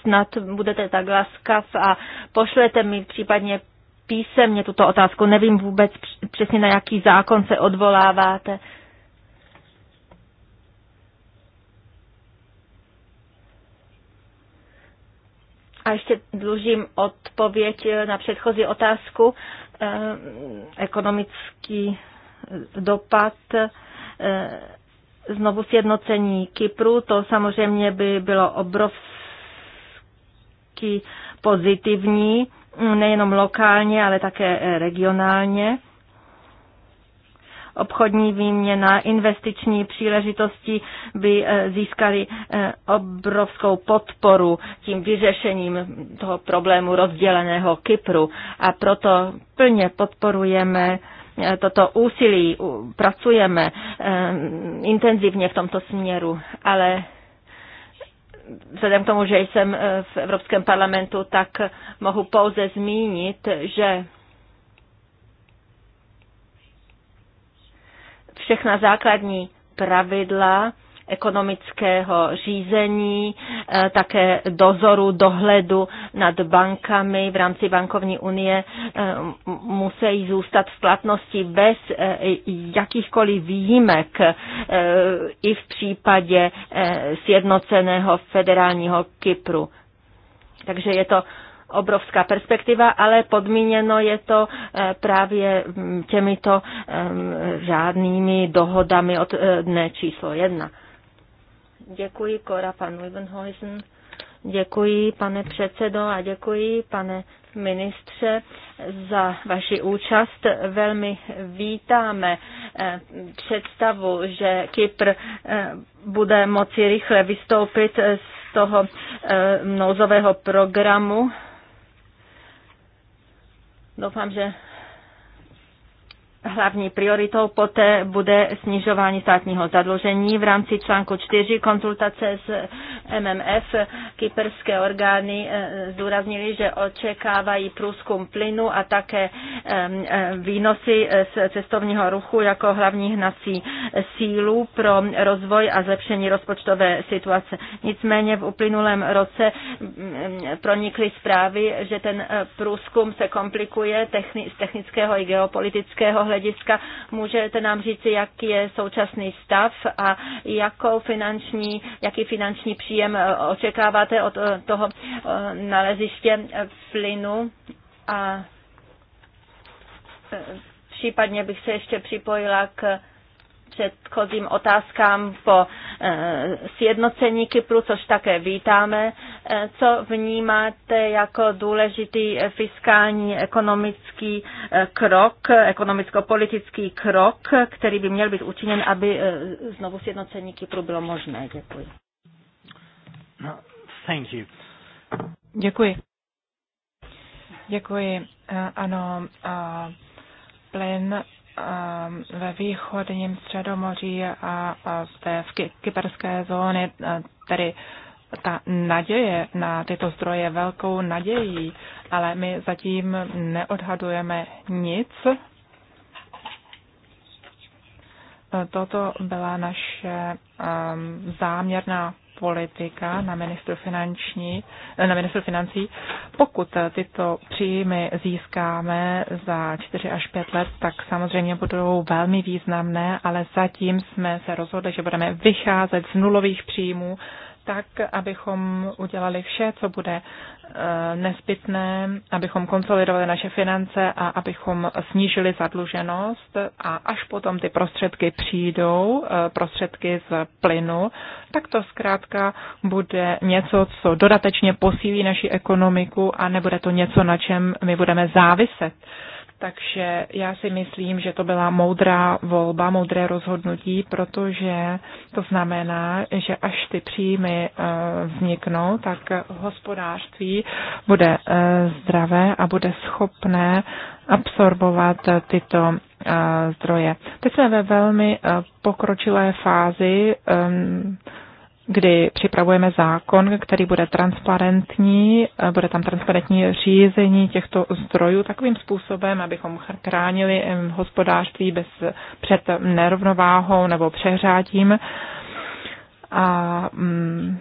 snad budete tak laskav a pošlete mi případně písemně tuto otázku. Nevím vůbec přesně, na jaký zákon se odvoláváte. A ještě dlužím odpověď na předchozí otázku. Eh, ekonomický dopad eh, znovu sjednocení Kypru, to samozřejmě by bylo obrovský pozitivní nejenom lokálně, ale také eh, regionálně. Obchodní výměna, investiční příležitosti by eh, získaly eh, obrovskou podporu tím vyřešením toho problému rozděleného Kypru. A proto plně podporujeme toto úsilí, pracujeme intenzivně v tomto směru, ale vzhledem k tomu, že jsem eh, v Evropském parlamentu, tak mohu pouze zmínit, že všechna základní pravidla ekonomického řízení, eh, také dozoru, dohledu nad bankami v rámci bankovní unie eh, musí zůstat v platnosti bez eh, jakýchkoliv výjimek i v případě sjednoceného federálního Kypru. Takže je to obrovská perspektiva, ale podmíněno je to právě mm, těmito žádnými dohodami od dne číslo jedna. Děkuji Kora pan Wivenhuizen. Děkuji, pane předsedo, a děkuji, pane ministře, za vaši účast. Velmi vítáme eh, představu, že Kypr eh, bude moci rychle vystoupit z toho eh, nouzového programu. Doufám, že Hlavní prioritou poté bude snižování státního zadlužení v rámci článku 4 konzultace s MMF. Kyperské orgány eh, zdůraznili, že očekávají průzkum plynu a také výnosy eh, z cestovního ruchu jako hlavní hnací sílu pro rozvoj a zlepšení rozpočtové situace. Nicméně v uplynulém roce mm, mm, pronikly zprávy, že ten eh, průzkum se komplikuje z technického i geopolitického hlediska hlediska můžete nám říci, jaký je současný stav a jakou finanční, jaký finanční příjem eh, očekáváte od eh, toho eh, naleziště plynu a případně bych se ještě připojila k předchozím otázkám po eh, sjednocení Kypru, což také vítáme. Eh, co vnímáte jako důležitý fiskální ekonomický eh, krok, ekonomicko-politický krok, který by měl být učiněn, aby znovu sjednocení Kypru bylo možné? Děkuji. No, thank you. Děkuji. Děkuji. Ano, plen Um, ve východním středomoří a zde v kyperské zóny, uh, tedy ta naděje na tyto zdroje velkou nadějí, ale my zatím neodhadujeme nic. Toto byla naše um, záměrná politika na ministru, finanční, na ministru financí. Pokud tyto příjmy získáme za 4 až 5 let, tak samozřejmě budou velmi významné, ale zatím jsme se rozhodli, že budeme vycházet z nulových příjmů tak, abychom udělali vše, co bude eh, nezbytné, abychom konsolidovali naše finance a abychom snížili zadluženost a až potom ty prostředky přijdou, eh, prostředky z plynu, tak to zkrátka bude něco, co dodatečně posílí naši ekonomiku a nebude to něco, na čem my budeme záviset. Takže já si myslím, že to byla moudrá volba, moudré rozhodnutí, protože to znamená, že až ty příjmy eh, vzniknou, tak hospodářství bude eh, zdravé a bude schopné absorbovat tyto eh, zdroje. Teď jsme ve velmi pokročilé fázi ehm, kdy připravujeme zákon, který bude transparentní, eh, bude tam transparentní řízení těchto zdrojů takovým způsobem, abychom chránili hospodářství bez, před nerovnováhou nebo přehrátím. A mm,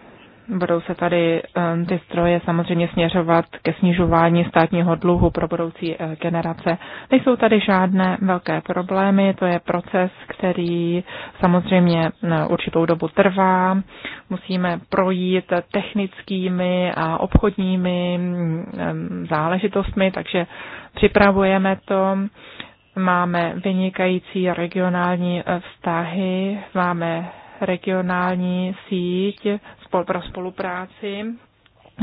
Budou se tady eh, ty stroje samozřejmě směřovat ke snižování státního dluhu pro budoucí eh, generace. Nejsou tady žádné velké problémy, to je proces, který samozřejmě eh, určitou dobu trvá. Musíme projít technickými a obchodními mm, záležitostmi, takže připravujeme to máme vynikající regionální vztahy, máme regionální síť pro spolupráci,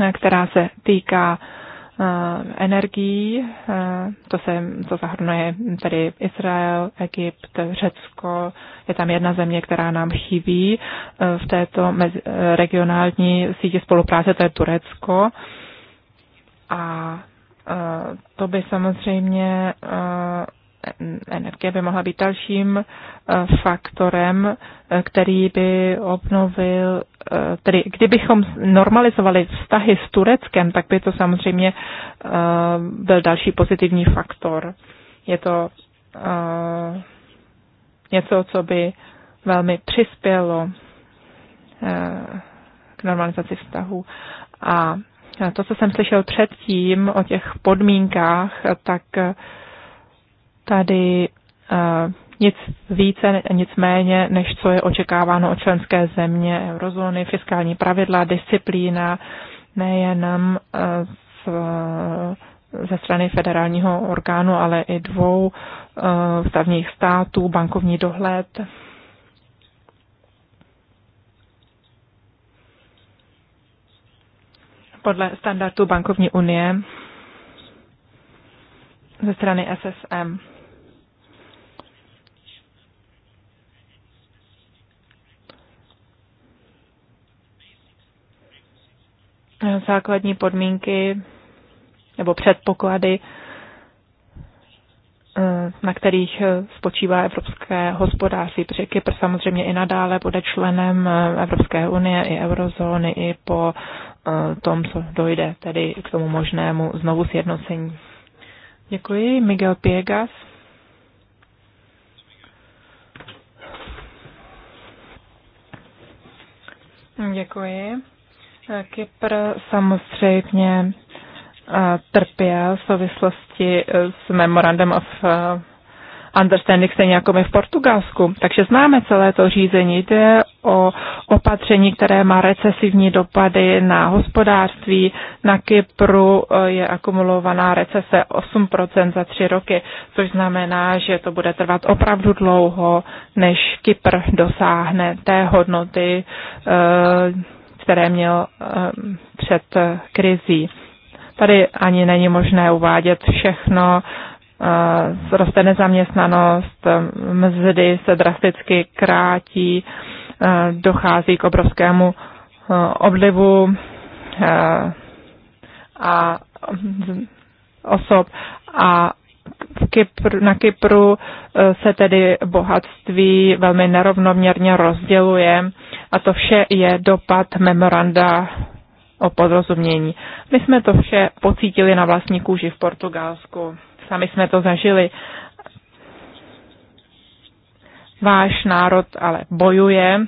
eh, která se týká eh, energií, eh, to se to zahrnuje tedy Izrael, Egypt, Řecko, je tam jedna země, která nám chybí v této regionální síti spolupráce, to je Turecko. A to by samozřejmě energie by mohla být dalším eh, faktorem, eh, který by obnovil, eh, tedy kdybychom normalizovali vztahy s Tureckem, tak by to samozřejmě byl další pozitivní faktor. Je to něco, co by velmi přispělo k normalizaci vztahu. A to, co jsem slyšel předtím o těch podmínkách, tak tady eh, nic více, nic méně, než co je očekáváno od členské země eurozóny, fiskální pravidla, disciplína, nejenom z, eh, ze strany federálního orgánu, ale i dvou eh, stavních států, bankovní dohled. Podle standardů bankovní unie ze strany SSM. základní podmínky nebo předpoklady, eh, na kterých eh, spočívá evropské hospodářství, protože Kypr samozřejmě i nadále bude členem eh, Evropské unie i eurozóny i po tom, co dojde tedy k tomu možnému znovu sjednocení. Děkuji. Miguel Piegas. Děkuji. Kypr samozřejmě eh, trpěl v souvislosti eh, s Memorandum of eh, understanding stejně jako my v Portugalsku. Takže známe celé to řízení. Jde o opatření, které má recesivní dopady na hospodářství. Na Kypru je akumulovaná recese 8% za tři roky, což znamená, že to bude trvat opravdu dlouho, než Kypr dosáhne té hodnoty které měl ehm, před krizí. Tady ani není možné uvádět všechno, eh, roste nezaměstnanost, ehm, mzdy se drasticky krátí, eh, dochází k obrovskému eh, oblivu a osob a Kypr, na Kypru se tedy bohatství velmi nerovnoměrně rozděluje a to vše je dopad memoranda o podrozumění. My jsme to vše pocítili na vlastní kůži v Portugalsku. Sami jsme to zažili. Váš národ ale bojuje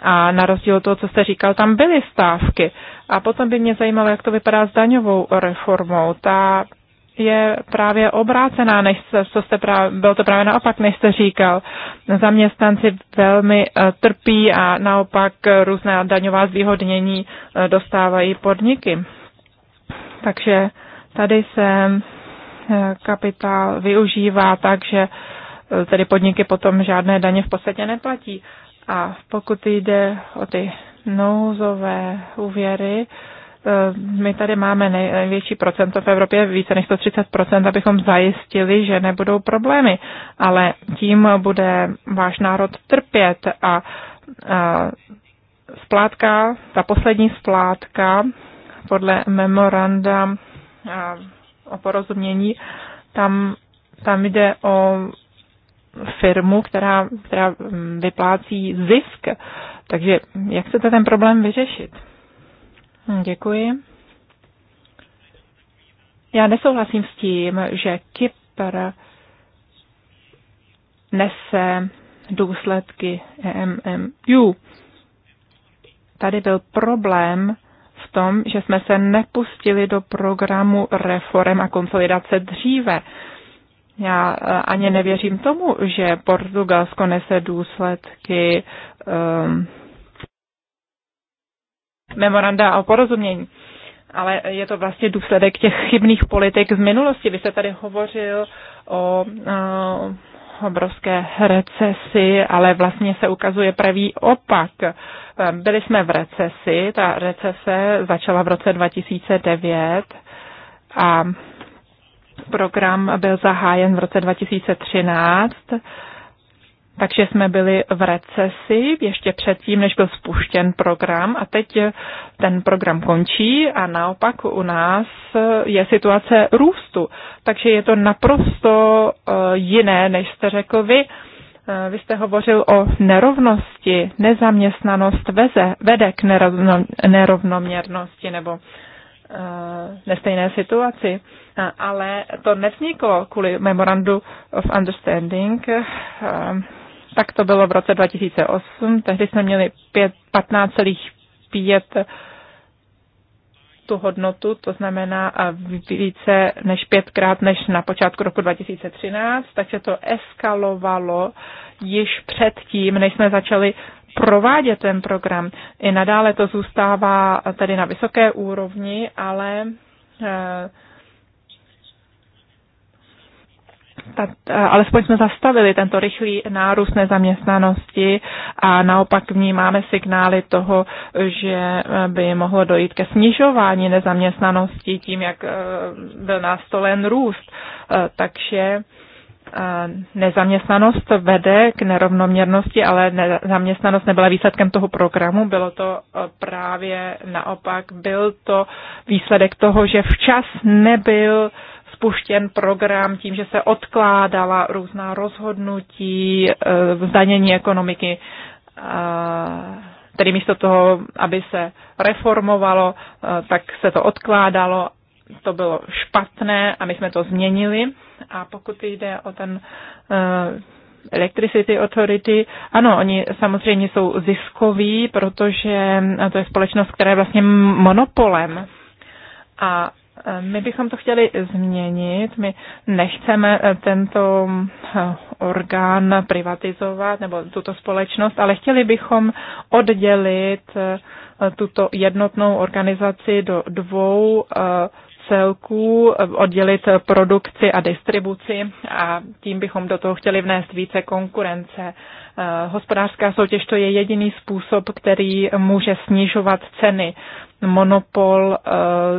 a na rozdíl od toho, co jste říkal, tam byly stávky. A potom by mě zajímalo, jak to vypadá s daňovou reformou. Ta je právě obrácená, než co jste právě, bylo to právě naopak, než jste říkal. Zaměstnanci velmi eh, trpí a naopak eh, různá daňová zvýhodnění eh, dostávají podniky. Takže tady se kapitál využívá tak, že tedy podniky potom žádné daně v podstatě neplatí. A pokud jde o ty nouzové úvěry, Eh, my tady máme největší procento v Evropě, více než 130%, abychom zajistili, že nebudou problémy. Ale tím bude váš národ trpět a, a splátka, ta poslední splátka podle memoranda o porozumění, tam, tam jde o firmu, která, která vyplácí zisk. Takže jak chcete ten problém vyřešit? Děkuji. Já nesouhlasím s tím, že Kypr nese důsledky EMMU. Tady byl problém v tom, že jsme se nepustili do programu reform a konsolidace dříve. Já eh, ani nevěřím tomu, že Portugalsko nese důsledky um, memoranda o porozumění. Ale je to vlastně důsledek těch chybných politik z minulosti. Vy jste tady hovořil o, o obrovské recesi, ale vlastně se ukazuje pravý opak. Byli jsme v recesi, ta recese začala v roce 2009 a program byl zahájen v roce 2013 takže jsme byli v recesi ještě předtím, než byl spuštěn program a teď ten program končí a naopak u nás je situace růstu. Takže je to naprosto eh, jiné, než jste řekl vy. Eh, vy jste hovořil o nerovnosti, nezaměstnanost veze, vede k nerovno, nerovnoměrnosti nebo eh, nestejné situaci, ale to nevzniklo kvůli memorandu of understanding tak to bylo v roce 2008. Tehdy jsme měli 15,5 tu hodnotu, to znamená více než pětkrát než na počátku roku 2013, takže to eskalovalo již předtím, než jsme začali provádět ten program. I nadále to zůstává tady na vysoké úrovni, ale eh, alespoň jsme zastavili tento rychlý nárůst nezaměstnanosti a naopak vnímáme signály toho, že eh, by mohlo dojít ke snižování nezaměstnanosti tím, jak eh, byl nastolen růst. Eh, takže nezaměstnanost vede k nerovnoměrnosti, ale nezaměstnanost nebyla výsledkem toho programu, bylo to právě naopak, byl to výsledek toho, že včas nebyl spuštěn program tím, že se odkládala různá rozhodnutí, eh, zdanění ekonomiky, eh, tedy místo toho, aby se reformovalo, eh, tak se to odkládalo. To bylo špatné a my jsme to změnili. A pokud jde o ten Electricity Authority, ano, oni samozřejmě jsou ziskoví, protože to je společnost, která je vlastně monopolem. A my bychom to chtěli změnit. My nechceme eh, tento eh, orgán privatizovat nebo tuto společnost, ale chtěli bychom oddělit eh, tuto jednotnou organizaci do dvou celků, oddělit produkci a distribuci a tím bychom do toho chtěli vnést více konkurence. Hospodářská soutěž to je jediný způsob, který může snižovat ceny monopol, eh,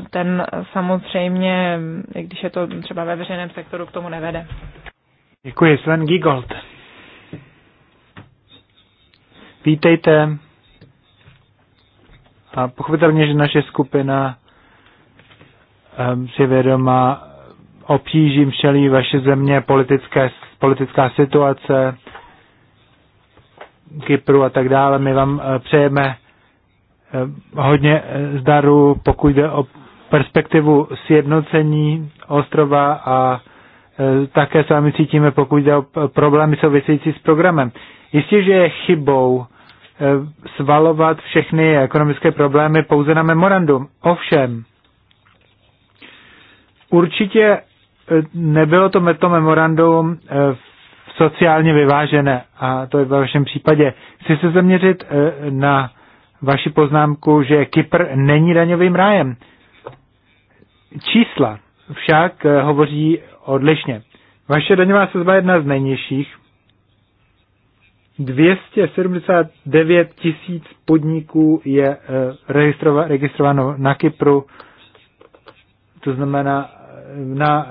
ten samozřejmě, i když je to třeba ve veřejném sektoru, k tomu nevede. Děkuji, Sven Gigold. Vítejte. A pochopitelně, že naše skupina eh, si vědomá obtížím všelí vaše země, politické, politická situace Kypru a tak dále. My vám eh, přejeme Eh, hodně eh, zdaru, pokud jde o perspektivu sjednocení ostrova a eh, také s vámi cítíme, pokud jde o problémy související s programem. Jistě, že je chybou svalovat všechny ekonomické problémy pouze na memorandum. Ovšem, určitě nebylo to, meto memorandum sociálně vyvážené a to je ve vašem případě. Chci se zaměřit na vaši poznámku, že Kypr není daňovým rájem. Čísla však eh, hovoří odlišně. Vaše daňová sazba je jedna z nejnižších. 279 tisíc podniků je eh, registrováno na Kypru, to znamená eh, na,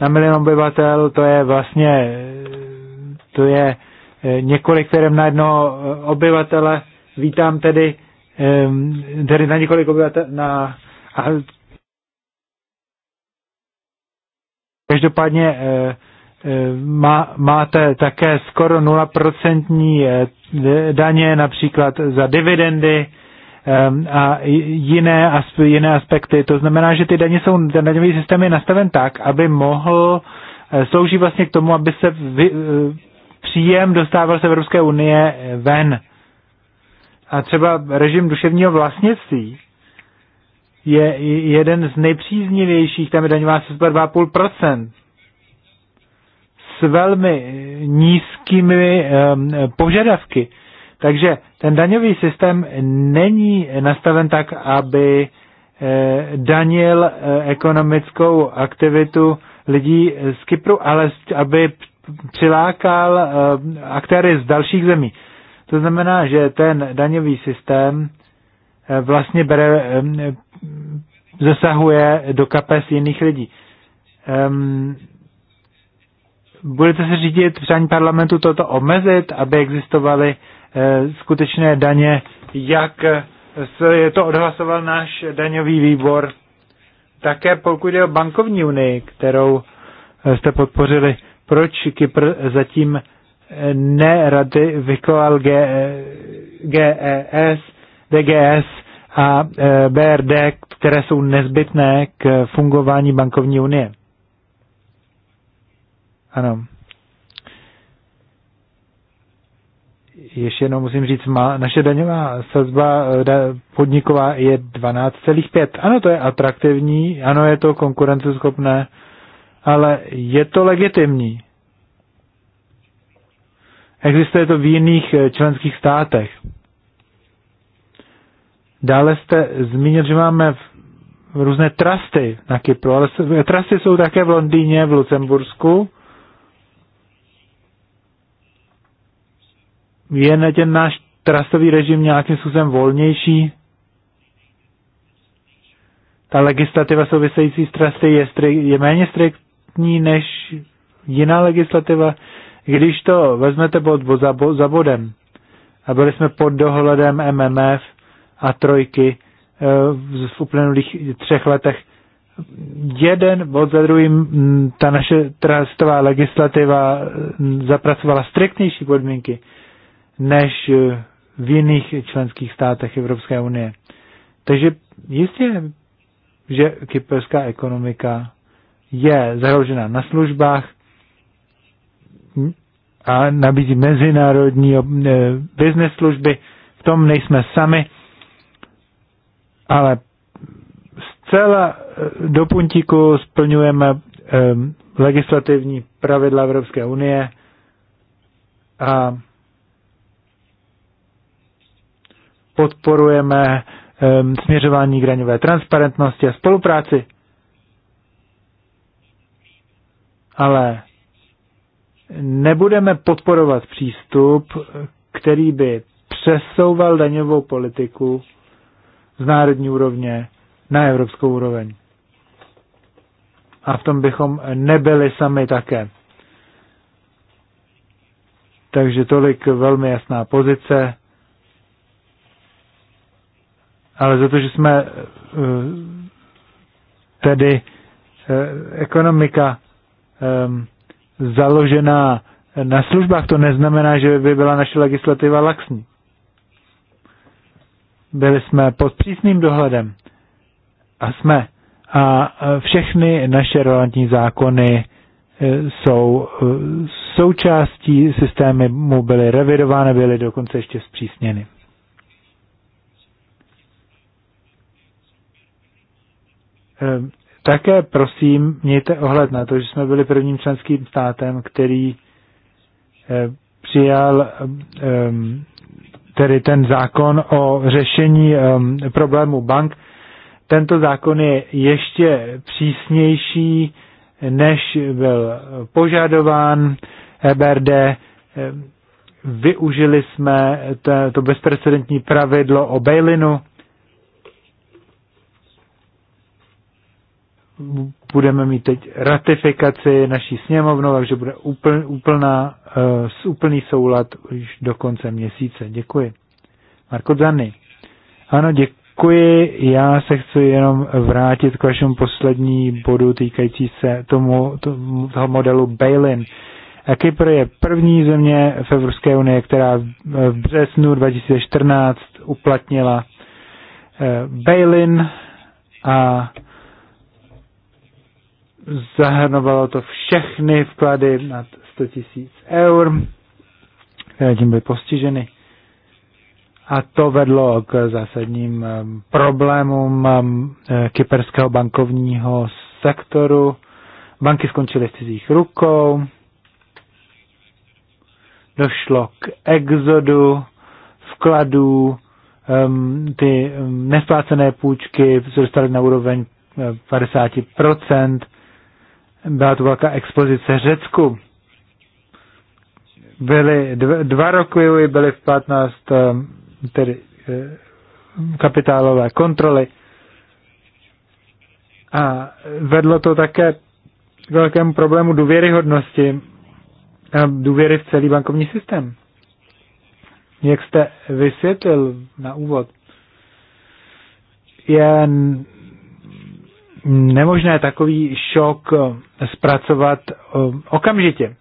na milion obyvatel, to je vlastně, to je Eh, několik firm na jedno eh, obyvatele. Vítám tedy, tedy na několik obyvatel na a Každopádně eh, má, máte také skoro 0% daně například za dividendy a jiné, jiné aspekty. To znamená, že ty daně jsou, ten daňový systém je nastaven tak, aby mohl slouží vlastně k tomu, aby se vy, příjem dostával z Evropské unie eh, ven. A třeba režim duševního vlastnictví je jeden z nejpříznivějších, tam je daňová sazba 2,5%. S velmi eh, nízkými um, požadavky. Takže ten daňový systém není nastaven tak, aby eh, danil ekonomickou aktivitu lidí z Kypru, ale aby přilákal eh, aktéry z dalších zemí. To znamená, že ten daňový systém eh, vlastně bere, zasahuje do kapes jiných lidí. Budete se řídit přání parlamentu toto omezit, aby existovaly eh, skutečné daně, jak je to odhlasoval náš daňový výbor. Také pokud je o bankovní unii, kterou jste podpořili, proč Kypr zatím vykoval GES, DGS a e, BRD, které jsou nezbytné k fungování bankovní unie. Ano. Ještě jenom musím říct, má, naše daňová sazba e, podniková je 12,5. Ano, to je atraktivní, ano, je to konkurenceschopné ale je to legitimní. Existuje to v jiných eh, členských státech. Dále jste zmínil, že máme v různé trusty na Kypru, ale trusty jsou také v Londýně, v Lucembursku. Je ten náš trustový režim nějakým způsobem volnější? Ta legislativa související s trusty je, strik, je méně strikt? striktní než jiná legislativa, když to vezmete bod za, za bodem. A byli jsme pod dohledem MMF a trojky eh, v uplynulých třech letech. Jeden bod za druhým mm, ta naše trastová legislativa mm, zapracovala striktnější podmínky než eh, v jiných členských státech Evropské unie. Takže jistě, že kyperská ekonomika je založena na službách a nabízí mezinárodní eh, business služby. V tom nejsme sami, ale zcela eh, do puntíku splňujeme eh, legislativní pravidla Evropské unie a podporujeme směřování k daňové transparentnosti a spolupráci. ale nebudeme podporovat přístup, který by přesouval daňovou politiku z národní úrovně na evropskou úroveň. A v tom bychom nebyli sami také. Takže tolik velmi jasná pozice. Ale za to, že jsme eh, tedy eh, ekonomika um, založená na službách, to neznamená, že by byla naše legislativa laxní. Byli jsme pod přísným dohledem a jsme. A všechny naše relevantní zákony e, jsou e, součástí systémy, mu byly revidovány, byly dokonce ještě zpřísněny. Ehm, také prosím, mějte ohled na to, že jsme byli prvním členským státem, který eh, přijal ehm, tedy ten zákon o řešení ehm, problému bank. Tento zákon je ještě přísnější, než byl požadován EBRD. Ehm, využili jsme to bezprecedentní pravidlo o bailinu, budeme mít teď ratifikaci naší sněmovnou, takže bude úpln, úplná, uh, úplný soulad už do konce měsíce. Děkuji. Marko Zanny. Ano, děkuji. Já se chci jenom vrátit k vašemu poslední bodu týkající se tomu, tomu toho modelu Bailin. A Kypr je první země v Evropské unii, která v březnu 2014 uplatnila eh, Bailin a zahrnovalo to všechny vklady nad 100 tisíc eur, které tím byly postiženy. A to vedlo k zásadním um, problémům um, eh, kyperského bankovního sektoru. Banky skončily v cizích rukou, došlo k exodu vkladů, um, ty nesplácené půjčky se dostaly na úroveň 50%, eh, byla to velká expozice Řecku. Byly dva, dva roky byly v platnost ehm, tedy eh, kapitálové kontroly a vedlo to také k velkému problému důvěryhodnosti a důvěry v celý bankovní systém. Jak jste vysvětlil na úvod, je nemožné takový šok eh, zpracovat eh, okamžitě.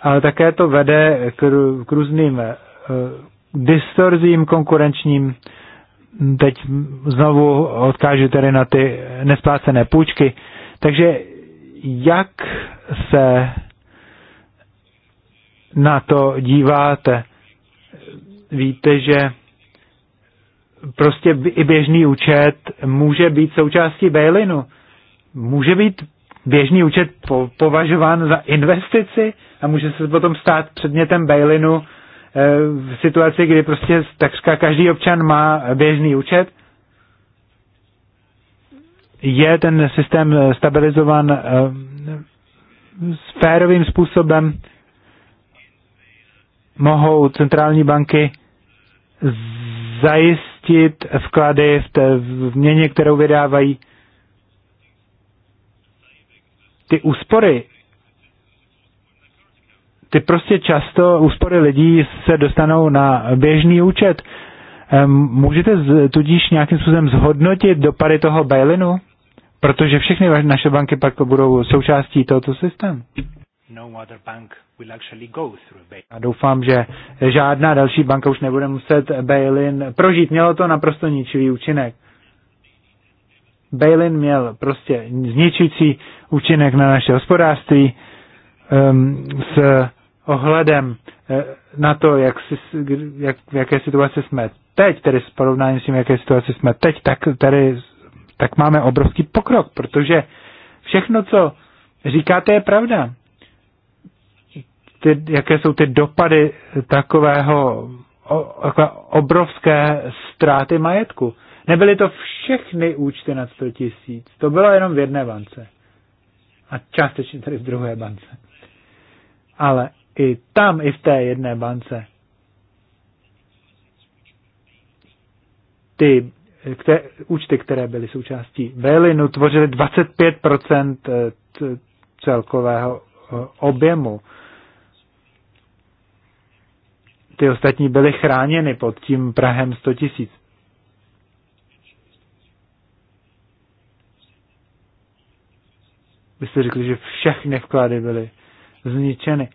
Ale také to vede k různým eh, distorzím konkurenčním. Teď znovu odkážu tedy na ty nesplácené půjčky. Takže jak se na to díváte? Víte, že prostě i běžný účet může být součástí bailinu. Může být běžný účet po, považován za investici a může se potom stát předmětem bailinu e, v situaci, kdy prostě takřka každý občan má běžný účet. Je ten systém eh, stabilizovan e, eh, sférovým způsobem? Mohou centrální banky zajistit platit vklady v, té, v měně, kterou vydávají. Ty úspory, ty prostě často úspory lidí se dostanou na běžný účet. Můžete tudíž nějakým způsobem zhodnotit dopady toho bailinu? Protože všechny naše banky pak budou součástí tohoto systému. No A doufám, že žádná další banka už nebude muset bail-in prožít. Mělo to naprosto ničivý účinek. Bail-in měl prostě zničující účinek na naše hospodářství um, s ohledem eh, na to, jak si, jak, v jaké situaci jsme teď, tedy s porovnáním s tím, jaké situaci jsme teď, tak, tady, tak máme obrovský pokrok, protože všechno, co říkáte, je pravda ty, jaké jsou ty dopady takového o, obrovské ztráty majetku. Nebyly to všechny účty nad 100 tisíc, to bylo jenom v jedné bance. A částečně tady v druhé bance. Ale i tam, i v té jedné bance, ty které, účty, které byly součástí Bailinu, tvořily 25% eh, celkového eh, objemu ty ostatní byly chráněny pod tím Prahem 100 tisíc. Vy jste řekli, že všechny vklady byly zničeny.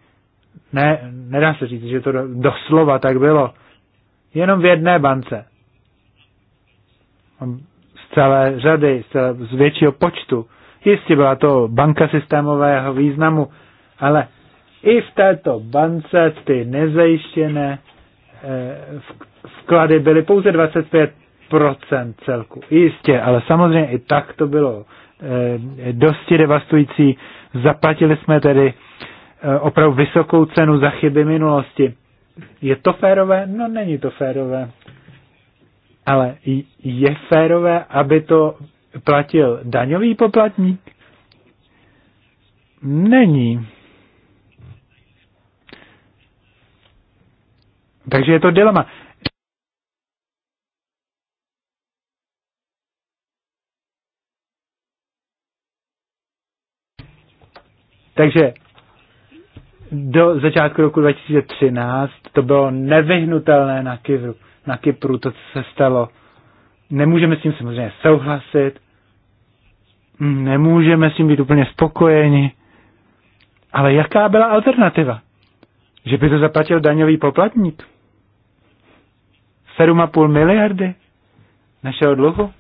Ne, nedá se říct, že to doslova tak bylo. Jenom v jedné bance. Z celé řady, z, celé, z většího počtu. Jistě byla to banka systémového významu, ale i v této bance ty nezajištěné eh, vklady byly pouze 25 celku. Jistě, ale samozřejmě i tak to bylo eh, dosti devastující. Zaplatili jsme tedy eh, opravdu vysokou cenu za chyby minulosti. Je to férové? No není to férové. Ale je férové, aby to platil daňový poplatník? Není. Takže je to dilema. Takže do začátku roku 2013 to bylo nevyhnutelné na Kypru, na Kypru to, co se stalo. Nemůžeme s tím samozřejmě souhlasit, nemůžeme s tím být úplně spokojeni, ale jaká byla alternativa? Že by to zaplatil daňový poplatník. 7,5 miliardy našeho dluhu.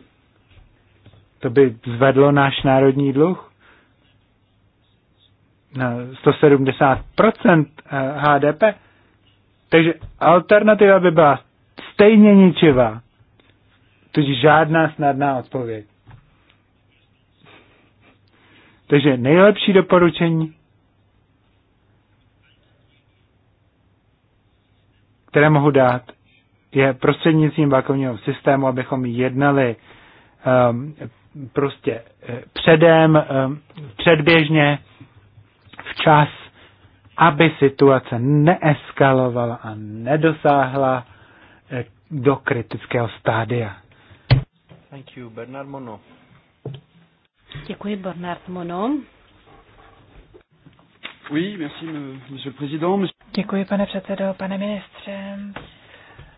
To by zvedlo náš národní dluh na 170% eh, HDP. Takže alternativa by byla stejně ničivá. Tudíž žádná snadná odpověď. Takže nejlepší doporučení které mohu dát, je prostřednictvím bankovního systému, abychom jednali um, prostě eh, předem, um, předběžně, včas, aby situace neeskalovala a nedosáhla eh, do kritického stádia. Thank you, Bernard Mono. Děkuji, Bernard Mono. Oui, merci, monsieur le président. Děkuji, pane předsedo, pane ministře.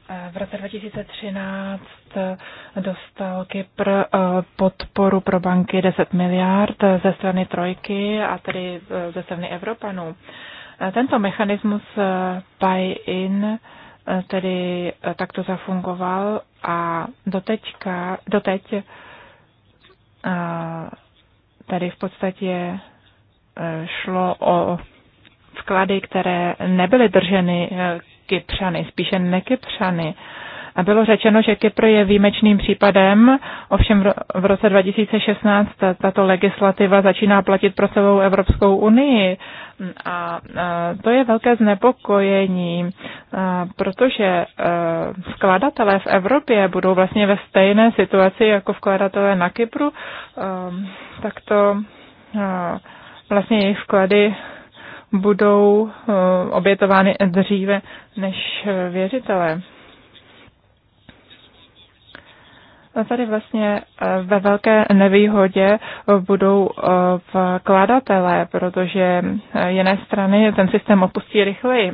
Eh, v roce 2013 eh, dostal Kypr eh, podporu pro banky 10 miliard ze strany Trojky a tedy ze strany Evropanů. Tento mechanismus buy-in tedy takto zafungoval a doteďka, doteď tady v podstatě Eh, šlo o vklady, které nebyly drženy eh, Kypřany, spíše nekypřany. A bylo řečeno, že Kypr je výjimečným případem, ovšem v roce 2016 tato legislativa začíná platit pro celou Evropskou unii. A to je velké znepokojení, protože e, vkladatelé v Evropě budou vlastně ve stejné situaci jako vkladatelé na Kypru, e, tak to e, vlastně jejich vklady budou eh, obětovány dříve než eh, věřitelé. Tady vlastně eh, ve velké nevýhodě budou vkladatelé, protože jiné strany ten systém opustí rychleji.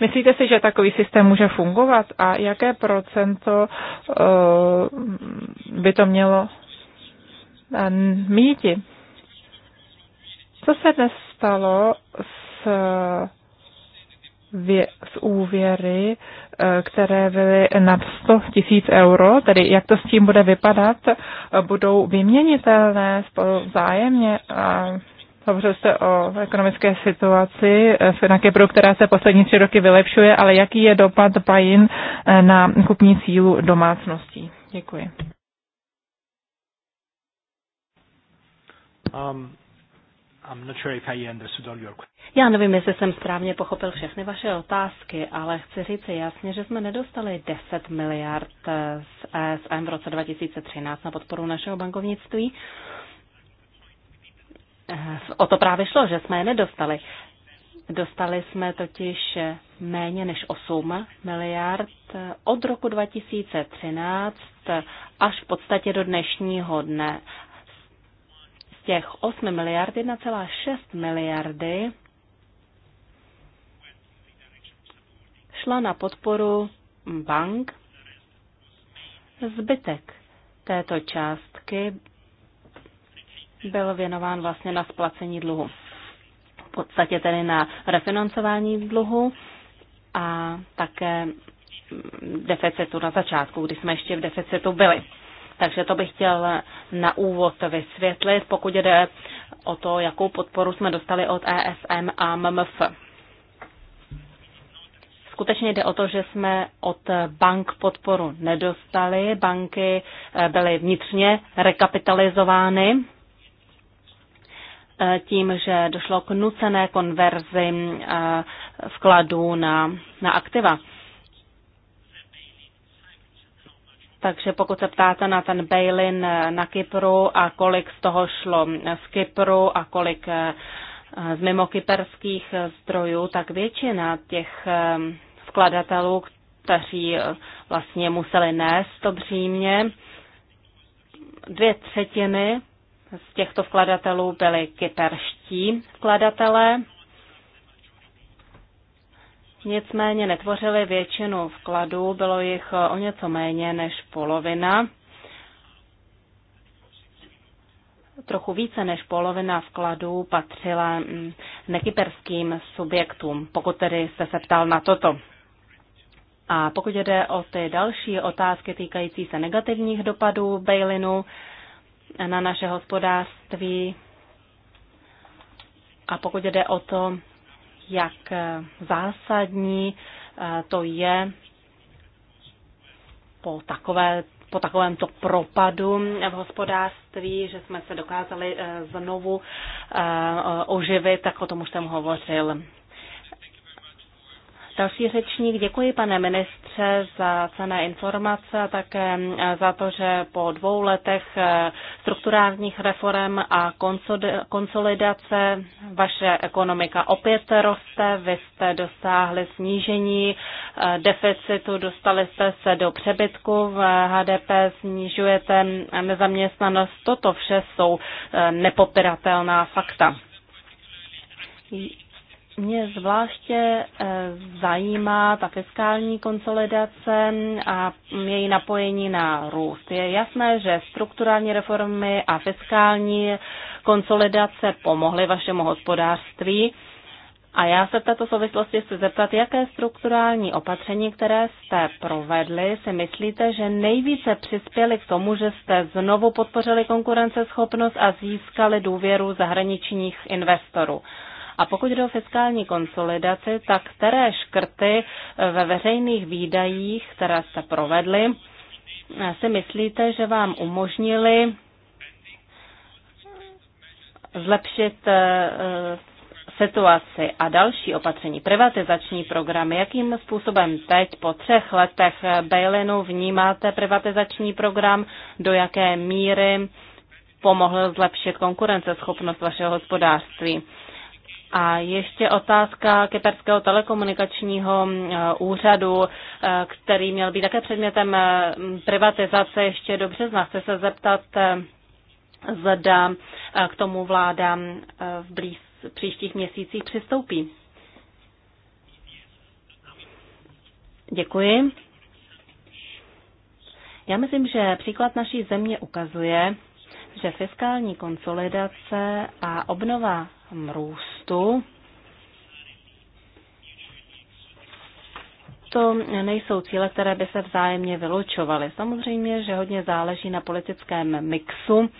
Myslíte si, že takový systém může fungovat a jaké procento by to mělo míti? Co se dnes stalo s, vě, s úvěry, eh, které byly nad 100 tisíc euro, tedy jak to s tím bude vypadat, budou vyměnitelné spolu vzájemně a Dobře jste o ekonomické situaci v eh, Kypru, která se poslední tři roky vylepšuje, ale jaký je dopad bajin eh, na kupní sílu domácností? Děkuji. Um, já nevím, jestli jsem správně pochopil všechny vaše otázky, ale chci říct jasně, že jsme nedostali 10 miliard z ESM v roce 2013 na podporu našeho bankovnictví. Eh, o to právě šlo, že jsme je nedostali. Dostali jsme totiž méně než 8 miliard od roku 2013 až v podstatě do dnešního dne těch 8 miliard 1,6 miliardy šla na podporu bank. Zbytek této částky byl věnován vlastně na splacení dluhu. V podstatě tedy na refinancování dluhu a také deficitu na začátku, kdy jsme ještě v deficitu byli. Takže to bych chtěl na úvod vysvětlit, pokud jde o to, jakou podporu jsme dostali od ESM a MMF. Skutečně jde o to, že jsme od bank podporu nedostali. Banky eh, byly vnitřně rekapitalizovány eh, tím, že došlo k nucené konverzi eh, vkladů na, na aktiva. Takže pokud se ptáte na ten bail-in na Kypru a kolik z toho šlo z Kypru a kolik eh, z mimo kyperských eh, zdrojů, tak většina těch eh, vkladatelů, kteří vlastně museli nést to břímě, dvě třetiny z těchto vkladatelů byly kyperští vkladatelé nicméně netvořily většinu vkladů, bylo jich eh, o něco méně než polovina. Trochu více než polovina vkladů patřila mm, nekyperským subjektům, pokud tedy jste se ptal na toto. A pokud jde o ty další otázky týkající se negativních dopadů bailinu na naše hospodářství, a pokud jde o to, jak eh, zásadní eh, to je po takové po takovémto propadu v hospodářství, že jsme se dokázali eh, znovu oživit, tak o tom už jsem hovořil. Další řečník, děkuji pane ministře za cené informace a také eh, za to, že po dvou letech eh, strukturálních reform a konsolidace vaše ekonomika opět roste. Vy jste dosáhli snížení eh, deficitu, dostali jste se do přebytku v HDP, snižujete nezaměstnanost. Toto vše jsou nepopiratelná fakta. Mě zvláště eh, zajímá ta fiskální konsolidace a její napojení na růst. Je jasné, že strukturální reformy a fiskální konsolidace pomohly vašemu hospodářství. A já se v této souvislosti chci zeptat, jaké strukturální opatření, které jste provedli, si myslíte, že nejvíce přispěly k tomu, že jste znovu podpořili konkurenceschopnost a získali důvěru zahraničních investorů. A pokud jde o fiskální konsolidaci, tak které škrty ve veřejných výdajích, které jste provedli, si myslíte, že vám umožnili zlepšit eh, eh, situaci a další opatření, privatizační programy, jakým způsobem teď po třech letech eh, bailinu vnímáte privatizační program, do jaké míry pomohl zlepšit konkurenceschopnost vašeho hospodářství. A ještě otázka Kyperského telekomunikačního mm, eh, úřadu, eh, který měl být také předmětem eh, mm, privatizace ještě dobře zna, Chci se zeptat, zda k tomu vláda mm, v blíz, příštích měsících přistoupí. Děkuji. Já myslím, že příklad naší země ukazuje, že fiskální konsolidace a obnova růstu cestu. To nejsou cíle, které by se vzájemně vylučovaly. Samozřejmě, že hodně záleží na politickém mixu,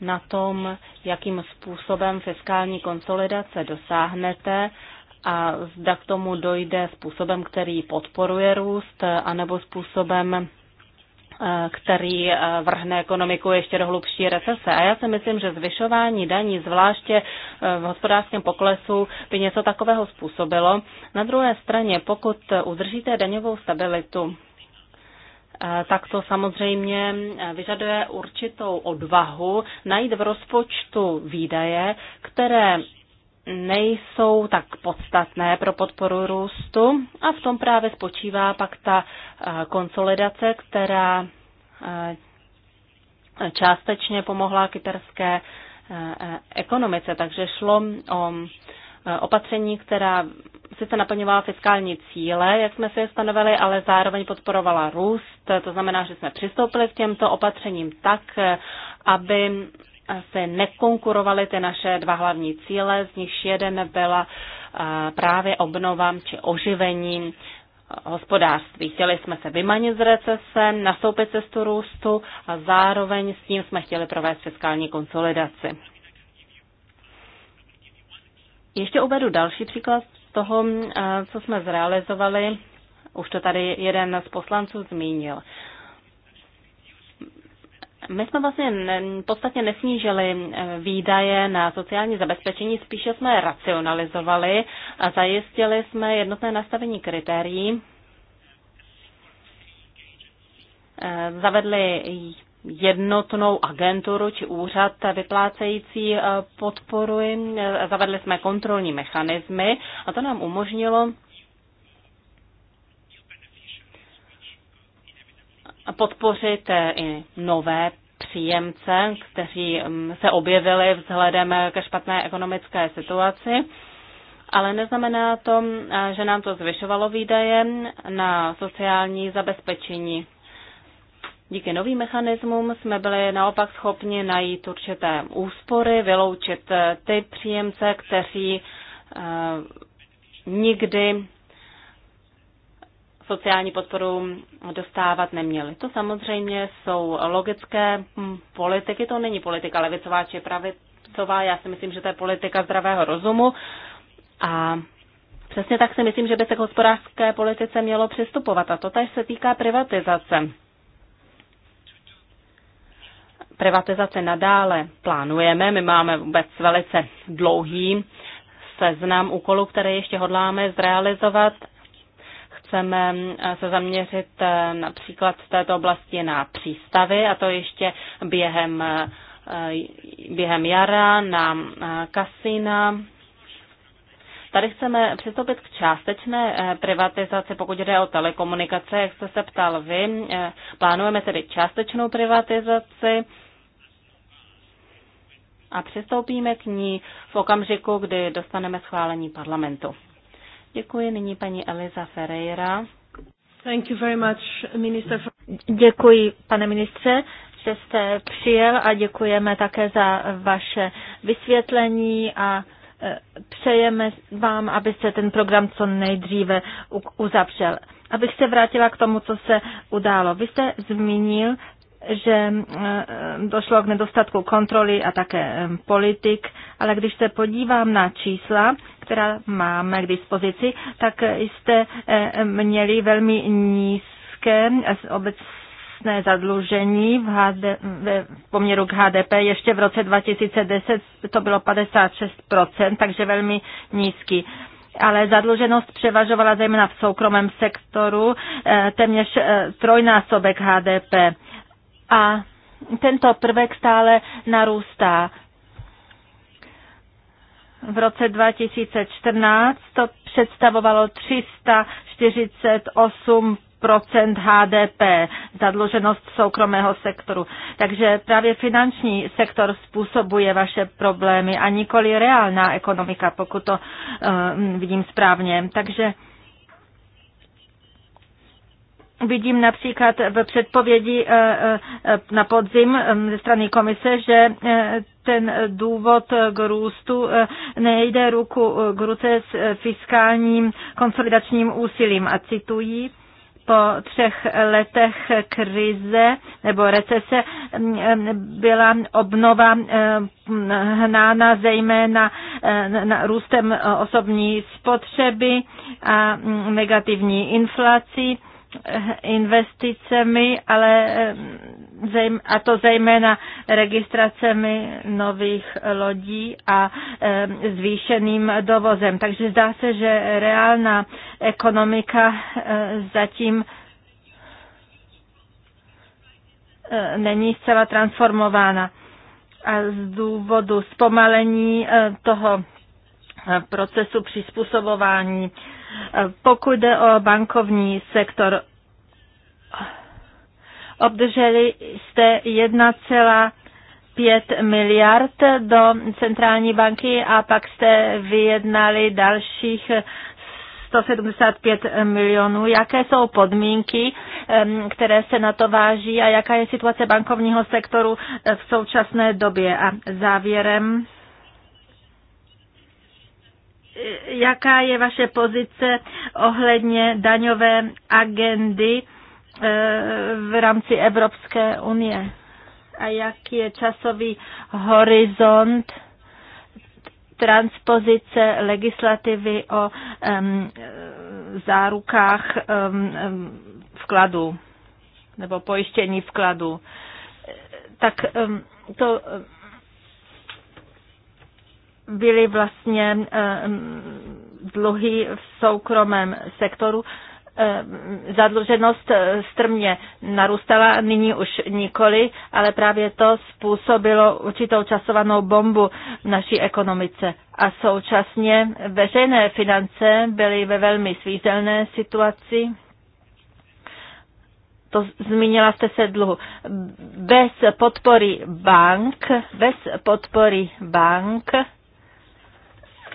na tom, jakým způsobem fiskální konsolidace dosáhnete a zda k tomu dojde způsobem, který podporuje růst, anebo způsobem, Eh, který eh, vrhne ekonomiku ještě do hlubší recese. A já si myslím, že zvyšování daní, zvláště eh, v hospodářském poklesu, by něco takového způsobilo. Na druhé straně, pokud udržíte daňovou stabilitu, tak to samozřejmě vyžaduje určitou odvahu najít v rozpočtu výdaje, které nejsou tak podstatné pro podporu růstu a v tom právě spočívá pak ta eh, konsolidace, která eh, částečně pomohla kyperské eh, ekonomice. Takže šlo o opatření, která sice naplňovala fiskální cíle, jak jsme si je stanovili, ale zároveň podporovala růst. To znamená, že jsme přistoupili k těmto opatřením tak, aby se nekonkurovaly ty naše dva hlavní cíle, z nichž jeden byla právě obnova či oživení hospodářství. Chtěli jsme se vymanit z recese, nastoupit cestu růstu a zároveň s tím jsme chtěli provést fiskální konsolidaci. Ještě uvedu další příklad z toho, co jsme zrealizovali. Už to tady jeden z poslanců zmínil. My jsme vlastně v podstatě nesnížili eh, výdaje na sociální zabezpečení, spíše jsme je racionalizovali a zajistili jsme jednotné nastavení kritérií. Eh, zavedli jednotnou agenturu či úřad vyplácející eh, podporu. Zavedli jsme kontrolní mechanismy a to nám umožnilo podpořit eh, i nové příjemce, kteří mm, se objevili vzhledem eh, ke špatné ekonomické situaci. Ale neznamená to, eh, že nám to zvyšovalo výdaje na sociální zabezpečení. Díky novým mechanismům jsme byli naopak schopni najít určité úspory, vyloučit ty příjemce, kteří nikdy sociální podporu dostávat neměli. To samozřejmě jsou logické hm, politiky, to není politika levicová či pravicová, já si myslím, že to je politika zdravého rozumu a přesně tak si myslím, že by se k hospodářské politice mělo přistupovat a to tež se týká privatizace. Privatizace nadále plánujeme, my máme vůbec velice dlouhý seznam úkolů, které ještě hodláme zrealizovat chceme eh, se zaměřit eh, například v této oblasti na přístavy a to ještě během, eh, během jara, na kasina, Tady chceme přistoupit k částečné privatizaci, pokud jde o telekomunikace, jak jste se ptal vy. Plánujeme tedy částečnou privatizaci a přistoupíme k ní v okamžiku, kdy dostaneme schválení parlamentu. Děkuji nyní paní Eliza Ferreira. Thank you very much, minister. Děkuji, pane ministře, že jste přijel a děkujeme také za vaše vysvětlení a e, přejeme vám, abyste ten program co nejdříve uzavřel. Abych se vrátila k tomu, co se událo. Vy jste zmínil že eh, došlo k nedostatku kontroly a také eh, politik, ale když se podívám na čísla, která máme k dispozici, tak jste eh, měli velmi nízké obecné zadlužení v, HD, v poměru k HDP. Ještě v roce 2010 to bylo 56%, takže velmi nízký. Ale zadluženost převažovala zejména v soukromém sektoru téměř trojnásobek HDP. A tento prvek stále narůstá. V roce 2014 to představovalo 348 HDP, zadluženost soukromého sektoru. Takže právě finanční sektor způsobuje vaše problémy a nikoli reálná ekonomika, pokud to uh, vidím správně. Takže Vidím například v předpovědi eh, eh, na podzim eh, ze strany komise, že ten důvod k růstu nejde ruku k ruce s fiskálním konsolidačním úsilím. A citují, po třech letech krize nebo recese mm, byla obnova hnána zejména růstem osobní spotřeby a mm, negativní inflací investicemi, ale eh, a to zejména registracemi nových lodí a eh, zvýšeným dovozem. Takže zdá se, že reálná ekonomika eh, zatím není zcela transformována. A z důvodu zpomalení toho procesu přizpůsobování pokud jde o bankovní sektor, obdrželi jste 1,5 miliard do centrální banky a pak jste vyjednali dalších 175 milionů. Jaké jsou podmínky, které se na to váží a jaká je situace bankovního sektoru eh, v současné době? A závěrem jaká je vaše pozice ohledně daňové agendy eh, v rámci Evropské unie a jaký je časový horizont transpozice legislativy o um, zárukách um, vkladu nebo pojištění vkladu. Tak um, to byly vlastně eh, dluhy v soukromém sektoru. Eh, zadluženost eh, strmě narůstala, nyní už nikoli, ale právě to způsobilo určitou časovanou bombu v naší ekonomice. A současně veřejné finance byly ve velmi svízelné situaci to zmínila jste se dluhu. Bez podpory bank, bez podpory bank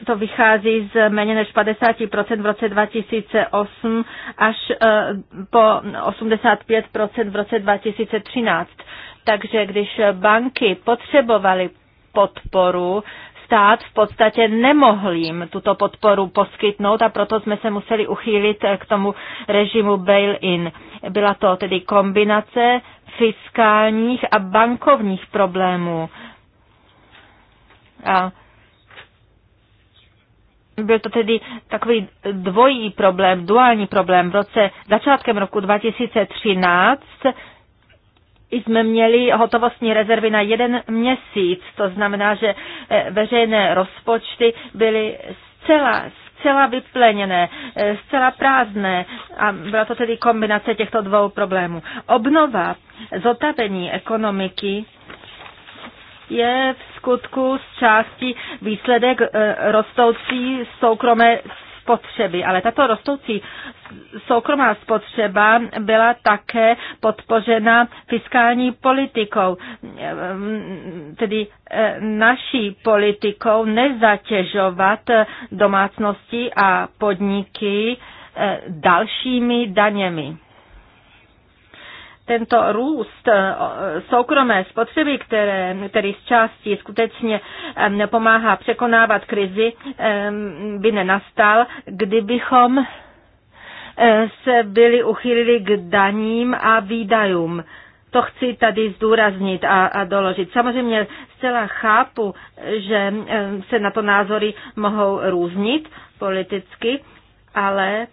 to vychází z méně než 50% v roce 2008 až e, po 85% v roce 2013. Takže když banky potřebovaly podporu, stát v podstatě nemohl jim tuto podporu poskytnout a proto jsme se museli uchýlit k tomu režimu bail-in. Byla to tedy kombinace fiskálních a bankovních problémů. A byl to tedy takový dvojí problém, duální problém. V roce začátkem roku 2013 jsme měli hotovostní rezervy na jeden měsíc, to znamená, že eh, veřejné rozpočty byly zcela, zcela vypleněné, eh, zcela prázdné a byla to tedy kombinace těchto dvou problémů. Obnova, zotavení ekonomiky je v skutku z části výsledek eh, rostoucí soukromé spotřeby, ale tato rostoucí soukromá spotřeba byla také podpořena fiskální politikou, eh, tedy eh, naší politikou nezatěžovat domácnosti a podniky dalšími daněmi tento růst eh, soukromé spotřeby, které, který z části skutečně pomáhá překonávat krizi, by nenastal, kdybychom eh, se byli uchylili k daním a výdajům. To chci tady zdůraznit a, a doložit. Samozřejmě zcela chápu, že se na to názory mohou různit politicky, ale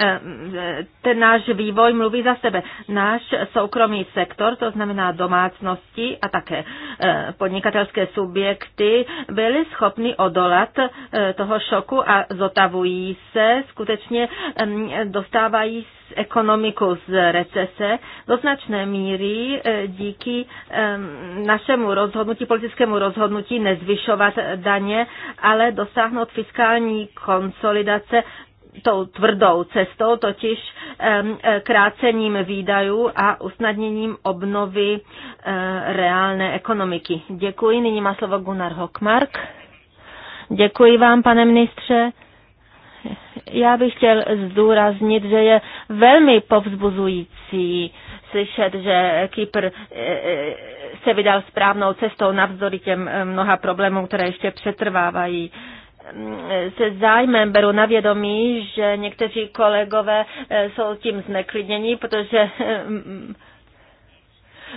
Eh, ten náš vývoj mluví za sebe. Náš soukromý sektor, to znamená domácnosti a také eh, podnikatelské subjekty, byly schopny odolat eh, toho šoku a zotavují se, skutečně dostávají ekonomiku z recese do značné míry díky našemu rozhodnutí, politickému rozhodnutí nezvyšovat daně, ale dosáhnout fiskální konsolidace tou tvrdou cestou, totiž e, krácením výdajů a usnadněním obnovy e, reálné ekonomiky. Děkuji. Nyní má slovo Gunnar Hockmark. Děkuji vám, pane ministře. Já bych chtěl zdůraznit, že je velmi povzbuzující slyšet, že Kypr e, se vydal správnou cestou navzdory těm mnoha problémům, které ještě přetrvávají. Mm, se zájmem beru na vědomí, že někteří kolegové eh, jsou tím zneklidnění, protože mm,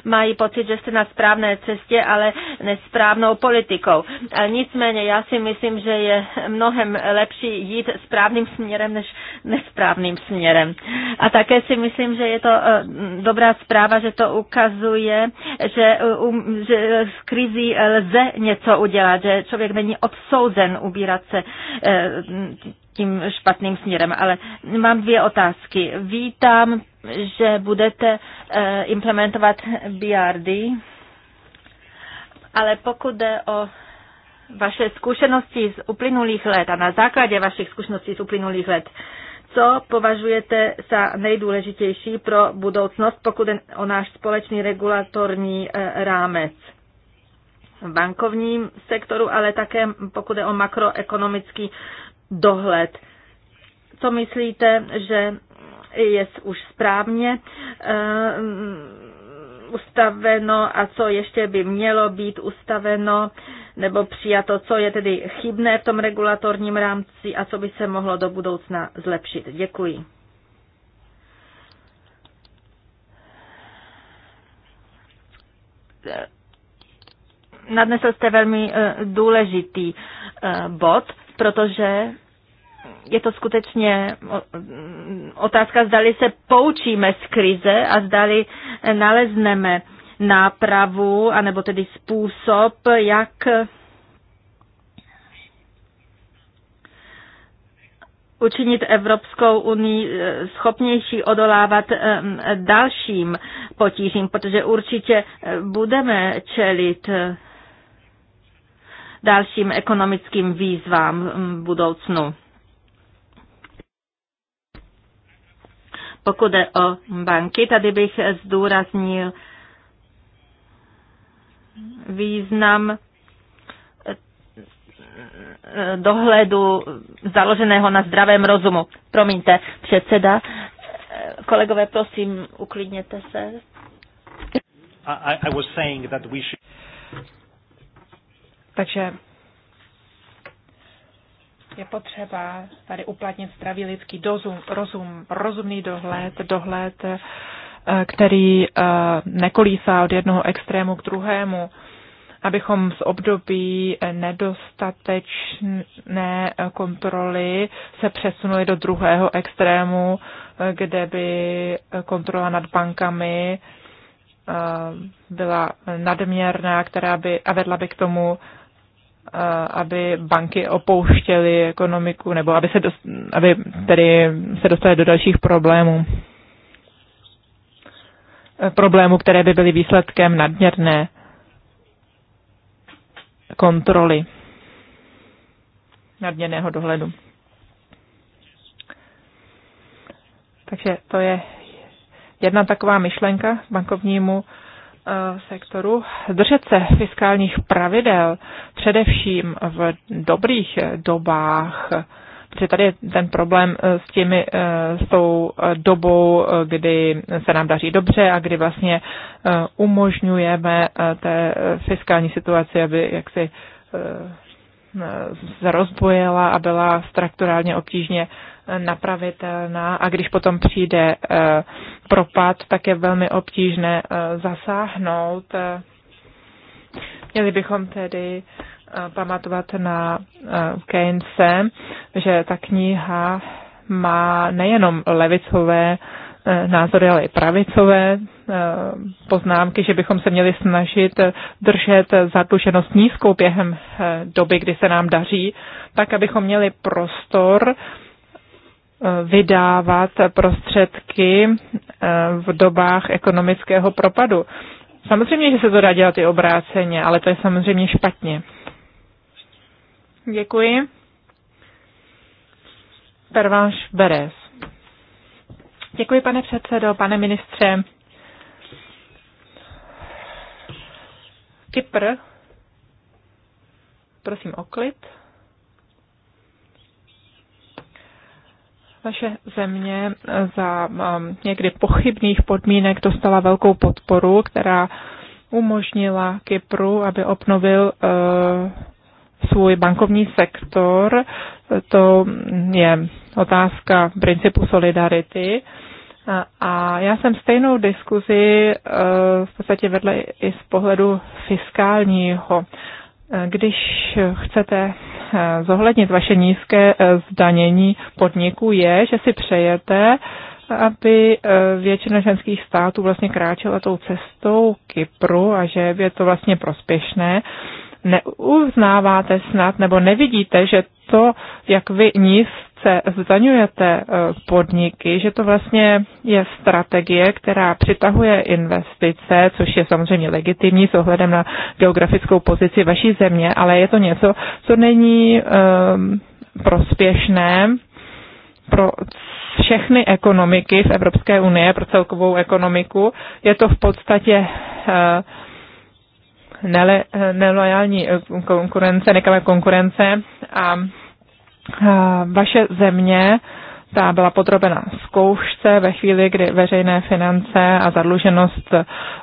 mají pocit, že jste na správné cestě, ale nesprávnou politikou. Nicméně já si myslím, že je mnohem lepší jít správným směrem než nesprávným směrem. A také si myslím, že je to eh, dobrá zpráva, že to ukazuje, že, eh, um, že z krizí lze něco udělat, že člověk není odsouzen ubírat se eh, tím špatným směrem, ale mám dvě otázky. Vítám že budete eh, implementovat BRD, ale pokud jde o vaše zkušenosti z uplynulých let a na základě vašich zkušeností z uplynulých let, co považujete za nejdůležitější pro budoucnost, pokud jde o náš společný regulatorní eh, rámec? V bankovním sektoru, ale také pokud jde o makroekonomický dohled. Co myslíte, že je už správně eh, mm, ustaveno a co ještě by mělo být ustaveno nebo přijato, co je tedy chybné v tom regulatorním rámci a co by se mohlo do budoucna zlepšit. Děkuji. Nadnesl jste velmi eh, důležitý eh, bod, protože je to skutečně mm, otázka, zdali se poučíme z krize a zdali eh, nalezneme nápravu, anebo tedy způsob, jak učinit Evropskou unii eh, schopnější odolávat eh, dalším potížím, protože určitě budeme čelit dalším ekonomickým výzvám mm, v budoucnu. Pokud jde o banky, tady bych zdůraznil význam eh, dohledu založeného na zdravém rozumu. Promiňte, předseda. Eh, kolegové, prosím, uklidněte se. I, I was saying that we should... Takže je potřeba tady uplatnit zdravý lidský dozum, rozum, rozumný dohled, dohled, eh, který eh, nekolísá od jednoho extrému k druhému, abychom z období nedostatečné eh, kontroly se přesunuli do druhého extrému, kde by kontrola nad bankami byla nadměrná, která by a vedla by k tomu, aby banky opouštěly ekonomiku nebo aby se, dost, aby tedy se dostaly do dalších problémů. E, problémů, které by byly výsledkem nadměrné kontroly, nadměrného dohledu. Takže to je jedna taková myšlenka bankovnímu Eh, sektoru držet se fiskálních pravidel, především v dobrých dobách, protože tady je ten problém eh, s, těmi, eh, s tou dobou, kdy se nám daří dobře a kdy vlastně umožňujeme té fiskální situaci, aby jaksi se rozbojela a byla strukturálně obtížně napravitelná a když potom přijde eh, propad, tak je velmi obtížné eh, zasáhnout. Měli bychom tedy eh, pamatovat na Keynese, že ta kniha má nejenom levicové názory, ale i pravicové poznámky, že bychom se měli snažit držet zadluženost nízkou během doby, kdy se nám daří, tak abychom měli prostor vydávat prostředky eh, v dobách ekonomického propadu. Samozřejmě, že se to dá dělat i obráceně, ale to je samozřejmě špatně. Děkuji. Pervanš Beres. Děkuji, pane předsedo, pane ministře. Kypr. Prosím o klid. Vaše země za um, někdy pochybných podmínek dostala velkou podporu, která umožnila Kypru, aby obnovil uh, svůj bankovní sektor. To je otázka principu solidarity. A já jsem stejnou diskuzi uh, v podstatě vedla i z pohledu fiskálního. Uh, když chcete Eh, zohlednit vaše nízké eh, zdanění podniků, je, že si přejete, aby eh, většina ženských států vlastně kráčela tou cestou Kypru a že je to vlastně prospěšné. Neuznáváte snad nebo nevidíte, že to, jak vy nízké více zdaňujete eh, podniky, že to vlastně je strategie, která přitahuje investice, což je samozřejmě legitimní s ohledem na geografickou pozici vaší země, ale je to něco, co není um, prospěšné pro všechny ekonomiky v Evropské unie, pro celkovou ekonomiku. Je to v podstatě uh, nele, eh, nelojální konkurence, nekalé konkurence a vaše země ta byla podrobena zkoušce ve chvíli, kdy veřejné finance a zadluženost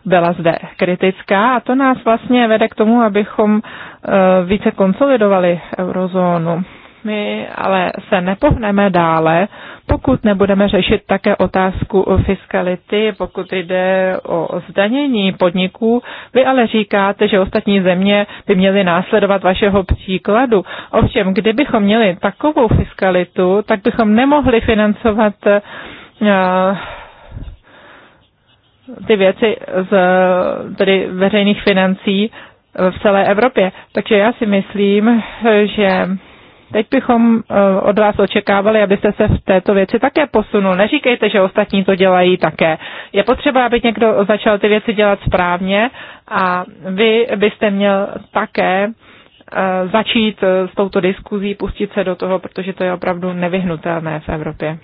byla zde kritická a to nás vlastně vede k tomu, abychom eh, více konsolidovali eurozónu. My ale se nepohneme dále, pokud nebudeme řešit také otázku o fiskality, pokud jde o zdanění podniků. Vy ale říkáte, že ostatní země by měly následovat vašeho příkladu. Ovšem, kdybychom měli takovou fiskalitu, tak bychom nemohli financovat eh, ty věci z tedy veřejných financí v celé Evropě. Takže já si myslím, že Teď bychom eh, od vás očekávali, abyste se v této věci také posunul. Neříkejte, že ostatní to dělají také. Je potřeba, aby někdo začal ty věci dělat správně a vy byste měl také eh, začít eh, s touto diskuzí, pustit se do toho, protože to je opravdu nevyhnutelné v Evropě.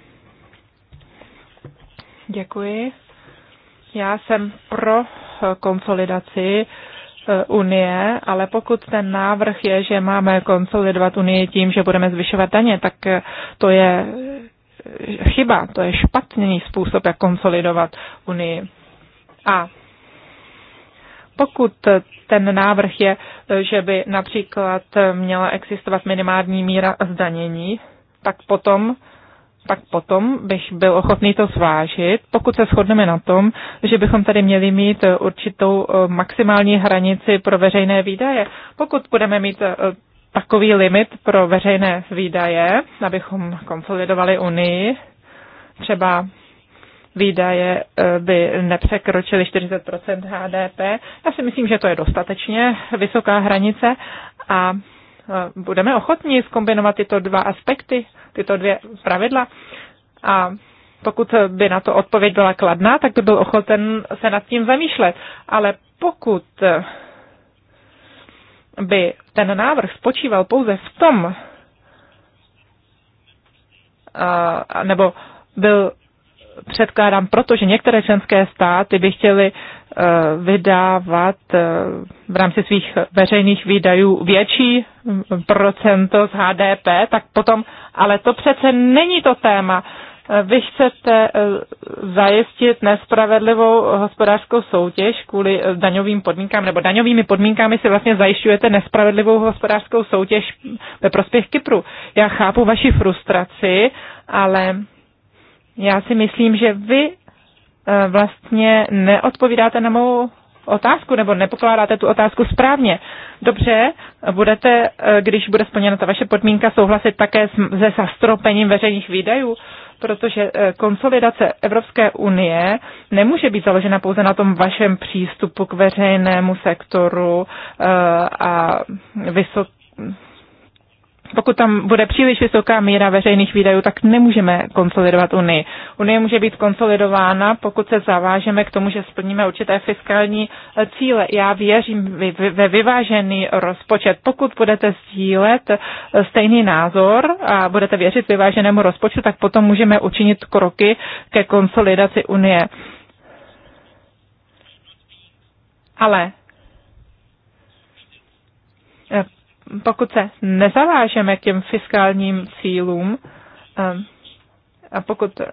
Děkuji. Já jsem pro konsolidaci Eh, unie, ale pokud ten návrh je, že máme konsolidovat unii tím, že budeme zvyšovat daně, tak eh, to je eh, chyba, to je špatný způsob, jak konsolidovat unii. A pokud ten návrh je, že by například měla existovat minimální míra zdanění, tak potom pak potom bych byl ochotný to zvážit, pokud se shodneme na tom, že bychom tady měli mít eh, určitou eh, maximální hranici pro veřejné výdaje. Pokud budeme mít eh, takový limit pro veřejné výdaje, abychom konsolidovali Unii, třeba výdaje by nepřekročily 40 HDP. Já si myslím, že to je dostatečně vysoká hranice a budeme ochotní zkombinovat tyto dva aspekty tyto dvě pravidla. A pokud by na to odpověď byla kladná, tak by byl ochoten se nad tím zamýšlet. Ale pokud by ten návrh spočíval pouze v tom, nebo byl předkládán proto, že některé členské státy by chtěly Eh, vydávat eh, v rámci svých veřejných výdajů větší mm, procento z HDP, tak potom, ale to přece není to téma. Eh, vy chcete zajistit nespravedlivou hospodářskou soutěž kvůli daňovým podmínkám, nebo daňovými podmínkami si vlastně zajišťujete nespravedlivou hospodářskou soutěž ve prospěch Kypru. Já chápu vaši frustraci, ale já si myslím, že vy E, vlastně neodpovídáte na mou otázku, nebo nepokládáte tu otázku správně. Dobře, budete, e, když bude splněna ta vaše podmínka, souhlasit také se zastropením veřejných výdajů, protože e, konsolidace Evropské unie nemůže být založena pouze na tom vašem přístupu k veřejnému sektoru a vysokému pokud tam bude příliš vysoká míra veřejných výdajů, tak nemůžeme konsolidovat Unii. Unie může být konsolidována, pokud se zavážeme k tomu, že splníme určité fiskální eh, cíle. Já věřím ve vyvážený rozpočet. Pokud budete sdílet eh, stejný názor a budete věřit vyváženému rozpočtu, tak potom můžeme učinit kroky ke konsolidaci Unie. Ale pokud se nezavážeme k těm fiskálním cílům eh, a pokud eh,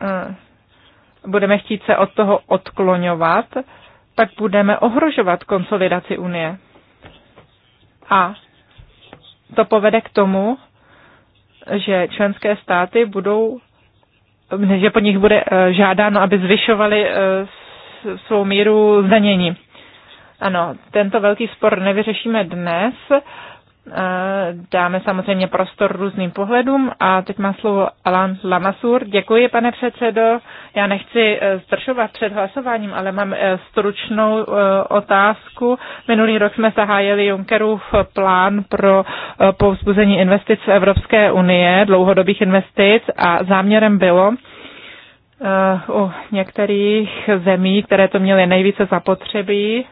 budeme chtít se od toho odkloňovat, tak budeme ohrožovat konsolidaci Unie. A to povede k tomu, že členské státy budou, že po nich bude eh, žádáno, aby zvyšovali svou míru zdanění. Ano, tento velký spor nevyřešíme dnes, Eh, dáme samozřejmě prostor různým pohledům. A teď má slovo Alan Lamasur. Děkuji, pane předsedo. Já nechci eh, zdržovat před hlasováním, ale mám eh, stručnou otázku. Minulý rok jsme zahájili Junckerův plán pro povzbuzení investic v Evropské unie, dlouhodobých investic a záměrem bylo, u některých zemí, které to měly nejvíce zapotřebí,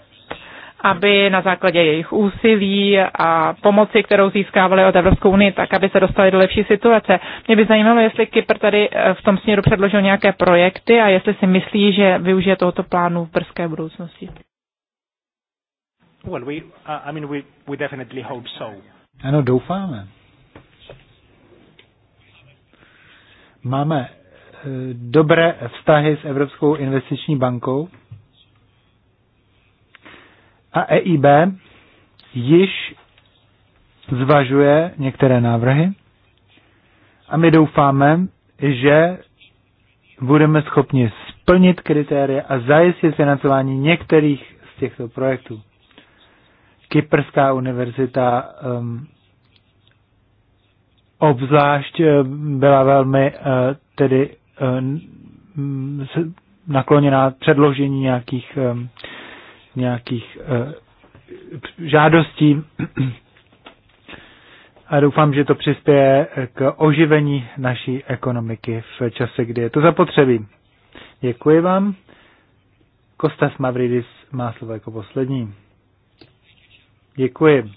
aby na základě jejich úsilí a pomoci, kterou získávali od Evropskou unii, tak aby se dostali do lepší situace. Mě by zajímalo, jestli Kypr tady eh, v tom směru předložil nějaké projekty a jestli si myslí, že využije tohoto plánu v brzké budoucnosti. Well, we, uh, I mean, we, we definitely hope so. Ano, doufáme. Máme eh, dobré vztahy s Evropskou investiční bankou a EIB již zvažuje některé návrhy a my doufáme, že budeme schopni splnit kritéria a zajistit financování některých z těchto projektů. Kyperská univerzita um, obzvlášť eh, byla velmi uh, tedy um, nakloněná předložení nějakých um, nějakých eh, žádostí a doufám, že to přispěje k oživení naší ekonomiky v čase, kdy je to zapotřebí. Děkuji vám. Kostas Mavridis má slovo jako poslední. Děkuji.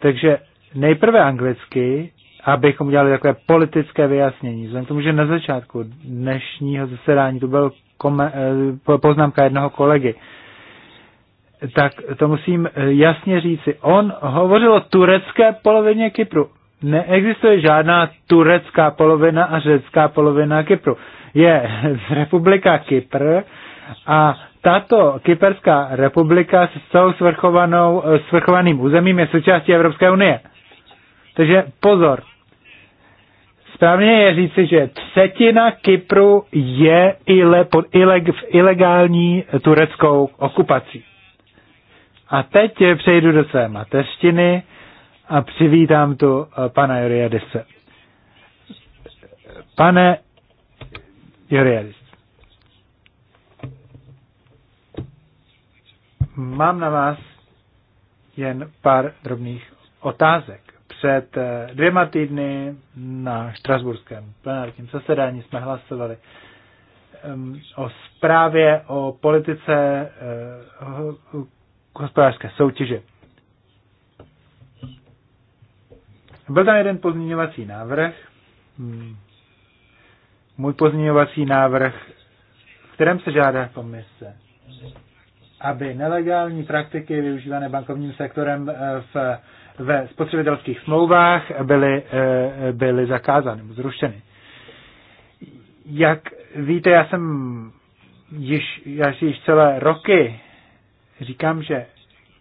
Takže nejprve anglicky, abychom udělali takové politické vyjasnění. Vzhledem k tomu, že na začátku dnešního zasedání to byl Eh, poznámka jednoho kolegy. Tak to musím eh, jasně říci. On hovořil o turecké polovině Kypru. Neexistuje žádná turecká polovina a řecká polovina Kypru. Je <laughs> republika Kypr a tato Kyperská republika s celou svrchovanou, eh, svrchovaným územím je součástí Evropské unie. Takže pozor, správně je říci, že třetina Kypru je ile, pod ileg, v ilegální tureckou okupací. A teď přejdu do své mateřštiny a přivítám tu eh, pana Joriadise. Pane Joriadise. mám na vás jen pár drobných otázek před eh, dvěma týdny na Štrasburském plenárním zasedání jsme hlasovali ehm, o zprávě o politice eh, hospodářské soutěže. Byl tam jeden pozměňovací návrh, hm, můj pozměňovací návrh, v kterém se žádá komise, aby nelegální praktiky využívané bankovním sektorem eh, v ve spotřebitelských smlouvách byly, eh, byly zakázány, zrušeny. Jak víte, já jsem již, já si již celé roky říkám, že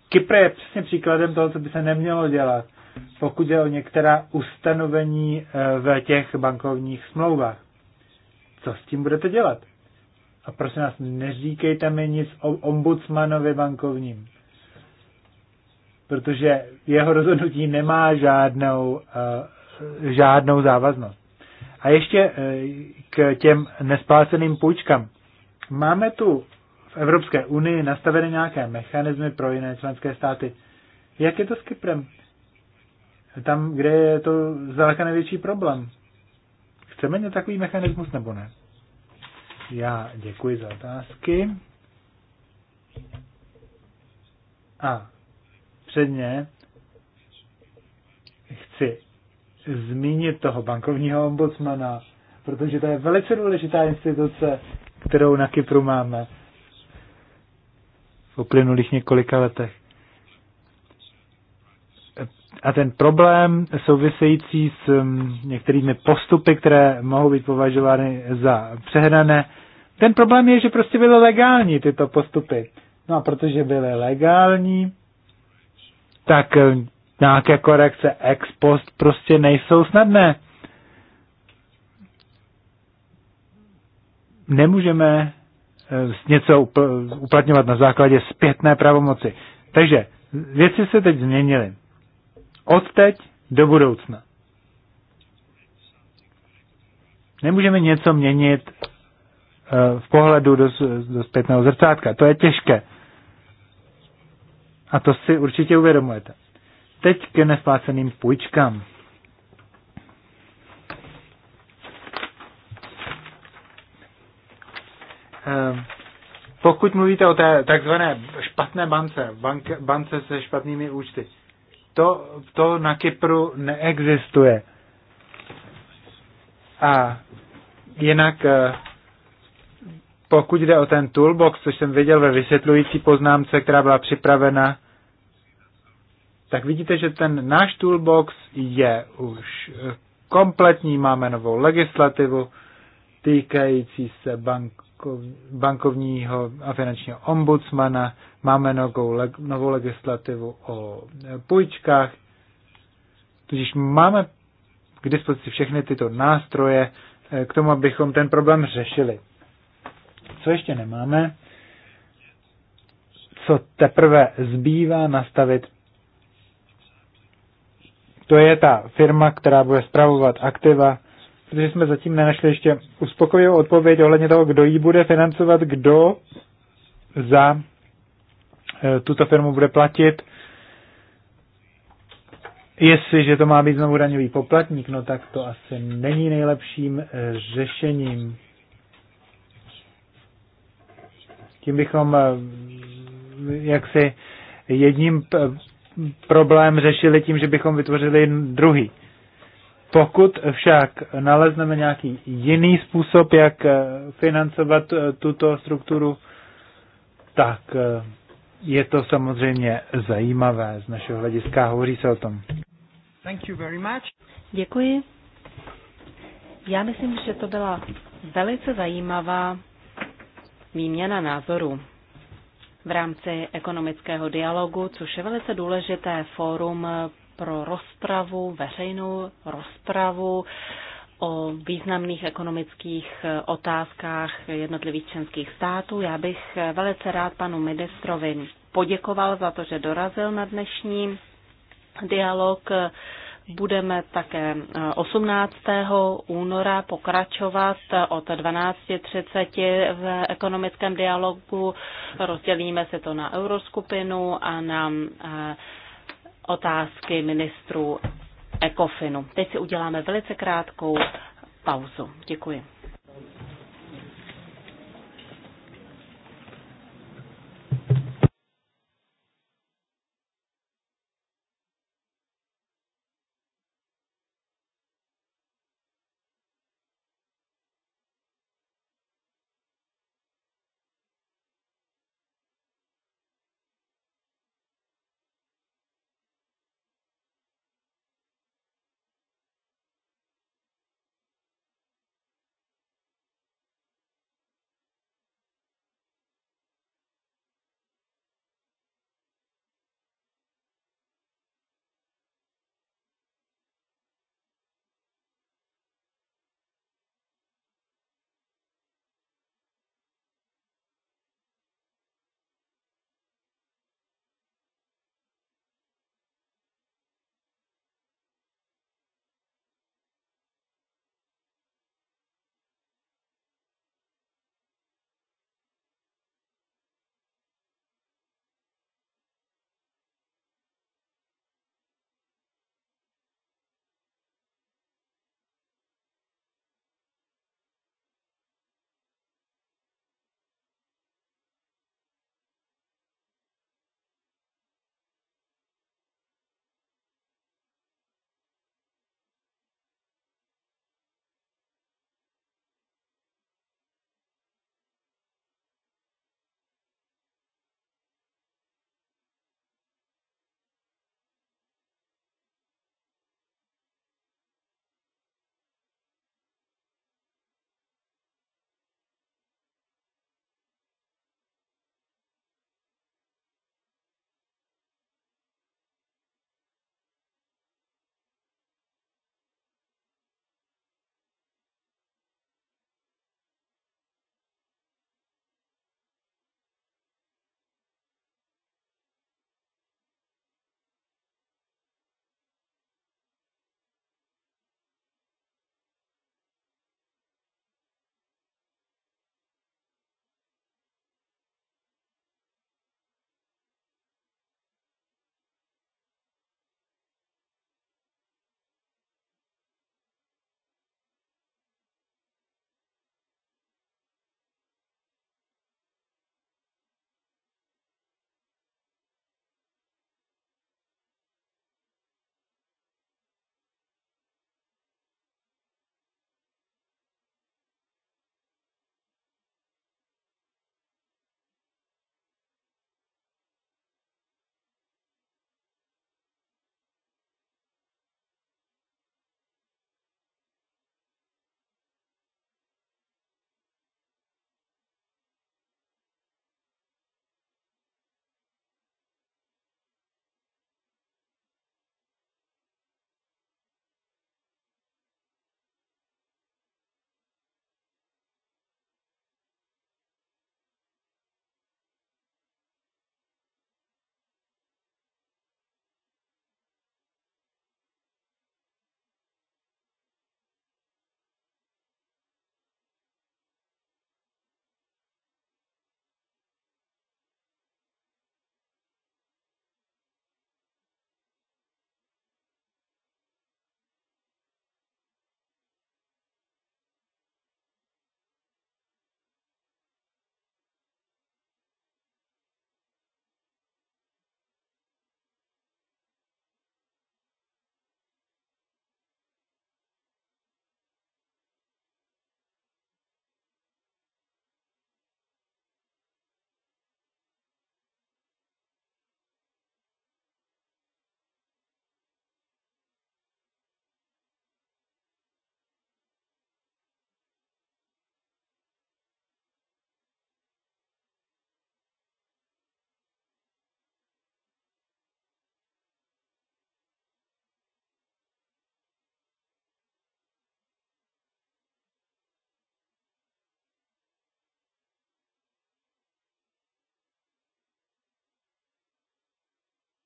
Kypr je přesně příkladem toho, co by se nemělo dělat, pokud je o některá ustanovení eh, v těch bankovních smlouvách. Co s tím budete dělat? A prosím nás, neříkejte mi nic o ombudsmanovi bankovním protože jeho rozhodnutí nemá žádnou, eh, žádnou závaznost. A ještě eh, k těm nespláceným půjčkám. Máme tu v Evropské unii nastaveny nějaké mechanismy pro jiné členské státy. Jak je to s Kyprem? Tam, kde je to zdaleka největší problém. Chceme mít takový mechanismus nebo ne? Já děkuji za otázky. A Předně chci zmínit toho bankovního ombudsmana, protože to je velice důležitá instituce, kterou na Kypru máme v uplynulých několika letech. A ten problém související s mm, některými postupy, které mohou být považovány za přehnané, ten problém je, že prostě byly legální tyto postupy. No a protože byly legální, tak eh, nějaké korekce ex post prostě nejsou snadné. Nemůžeme eh, něco uplatňovat na základě zpětné pravomoci. Takže věci se teď změnily. Od teď do budoucna. Nemůžeme něco měnit eh, v pohledu do, do zpětného zrcátka. To je těžké. A to si určitě uvědomujete. Teď k nespláceným půjčkám. Ehm, pokud mluvíte o té takzvané špatné bance, bank, bance se špatnými účty, to, to na Kypru neexistuje. A jinak eh, pokud jde o ten toolbox, což jsem viděl ve vysvětlující poznámce, která byla připravena, tak vidíte, že ten náš toolbox je už kompletní, máme novou legislativu týkající se bankov, bankovního a finančního ombudsmana, máme novou, novou legislativu o půjčkách, tudíž máme k dispozici všechny tyto nástroje eh, k tomu, abychom ten problém řešili co ještě nemáme, co teprve zbývá nastavit, to je ta firma, která bude spravovat aktiva, protože jsme zatím nenašli ještě uspokojivou odpověď ohledně toho, kdo ji bude financovat, kdo za eh, tuto firmu bude platit. Jestliže to má být znovu daňový poplatník, no tak to asi není nejlepším eh, řešením. Tím bychom eh, jaksi jedním problém řešili tím, že bychom vytvořili druhý. Pokud však nalezneme nějaký jiný způsob, jak eh, financovat eh, tuto strukturu, tak je to samozřejmě zajímavé z našeho hlediska. Hovoří se o tom. Thank you very much. Děkuji. Já myslím, že to byla velice zajímavá výměna názorů v rámci ekonomického dialogu, což je velice důležité fórum pro rozpravu, veřejnou rozpravu o významných ekonomických otázkách jednotlivých členských států. Já bych velice rád panu ministrovi poděkoval za to, že dorazil na dnešní dialog. Budeme také 18. Eh, února pokračovat od 12.30 v ekonomickém dialogu. Rozdělíme se to na euroskupinu a na eh, otázky ministrů ECOFINu. Teď si uděláme velice krátkou pauzu. Děkuji.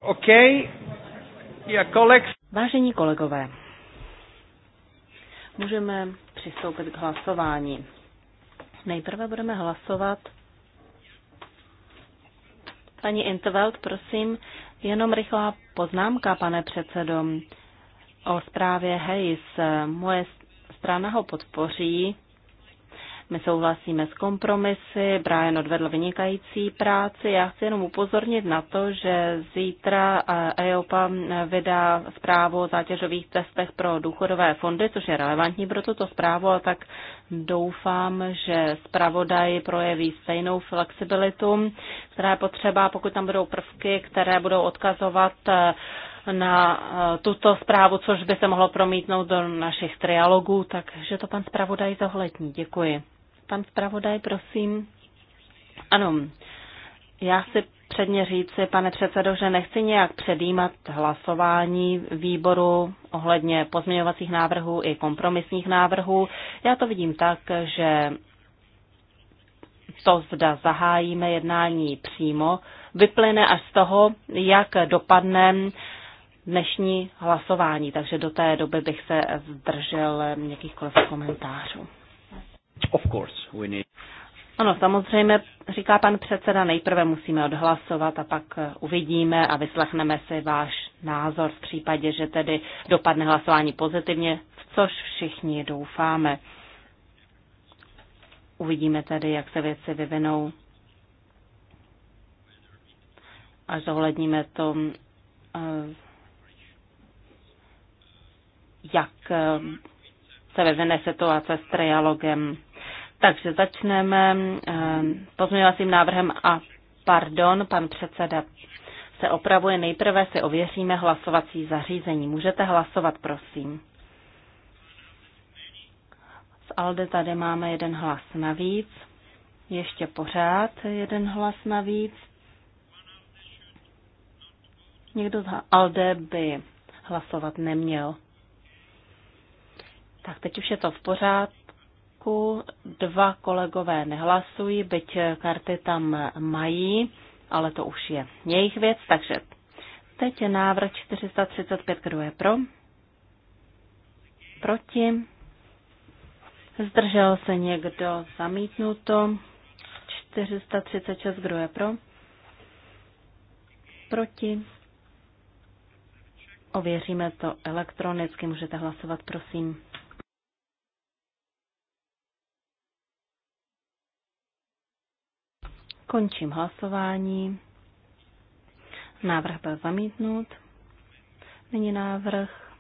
OK. Vážení kolegové, můžeme přistoupit k hlasování. Nejprve budeme hlasovat. Paní Intveld, prosím, jenom rychlá poznámka, pane předsedo, o zprávě Heis, Moje strana ho podpoří, my souhlasíme s kompromisy, Brian odvedl vynikající práci. Já chci jenom upozornit na to, že zítra EOPA eh, eh, vydá zprávu o zátěžových testech pro důchodové fondy, což je relevantní pro tuto zprávu a tak doufám, že zpravodaj projeví stejnou flexibilitu, která je potřeba, pokud tam budou prvky, které budou odkazovat eh, na tuto zprávu, což by se mohlo promítnout do našich trialogů, takže to pan zpravodaj zohlední. Děkuji. Pan zpravodaj, prosím. Ano, já si předně říci, pane předsedo, že nechci nějak předjímat hlasování výboru ohledně pozměňovacích návrhů i kompromisních návrhů. Já to vidím tak, že to zda zahájíme jednání přímo, vyplyne až z toho, jak dopadne dnešní hlasování. Takže do té doby bych se zdržel jakýchkoliv komentářů. Of course, we need... Ano, samozřejmě, říká pan předseda, nejprve musíme odhlasovat a pak eh, uvidíme a vyslechneme si váš názor v případě, že tedy dopadne hlasování pozitivně, v což všichni doufáme. Uvidíme tedy, jak se věci vyvinou. Až zohledníme to, eh, jak eh, se vyvine situace s trialogem takže začneme eh, pozměňovacím návrhem a pardon, pan předseda se opravuje. Nejprve si ověříme hlasovací zařízení. Můžete hlasovat, prosím. Z Alde tady máme jeden hlas navíc. Ještě pořád jeden hlas navíc. Někdo z Alde by hlasovat neměl. Tak teď už je to v pořád, bloku. Dva kolegové nehlasují, byť karty tam mají, ale to už je jejich věc, takže teď je návrh 435, kdo je pro? Proti? Zdržel se někdo zamítnuto? 436, kdo je pro? Proti? Ověříme to elektronicky, můžete hlasovat, prosím. Končím hlasování. Návrh byl zamítnut. Nyní návrh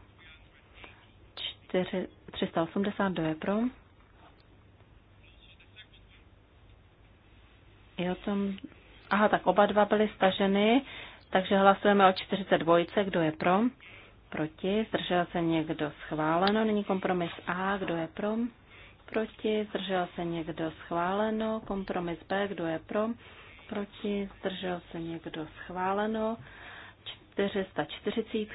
4, 380, do je pro? I o tom... Aha, tak oba dva byly staženy, takže hlasujeme o 42, kdo je pro? Proti, zdržel se někdo schváleno, není kompromis A, kdo je pro? proti, zdržel se někdo schváleno, kompromis B, kdo je pro, proti, zdržel se někdo schváleno, 440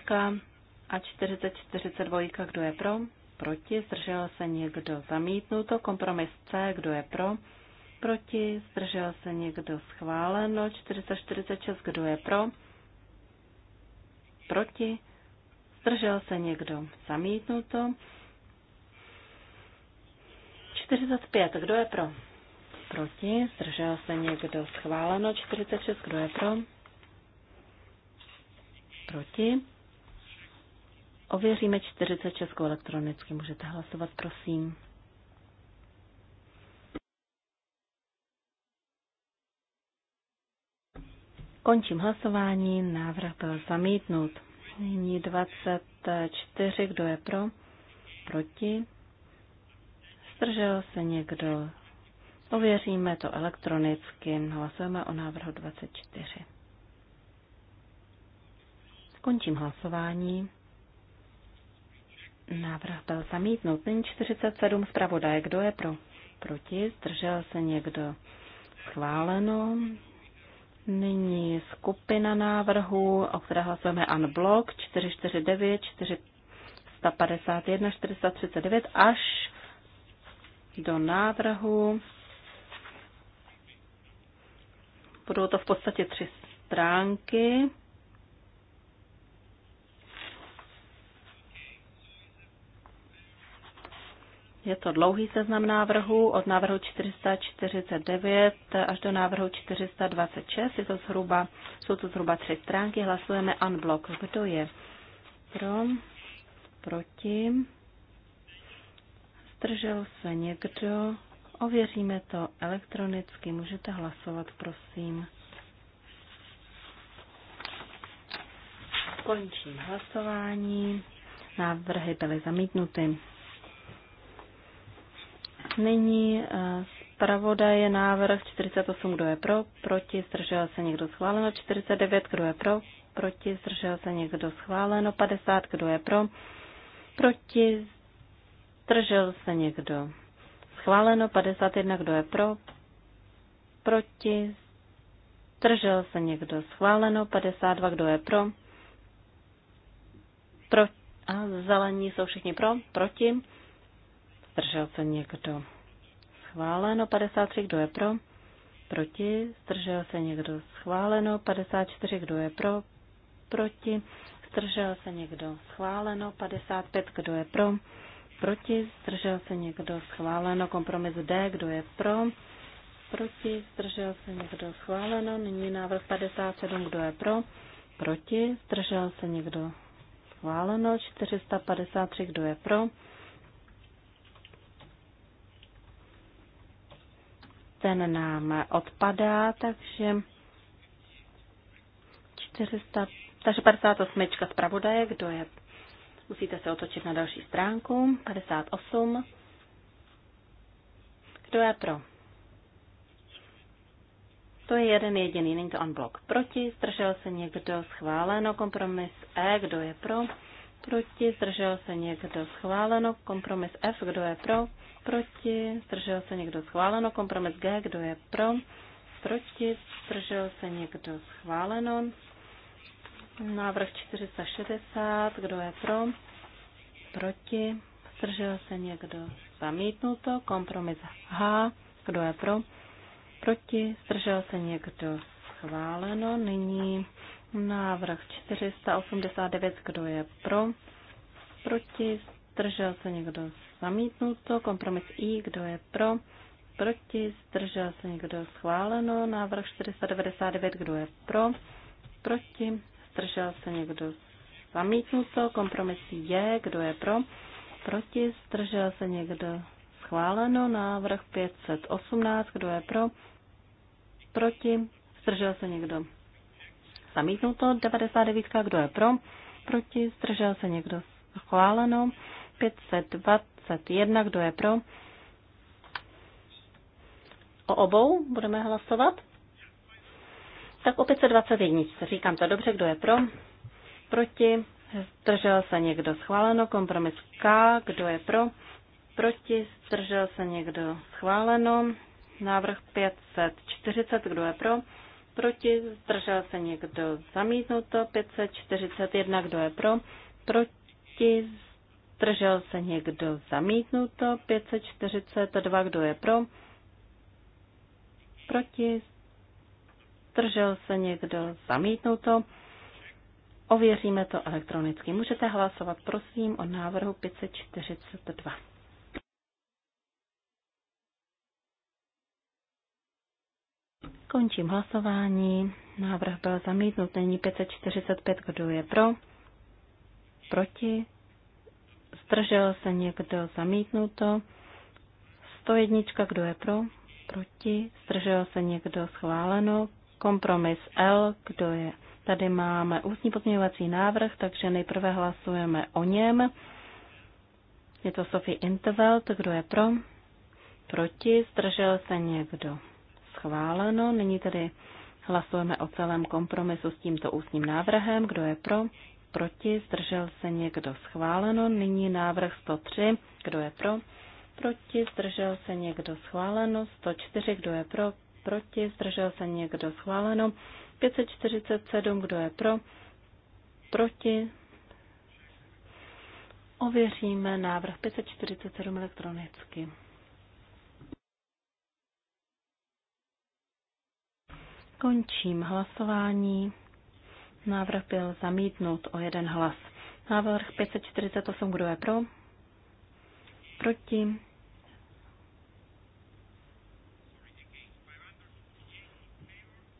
a 442 kdo je pro, proti, zdržel se někdo zamítnuto, kompromis C, kdo je pro, proti, zdržel se někdo schváleno, 446, kdo je pro, proti, zdržel se někdo zamítnuto, 45. Kdo je pro? Proti. Zdržel se někdo? Schváleno. 46. Kdo je pro? Proti. Ověříme 46 elektronicky. Můžete hlasovat, prosím. Končím hlasování. Návrh byl zamítnut. Nyní 24. Kdo je pro? Proti? Zdržel se někdo? Ověříme to elektronicky. Hlasujeme o návrhu 24. Končím hlasování. Návrh byl zamítnut. Nyní 47 zpravodaj. Kdo je pro? Proti? Zdržel se někdo? Schváleno. Nyní skupina návrhů, o které hlasujeme unblock 449, 451, 439 až do návrhu. Budou to v podstatě tři stránky. Je to dlouhý seznam návrhů od návrhu 449 až do návrhu 426. Je to zhruba, jsou to zhruba tři stránky. Hlasujeme unblock. Kdo je pro? Proti? Zdržel se někdo? Ověříme to elektronicky. Můžete hlasovat, prosím. Končím hlasování. Návrhy byly zamítnuty. Nyní eh, zpravodaj je návrh 48, kdo je pro, proti, zdržel se někdo schváleno, 49, kdo je pro, proti, zdržel se někdo schváleno, 50, kdo je pro, proti, Zdržel se někdo? Schváleno 51, kdo je pro? Proti? Zdržel se někdo? Schváleno 52, kdo je pro? Pro? A zelení jsou všichni pro? Proti? Zdržel se někdo? Schváleno 53, kdo je pro? Proti? Zdržel se někdo? Schváleno 54, kdo je pro? Proti? Zdržel se někdo? Schváleno 55, kdo je pro? proti, zdržel se někdo schváleno, kompromis D, kdo je pro, proti, zdržel se někdo schváleno, nyní návrh 57, kdo je pro, proti, zdržel se někdo schváleno, 453, kdo je pro, ten nám odpadá, takže 400, takže 58. zpravodaje, kdo je Musíte se otočit na další stránku, 58. Kdo je pro? To je jeden jediný, není to unblock. Proti, zdržel se někdo, schváleno, kompromis E, kdo je pro? Proti, zdržel se někdo, schváleno, kompromis F, kdo je pro? Proti, zdržel se někdo, schváleno, kompromis G, kdo je pro? Proti, zdržel se někdo, schváleno, Návrh 460, kdo je pro? Proti? Zdržel se někdo? Zamítnuto. Kompromis H, kdo je pro? Proti? Zdržel se někdo? Schváleno. Nyní návrh 489, kdo je pro? Proti? Zdržel se někdo? Zamítnuto. Kompromis I, kdo je pro? Proti? Zdržel se někdo? Schváleno. Návrh 499, kdo je pro? Proti? zdržel se někdo zamítnuto, kompromis je, kdo je pro, proti, zdržel se někdo schváleno, návrh 518, kdo je pro, proti, zdržel se někdo zamítnuto, 99, kdo je pro, proti, zdržel se někdo schváleno, 521, kdo je pro, o obou budeme hlasovat. Tak o 521. Říkám to dobře, kdo je pro? Proti? Zdržel se někdo schváleno? Kompromis K. Kdo je pro? Proti? Zdržel se někdo schváleno? Návrh 540. Kdo je pro? Proti? Zdržel se někdo zamítnuto? 541. Kdo je pro? Proti? Zdržel se někdo zamítnuto? 542. Kdo je pro? Proti? zdržel se někdo, to? Ověříme to elektronicky. Můžete hlasovat, prosím, o návrhu 542. Končím hlasování. Návrh byl zamítnut. Není 545. Kdo je pro? Proti? Zdržel se někdo? Zamítnuto. 101. Kdo je pro? Proti? Zdržel se někdo? Schváleno. Kompromis L, kdo je? Tady máme ústní pozměňovací návrh, takže nejprve hlasujeme o něm. Je to Sophie Intervelt, kdo je pro? Proti, zdržel se někdo. Schváleno, nyní tedy hlasujeme o celém kompromisu s tímto ústním návrhem, kdo je pro? Proti, zdržel se někdo. Schváleno, nyní návrh 103, kdo je pro? Proti, zdržel se někdo. Schváleno, 104, kdo je pro? proti, zdržel se někdo schváleno. 547, kdo je pro, proti. Ověříme návrh 547 elektronicky. Končím hlasování. Návrh byl zamítnut o jeden hlas. Návrh 548, kdo je pro? Proti?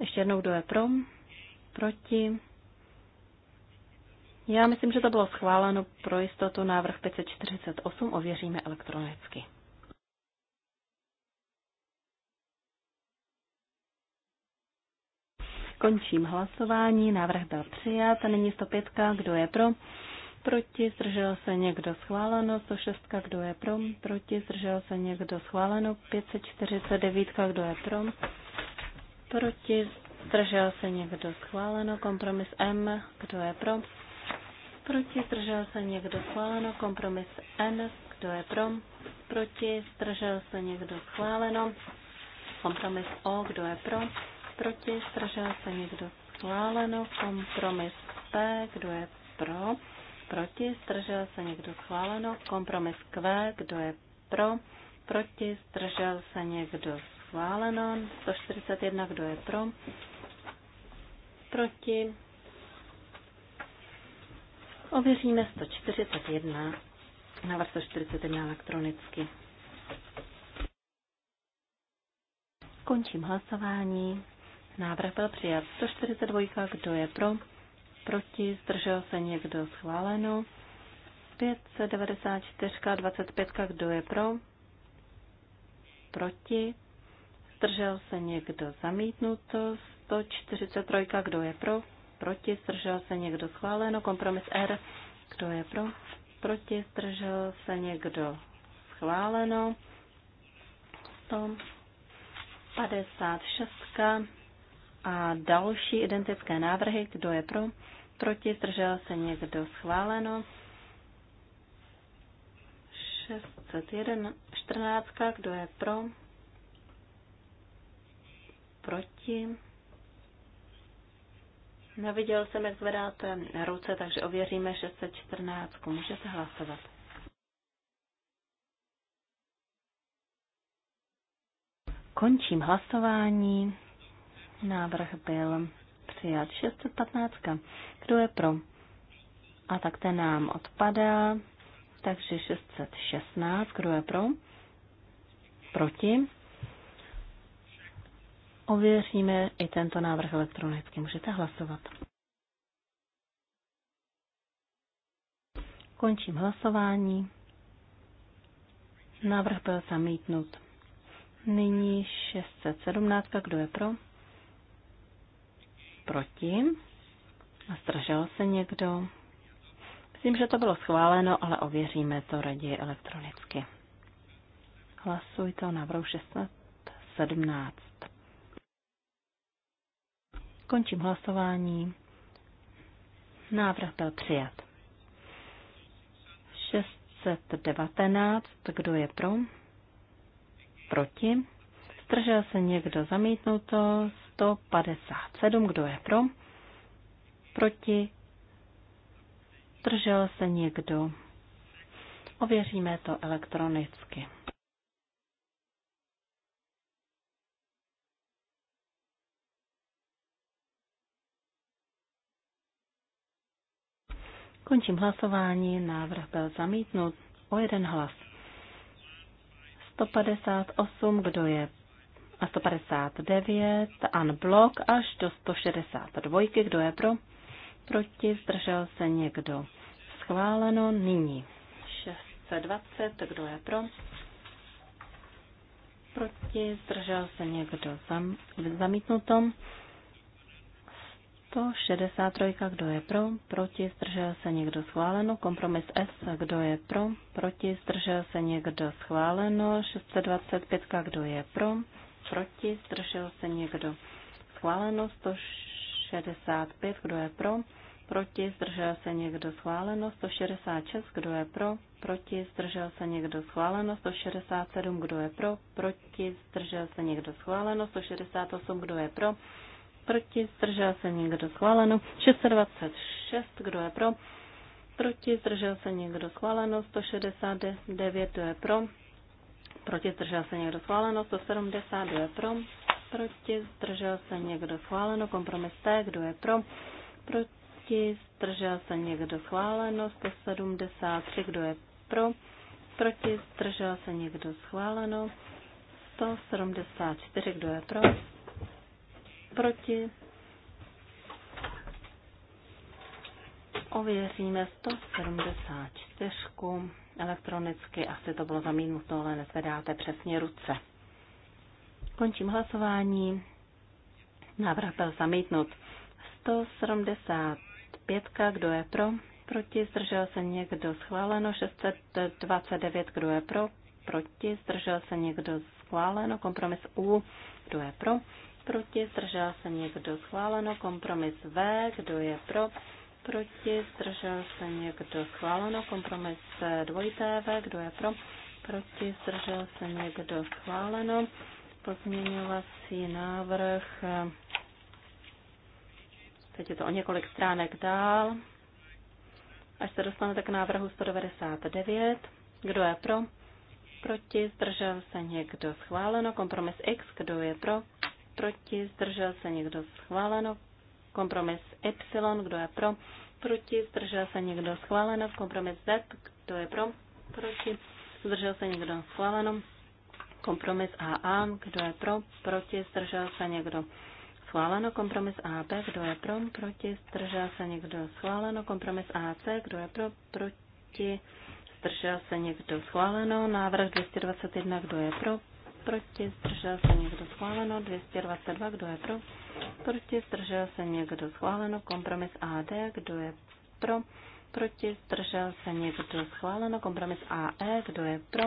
Ještě jednou, kdo je pro? Proti? Já myslím, že to bylo schváleno pro jistotu návrh 548, ověříme elektronicky. Končím hlasování, návrh byl přijat, a nyní 105, kdo je pro? Proti, zdržel se někdo schváleno, 106, kdo je pro? Proti, zdržel se někdo schváleno, 549, kdo je pro? Proti? Zdržel se někdo? Schváleno. Kompromis M. Kdo je pro? Proti? Zdržel se někdo? Schváleno. Kompromis N. Kdo je pro? Proti? Zdržel se někdo? Schváleno. Kompromis O. Kdo je pro? Proti? Zdržel se někdo? Schváleno. Kompromis P. Kdo je pro? Proti? Zdržel se někdo? Schváleno. Kompromis Q. Kdo je pro? Proti? Zdržel se někdo? schváleno. 141, kdo je pro? Proti? Ověříme 141, návrh 141 elektronicky. Končím hlasování. Návrh byl přijat 142, kdo je pro? Proti? Zdržel se někdo schváleno? 594, 25, kdo je pro? Proti? Zdržel se někdo zamítnuto? 143. Kdo je pro? Proti? Zdržel se někdo schváleno? Kompromis R. Kdo je pro? Proti? Zdržel se někdo schváleno? 156. A další identické návrhy. Kdo je pro? Proti? Zdržel se někdo schváleno? 601. 14. Kdo je pro? proti? Neviděl jsem, jak zvedáte ruce, takže ověříme 614. Můžete hlasovat. Končím hlasování. Návrh byl přijat 615. Kdo je pro? A tak ten nám odpadá. Takže 616. Kdo je pro? Proti? Ověříme i tento návrh elektronicky. Můžete hlasovat. Končím hlasování. Návrh byl zamítnut. Nyní 617. Kdo je pro? Proti. A stražel se někdo? Myslím, že to bylo schváleno, ale ověříme to raději elektronicky. Hlasujte o návrhu 617. Končím hlasování. Návrh byl přijat. 619. Kdo je pro? Proti? Zdržel se někdo zamítnuto? 157. Kdo je pro? Proti? Zdržel se někdo? Ověříme to elektronicky. Končím hlasování. Návrh byl zamítnut o jeden hlas. 158, kdo je a 159 an blok až do 162, kdo je pro, proti, zdržel se někdo. Schváleno nyní. 620, kdo je pro, proti, zdržel se někdo. Zam, zamítnuto 163. Kdo je pro? Proti? Zdržel se někdo schváleno? Kompromis S. Kdo je pro? Proti? Zdržel se někdo schváleno? 625. Kdo je pro? Proti? Zdržel se někdo schváleno? 165. Kdo je pro? Proti? Zdržel se někdo schváleno? 166. Kdo je pro? Proti? Zdržel se někdo schváleno? 167. Kdo je pro? Proti? Zdržel se někdo schváleno? 168. Kdo je pro? proti, zdržel se někdo schváleno, 626, kdo je pro, proti, zdržel se někdo schváleno, 169, kdo je pro, proti, zdržel se někdo schváleno, 170, kdo je pro, proti, zdržel se někdo schváleno, kompromis T, kdo je pro, proti, zdržel se někdo schváleno, 173, kdo je pro, proti, zdržel se někdo schváleno, 174, kdo je pro, Proti. Ověříme 174 elektronicky. Asi to bylo zamínuto, ale nezvedáte přesně ruce. Končím hlasování. Návrh byl zamítnut. 175. Kdo je pro? Proti. Zdržel se někdo? Schváleno. 629. Kdo je pro? Proti. Zdržel se někdo? Schváleno. Kompromis U. Kdo je pro? proti, zdržel se někdo schváleno, kompromis V, kdo je pro, proti, zdržel se někdo schváleno, kompromis dvojité V, kdo je pro, proti, zdržel se někdo schváleno, pozměňovací návrh, eh, teď je to o několik stránek dál, až se dostanete k návrhu 199, kdo je pro, proti, zdržel se někdo schváleno, kompromis X, kdo je pro, proti, zdržel se někdo schváleno, kompromis Y, kdo je pro, proti, zdržel se někdo schváleno, kompromis Z, kdo je pro, proti, zdržel se někdo schváleno, kompromis AA, kdo je pro, proti, zdržel se někdo schváleno, kompromis AB, kdo je pro, proti, zdržel se někdo schváleno, kompromis AC, kdo je pro, proti, zdržel se někdo schváleno, návrh 221, kdo je pro, Proti zdržel se někdo schváleno. 222. Kdo je pro? Proti zdržel se někdo schváleno. Kompromis AD. Kdo je pro? Proti zdržel se někdo schváleno. Kompromis AE. Kdo je pro?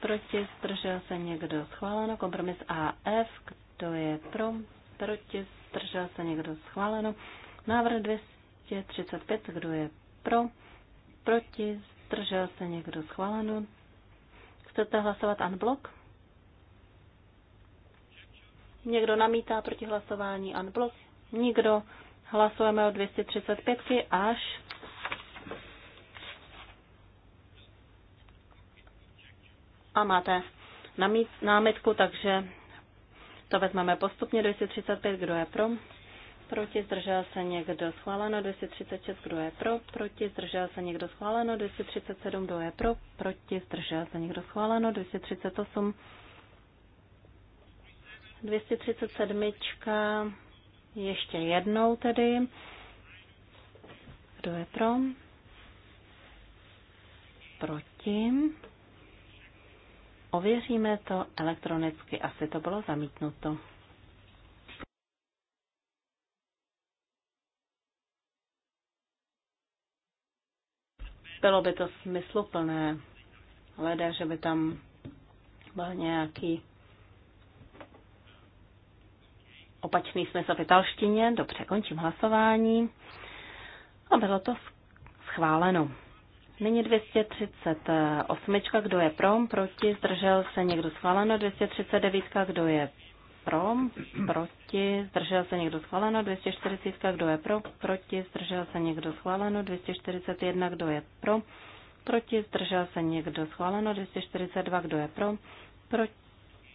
Proti zdržel se někdo schváleno. Kompromis AF. Kdo je pro? Proti zdržel se někdo schváleno. Návrh 235. Kdo je pro? Proti zdržel se někdo schváleno. Chcete hlasovat unblock? Někdo namítá proti hlasování unblock? Nikdo. Hlasujeme o 235 až a máte namít, námitku, takže to vezmeme postupně 235, kdo je pro, proti, zdržel se někdo schváleno, 236, kdo je pro, proti, zdržel se někdo schváleno, 237, kdo je pro, proti, zdržel se někdo schváleno, 238, 237. Ještě jednou tedy. Kdo je pro? Proti. Ověříme to elektronicky. Asi to bylo zamítnuto. Bylo by to smysluplné, hledá, že by tam byl nějaký opačný smysl v italštině. Dobře, končím hlasování. A bylo to schváleno. Nyní 238. Kdo je pro? Proti? Zdržel se někdo schváleno? 239. Kdo je pro? Proti? Zdržel se někdo schváleno? 240. Kdo je pro? Proti? Zdržel se někdo schváleno? 241. Kdo je pro? Proti? Zdržel se někdo schváleno? 242. Kdo je pro? Proti?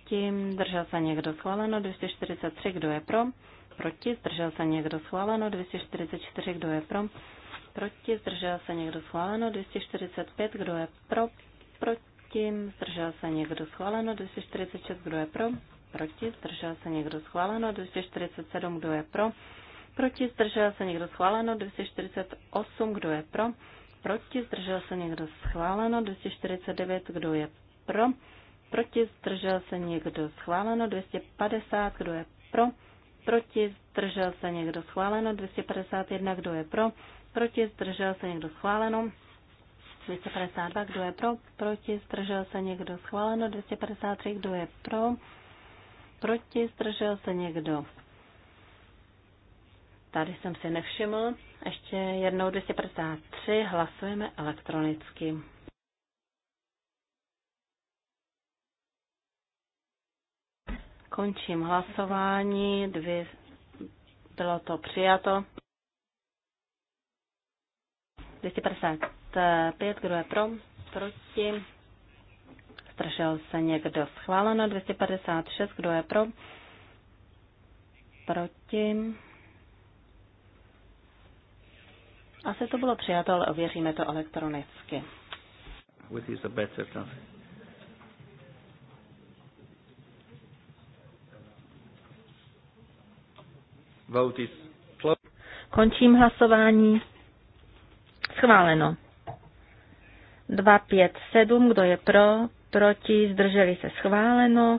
proti, zdržel se někdo schváleno, 243, kdo je pro, proti, zdržel se někdo schváleno, 244, kdo je pro, proti, zdržel se někdo schváleno, 245, kdo je pro, proti, zdržel se někdo schváleno, 246, kdo je pro, proti, zdržel se někdo schváleno, 247, kdo je pro, proti, zdržel se někdo schváleno, 248, kdo je pro, proti, zdržel se někdo schváleno, 249, kdo je pro, proti, zdržel se někdo schváleno, 250, kdo je pro, proti, zdržel se někdo schváleno, 251, kdo je pro, proti, zdržel se někdo schváleno, 252, kdo je pro, proti, zdržel se někdo schváleno, 253, kdo je pro, proti, zdržel se někdo. Tady jsem si nevšiml. Ještě jednou 253 hlasujeme elektronicky. Končím hlasování. Dvě, bylo to přijato. 255, kdo je pro? Proti? Zdržel se někdo? Schváleno. 256, kdo je pro? Proti? Asi to bylo přijato, ale ověříme to elektronicky. With is better Vote is closed. Končím hlasování. Schváleno. 257, kdo je pro, proti, zdrželi se schváleno.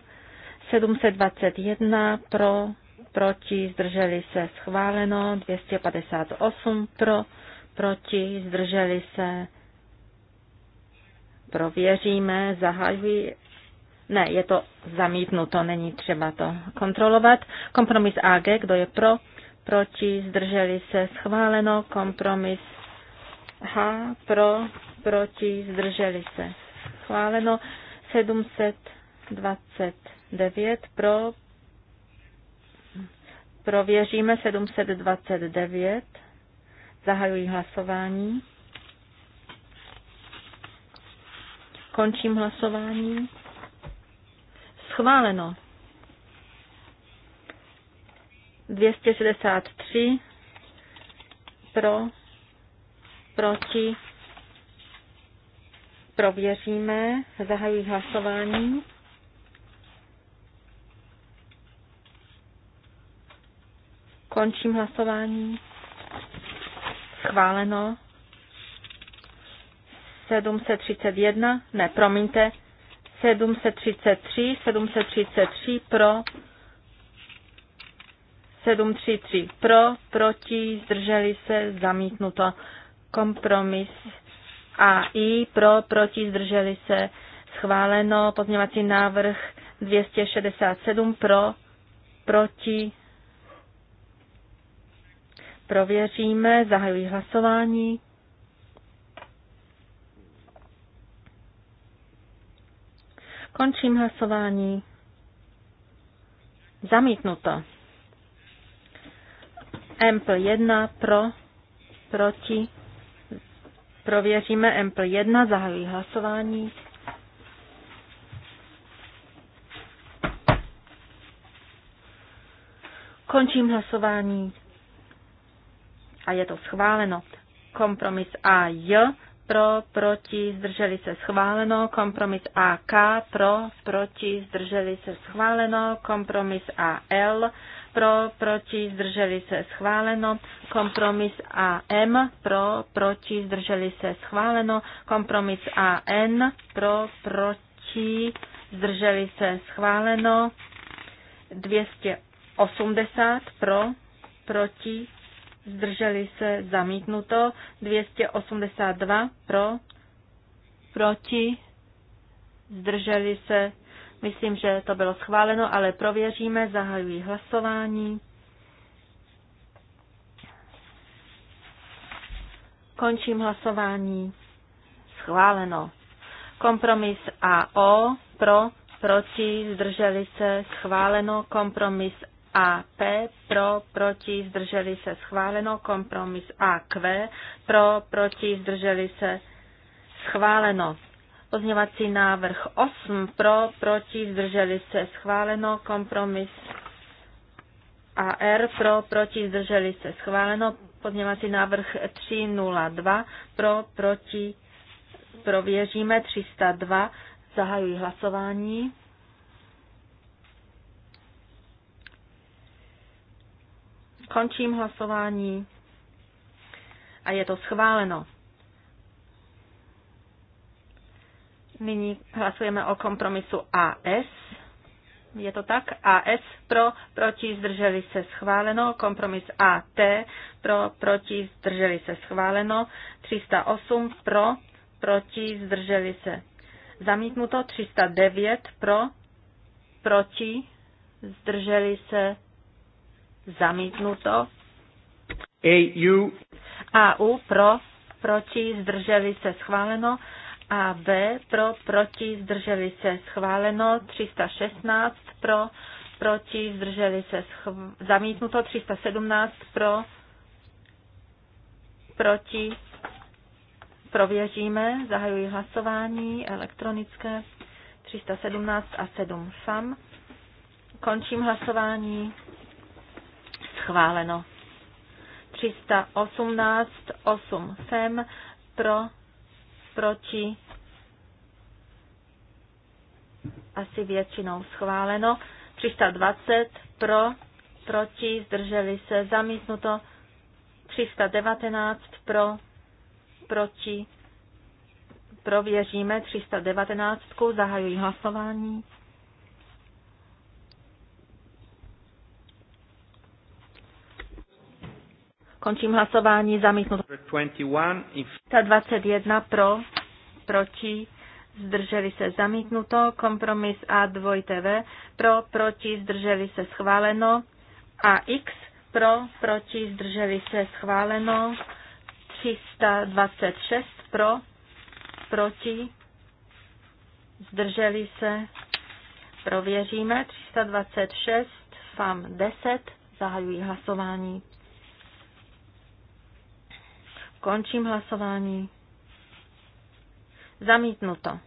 721 pro, proti, zdrželi se schváleno. 258 pro, proti, zdrželi se prověříme, zahajuji ne, je to zamítnuto, není třeba to kontrolovat. Kompromis AG, kdo je pro, proti, zdrželi se, schváleno. Kompromis H, pro, proti, zdrželi se, schváleno. 729 pro, prověříme 729. Zahajuji hlasování. Končím hlasování. Schváleno. 263 pro, proti, prověříme, zahajují hlasování. Končím hlasování. Schváleno. 731, ne, promiňte, 733, 733 pro, 733 pro, proti, zdrželi se, zamítnuto. Kompromis a i pro, proti, zdrželi se, schváleno. pozměvací návrh 267 pro, proti. Prověříme, zahajují hlasování. Končím hlasování. Zamítnuto. Empl 1 pro, proti. Prověříme Empl 1, zahajuji hlasování. Končím hlasování. A je to schváleno. Kompromis AJ pro, proti, zdrželi se schváleno, kompromis AK pro, proti, zdrželi se schváleno, kompromis AL pro, proti, zdrželi se schváleno, kompromis AM pro, proti, zdrželi se schváleno, kompromis AN pro, proti, zdrželi se schváleno, 280 pro, proti, zdrželi se zamítnuto, 282 pro, proti, zdrželi se, myslím, že to bylo schváleno, ale prověříme, zahajují hlasování. Končím hlasování. Schváleno. Kompromis AO pro, proti, zdrželi se, schváleno. Kompromis a P pro, proti, zdrželi se schváleno, kompromis A Q pro, proti, zdrželi se schváleno. Pozměvací návrh 8 pro, proti, zdrželi se schváleno, kompromis A R pro, proti, zdrželi se schváleno, pozměvací návrh 302 pro, proti, prověříme 302, zahajuji hlasování. Končím hlasování a je to schváleno. Nyní hlasujeme o kompromisu AS. Je to tak? AS pro, proti, zdrželi se schváleno. Kompromis AT pro, proti, zdrželi se schváleno. 308 pro, proti, zdrželi se. Zamítnuto 309 pro, proti, zdrželi se zamítnuto. AU. AU pro, proti, zdrželi se schváleno. A B pro, proti, zdrželi se schváleno. 316 pro, proti, zdrželi se schv... zamítnuto. 317 pro, proti, prověříme. Zahajuji hlasování elektronické 317 a 7 FAM. Končím hlasování schváleno. 318, 8 fem, pro, proti, asi většinou schváleno. 320, pro, proti, zdrželi se, zamítnuto. 319, pro, proti, prověříme 319, zahajuji hlasování. Končím hlasování, zamítnuto. 21 pro, proti, zdrželi se zamítnuto, kompromis A2TV, pro, proti, zdrželi se schváleno, AX, pro, proti, zdrželi se schváleno, 326 pro, proti, zdrželi se, prověříme, 326, FAM 10, zahajují hlasování. Končím hlasování. Zamítnuto.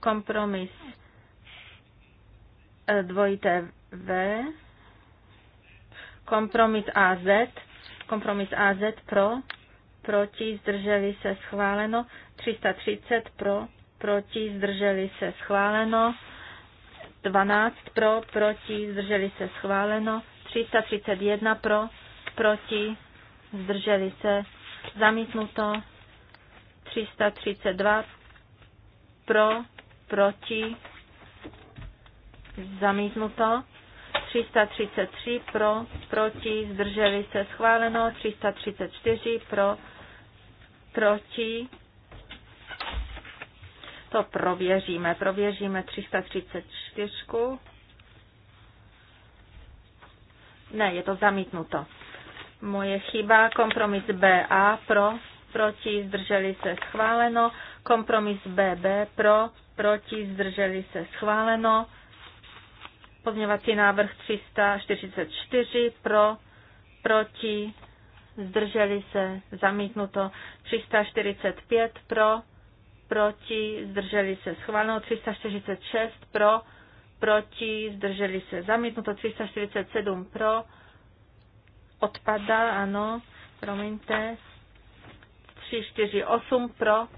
Kompromis eh, dvojité V. Kompromis AZ. Kompromis AZ pro. Proti zdrželi se schváleno. 330 pro. Proti zdrželi se schváleno. 12 pro. Proti zdrželi se schváleno. 331 pro. Proti zdrželi se zamítnuto 332 pro, proti, zamítnuto 333 pro, proti, zdrželi se schváleno 334 pro, proti, to prověříme. Prověříme 334. Ne, je to zamítnuto. Moje chyba. Kompromis BA pro, proti, zdrželi se schváleno. Kompromis BB pro, proti, zdrželi se schváleno. Pozměvací návrh 344 pro, proti, zdrželi se, zamítnuto 345 pro, proti, zdrželi se, schváleno 346 pro, proti, zdrželi se, zamítnuto 347 pro, odpadá, ano, promiňte. 3, 4, 8 pro,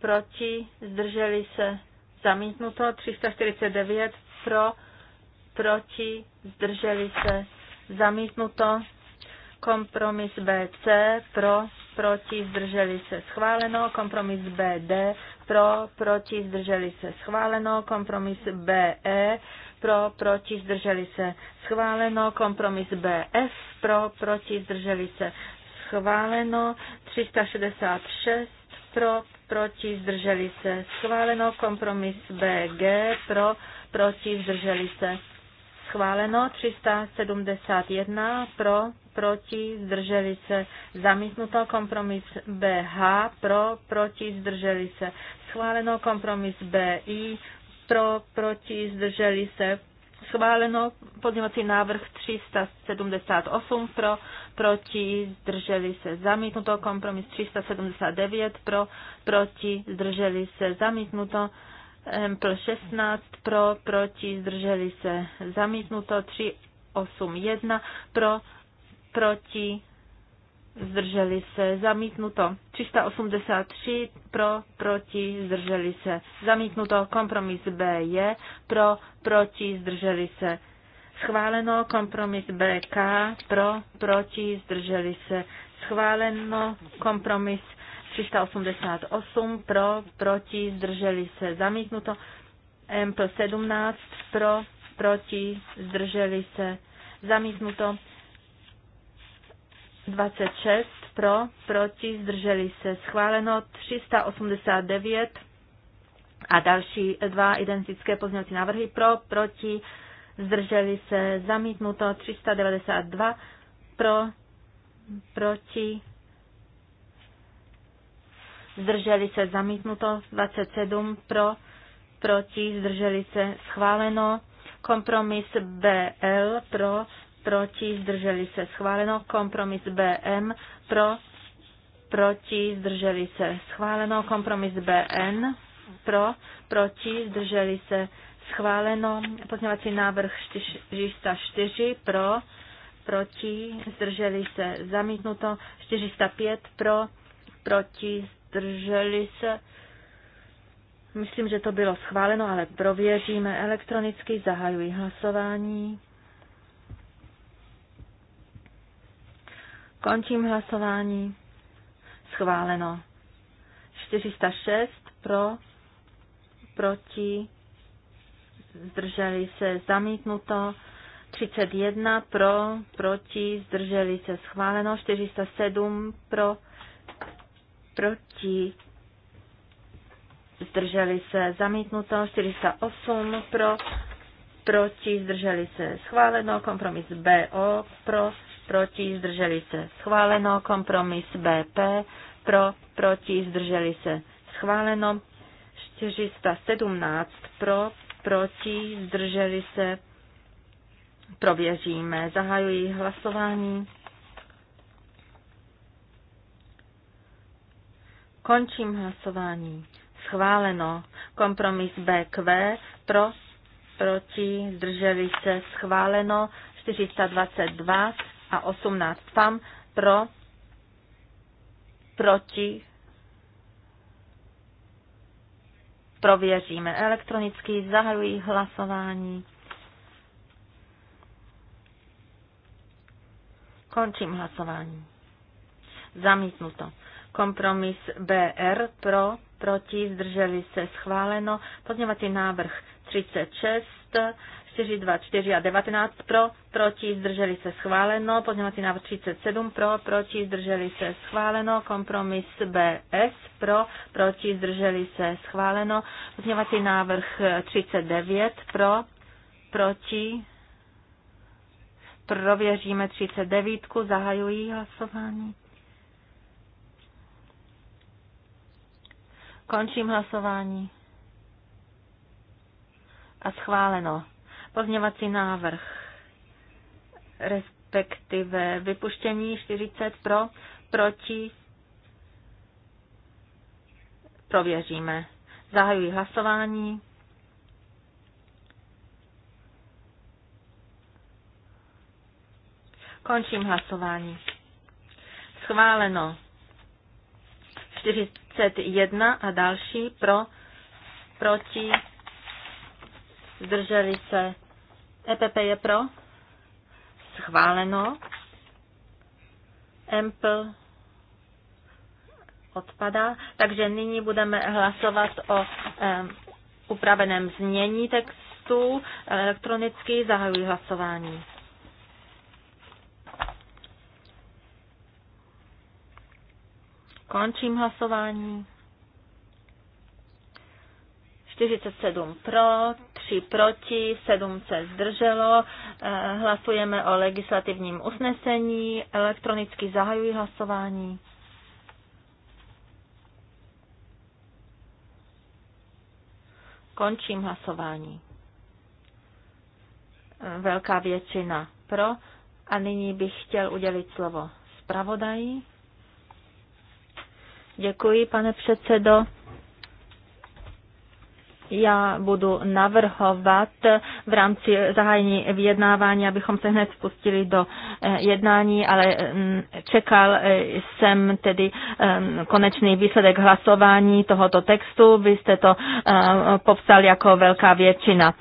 proti, zdrželi se, zamítnuto. 349 pro, proti, zdrželi se, zamítnuto. Kompromis BC pro, proti, zdrželi se, schváleno. Kompromis BD pro, proti, zdrželi se, schváleno. Kompromis BE pro, proti, zdrželi se schváleno, kompromis F, pro, proti, zdrželi se schváleno, 366 pro, proti, zdrželi se schváleno, kompromis BG pro, proti, zdrželi se schváleno, 371 pro, proti, zdrželi se zamítnuto, kompromis BH pro, proti, zdrželi se schváleno, kompromis BI pro, proti, zdrželi se, schváleno. Pozměňovací návrh 378 pro, proti, zdrželi se, zamítnuto. Kompromis 379 pro, proti, zdrželi se, zamítnuto. Pro 16 pro, proti, zdrželi se, zamítnuto. 381 pro, proti, zdrželi se, zamítnuto. 383 pro, proti, zdrželi se, zamítnuto. Kompromis B je pro, proti, zdrželi se. Schváleno kompromis BK pro, proti, zdrželi se. Schváleno kompromis 388 pro, proti, zdrželi se. Zamítnuto M pro 17 pro, proti, zdrželi se. Zamítnuto 26 pro, proti, zdrželi se schváleno 389 a další dva identické pozměňovací návrhy pro, proti, zdrželi se zamítnuto 392 pro, proti, zdrželi se zamítnuto 27 pro, proti, zdrželi se schváleno kompromis BL pro, proti, zdrželi se schváleno, kompromis BM pro, proti, zdrželi se schváleno, kompromis BN pro, proti, zdrželi se schváleno, pozměňovací návrh 404 pro, proti, zdrželi se zamítnuto, 405 pro, proti, zdrželi se Myslím, že to bylo schváleno, ale prověříme elektronicky. Zahajuji hlasování. Končím hlasování. Schváleno. 406 pro, proti, zdrželi se zamítnuto. 31 pro, proti, zdrželi se schváleno. 407 pro, proti, zdrželi se zamítnuto. 408 pro, proti, zdrželi se schváleno. Kompromis BO pro, proti, zdrželi se, schváleno. Kompromis BP, pro, proti, zdrželi se, schváleno. 417 pro, proti, zdrželi se, prověříme. zahajují hlasování. Končím hlasování. Schváleno. Kompromis BQ pro, proti, zdrželi se, schváleno. 422 a 18 FAM pro, proti, prověříme elektronicky, zahajuji hlasování. Končím hlasování. Zamítnuto. Kompromis BR pro, proti, zdrželi se schváleno. Pozněvací návrh 36, 4, 2, 4 a 19 pro, proti, zdrželi se schváleno, pozměňovací návrh 37 pro, proti, zdrželi se schváleno, kompromis BS pro, proti, zdrželi se schváleno, pozměňovací návrh 39 pro, proti, prověříme 39, zahajují hlasování. Končím hlasování. A schváleno. Pozměvací návrh, respektive vypuštění 40 pro, proti, prověříme. Zahajuji hlasování. Končím hlasování. Schváleno 41 a další pro, proti, zdrželi se, EPP je pro, schváleno, EMPL odpadá, takže nyní budeme hlasovat o um, upraveném změní textu elektronicky, zahajuji hlasování. Končím hlasování. 47 pro, 3 proti, 7 se zdrželo. Eh, hlasujeme o legislativním usnesení. Elektronicky zahajuji hlasování. Končím hlasování. Eh, velká většina pro. A nyní bych chtěl udělit slovo zpravodaji. Děkuji, pane předsedo. Já budu navrhovat v rámci zahájení vyjednávání, abychom se hned spustili do eh, jednání, ale mm, čekal eh, jsem tedy ehm, konečný výsledek hlasování tohoto textu. Vy jste to eh, popsal jako velká většina.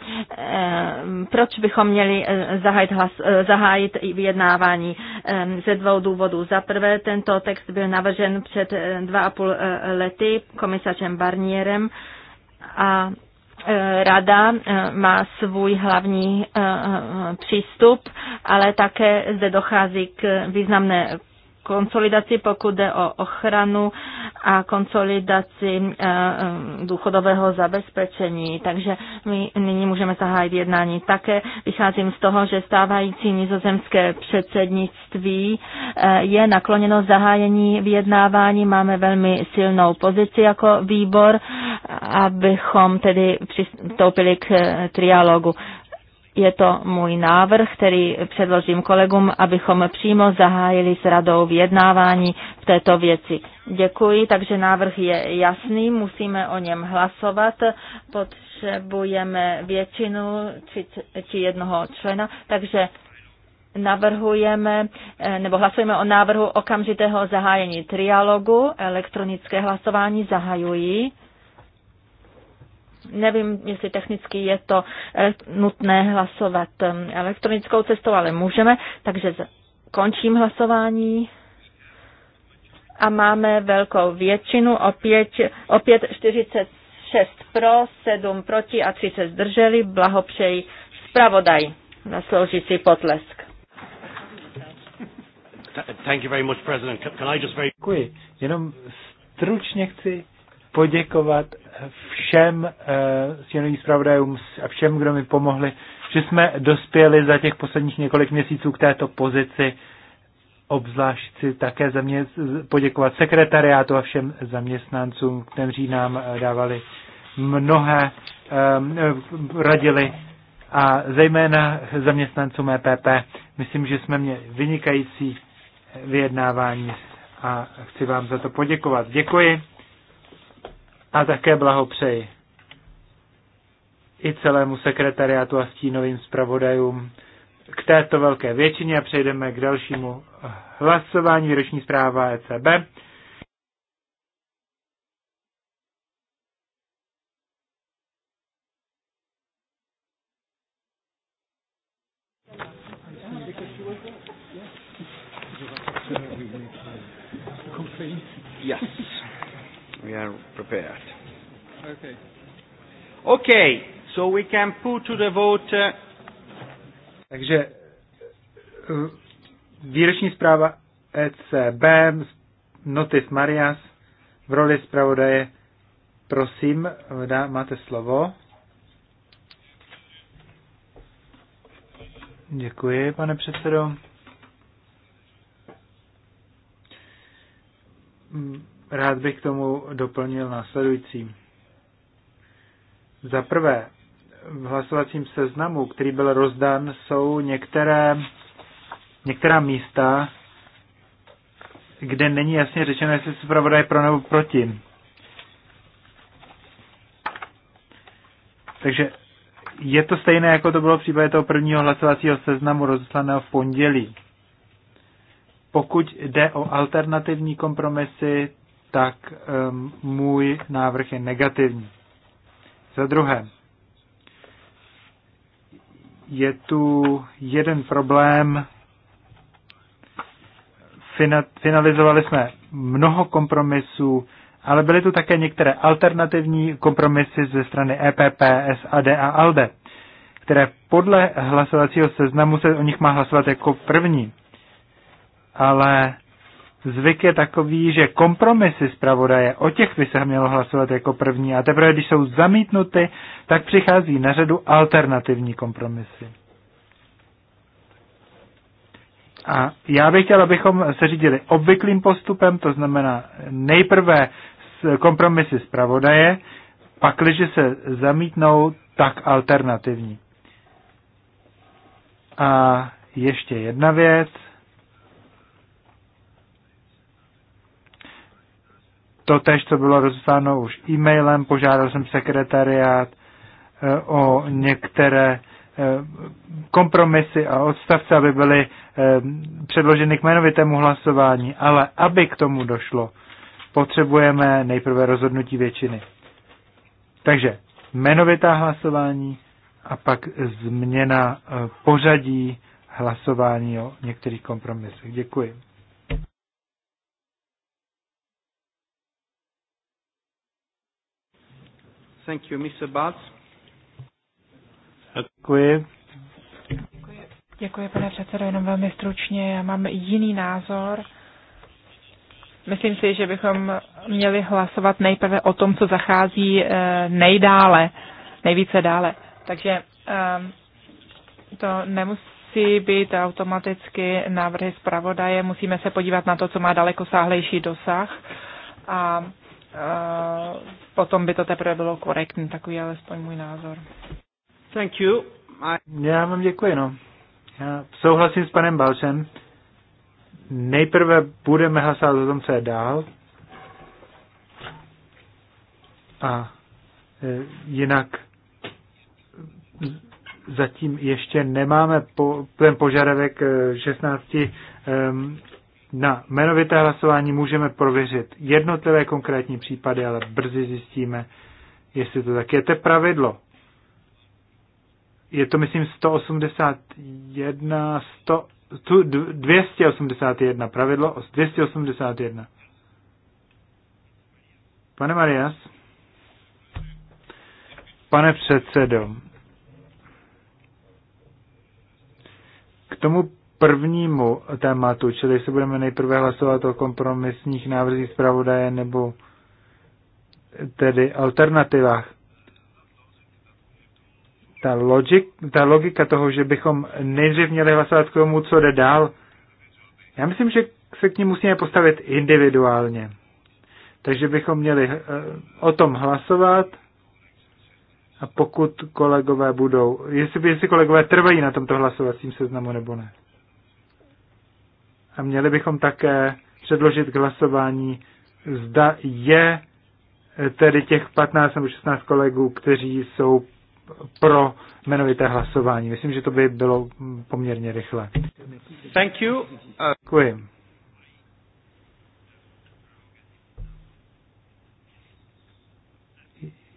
Proč bychom měli zahájit, hlas, zahájit vyjednávání? Ehm, ze dvou důvodů. Za prvé, tento text byl navržen před dva a půl lety komisařem Barnierem a e, rada e, má svůj hlavní e, přístup, ale také zde dochází k významné konsolidaci, pokud jde o ochranu a konsolidaci eh, eh, důchodového zabezpečení. Takže my nyní můžeme zahájit jednání. Také vycházím z toho, že stávající nizozemské předsednictví eh, je nakloněno zahájení vyjednávání. Máme velmi silnou pozici jako výbor, abychom tedy přistoupili k trialogu. Je to můj návrh, který předložím kolegům, abychom přímo zahájili s radou vyjednávání v této věci. Děkuji, takže návrh je jasný, musíme o něm hlasovat, potřebujeme většinu či, či jednoho člena, takže navrhujeme eh, nebo hlasujeme o návrhu okamžitého zahájení trialogu, elektronické hlasování zahajují. Nevím, jestli technicky je to eh, nutné hlasovat ehm, elektronickou cestou, ale můžeme, takže končím hlasování a máme velkou většinu, opět, opět 46 pro, 7 proti a 3 se zdrželi. Blahopřeji zpravodaj. Zaslouží si potlesk. Děkuji. Jenom stručně chci poděkovat všem eh, stěnovým zpravodajům a všem, kdo mi pomohli, že jsme dospěli za těch posledních několik měsíců k této pozici. Obzvlášť si také zaměst, poděkovat sekretariátu a všem zaměstnancům, kteří nám eh, dávali mnohé, ehm, eh, radili a zejména zaměstnancům EPP. Myslím, že jsme měli vynikající vyjednávání a chci vám za to poděkovat. Děkuji. A také blahopřeji i celému sekretariátu a stínovým zpravodajům k této velké většině a přejdeme k dalšímu hlasování roční zpráva ECB. Yes we are prepared. Okay. Okay, so we can put to the vote. Uh... Takže uh, výroční zpráva ECB, Notis Marias v roli zpravodaje. Prosím, dá, máte slovo. Děkuji, pane předsedo. Mm, Rád bych k tomu doplnil následující. Za prvé, v hlasovacím seznamu, který byl rozdán, jsou některé, některá místa, kde není jasně řečeno, jestli se zpravodaj pro nebo proti. Takže je to stejné, jako to bylo v případě toho prvního hlasovacího seznamu rozeslaného v pondělí. Pokud jde o alternativní kompromisy, tak um, můj návrh je negativní. Za druhé, je tu jeden problém. Fina, finalizovali jsme mnoho kompromisů, ale byly tu také některé alternativní kompromisy ze strany EPP, SAD a ALDE, které podle hlasovacího seznamu se o nich má hlasovat jako první. Ale Zvyk je takový, že kompromisy zpravodaje, o těch by se mělo hlasovat jako první a teprve, když jsou zamítnuty, tak přichází na řadu alternativní kompromisy. A já bych chtěl, abychom se řídili obvyklým postupem, to znamená nejprve kompromisy zpravodaje, když se zamítnou, tak alternativní. A ještě jedna věc. to tež, co bylo rozdáno už e-mailem, požádal jsem sekretariát eh, o některé eh, kompromisy a odstavce, aby byly eh, předloženy k jmenovitému hlasování, ale aby k tomu došlo, potřebujeme nejprve rozhodnutí většiny. Takže jmenovitá hlasování a pak změna pořadí hlasování o některých kompromisech. Děkuji. Thank you, Mr. Děkuji. Děkuji. Děkuji, pane předsedo, jenom velmi stručně. Já mám jiný názor. Myslím si, že bychom měli hlasovat nejprve o tom, co zachází eh, nejdále, nejvíce dále. Takže ehm, to nemusí být automaticky návrhy zpravodaje. Musíme se podívat na to, co má daleko sáhlejší dosah. A eh, potom by to teprve bylo korektní, takový je alespoň můj názor. Thank you. I... Já vám děkuji, no. Já souhlasím s panem Balšem. Nejprve budeme hlasovat o tom, co je dál. A e, jinak zatím ještě nemáme po, ten požadavek 16 e, na jmenovité hlasování můžeme prověřit jednotlivé konkrétní případy, ale brzy zjistíme, jestli to tak je. To pravidlo. Je to, myslím, 181, 100, 281, pravidlo 281. Pane Marias? Pane předsedo, k tomu prvnímu tématu, čili jestli budeme nejprve hlasovat o kompromisních návrzích zpravodaje nebo tedy alternativách. Ta, logik, ta logika toho, že bychom nejdřív měli hlasovat k tomu, co jde dál, já myslím, že se k ní musíme postavit individuálně. Takže bychom měli eh, o tom hlasovat a pokud kolegové budou, jestli, jestli kolegové trvají na tomto hlasovacím seznamu nebo ne. A měli bychom také předložit k hlasování, zda je eh, tedy těch 15 nebo 16 kolegů, kteří jsou pro jmenovité hlasování. Myslím, že to by bylo poměrně rychle. Thank you. Uh, Děkuji.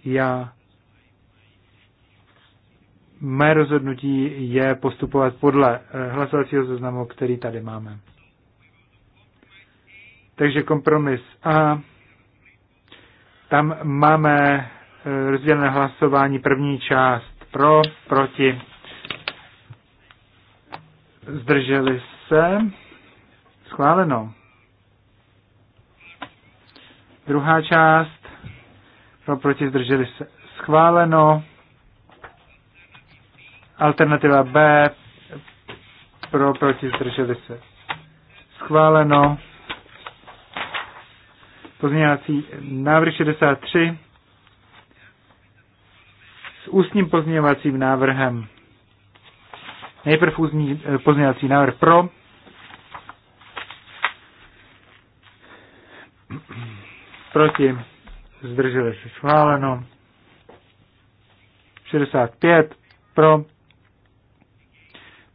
Já mé rozhodnutí je postupovat podle eh, hlasovacího seznamu, který tady máme. Takže kompromis A. Tam máme e, rozdělené hlasování první část pro, proti, zdrželi se, schváleno. Druhá část, pro, proti, zdrželi se, schváleno. Alternativa B, pro, proti, zdrželi se, schváleno. Pozměňovací návrh 63 s ústním pozměňovacím návrhem. Nejprve ústní eh, pozměňovací návrh pro. Proti. Zdrželi se schváleno. 65 pro.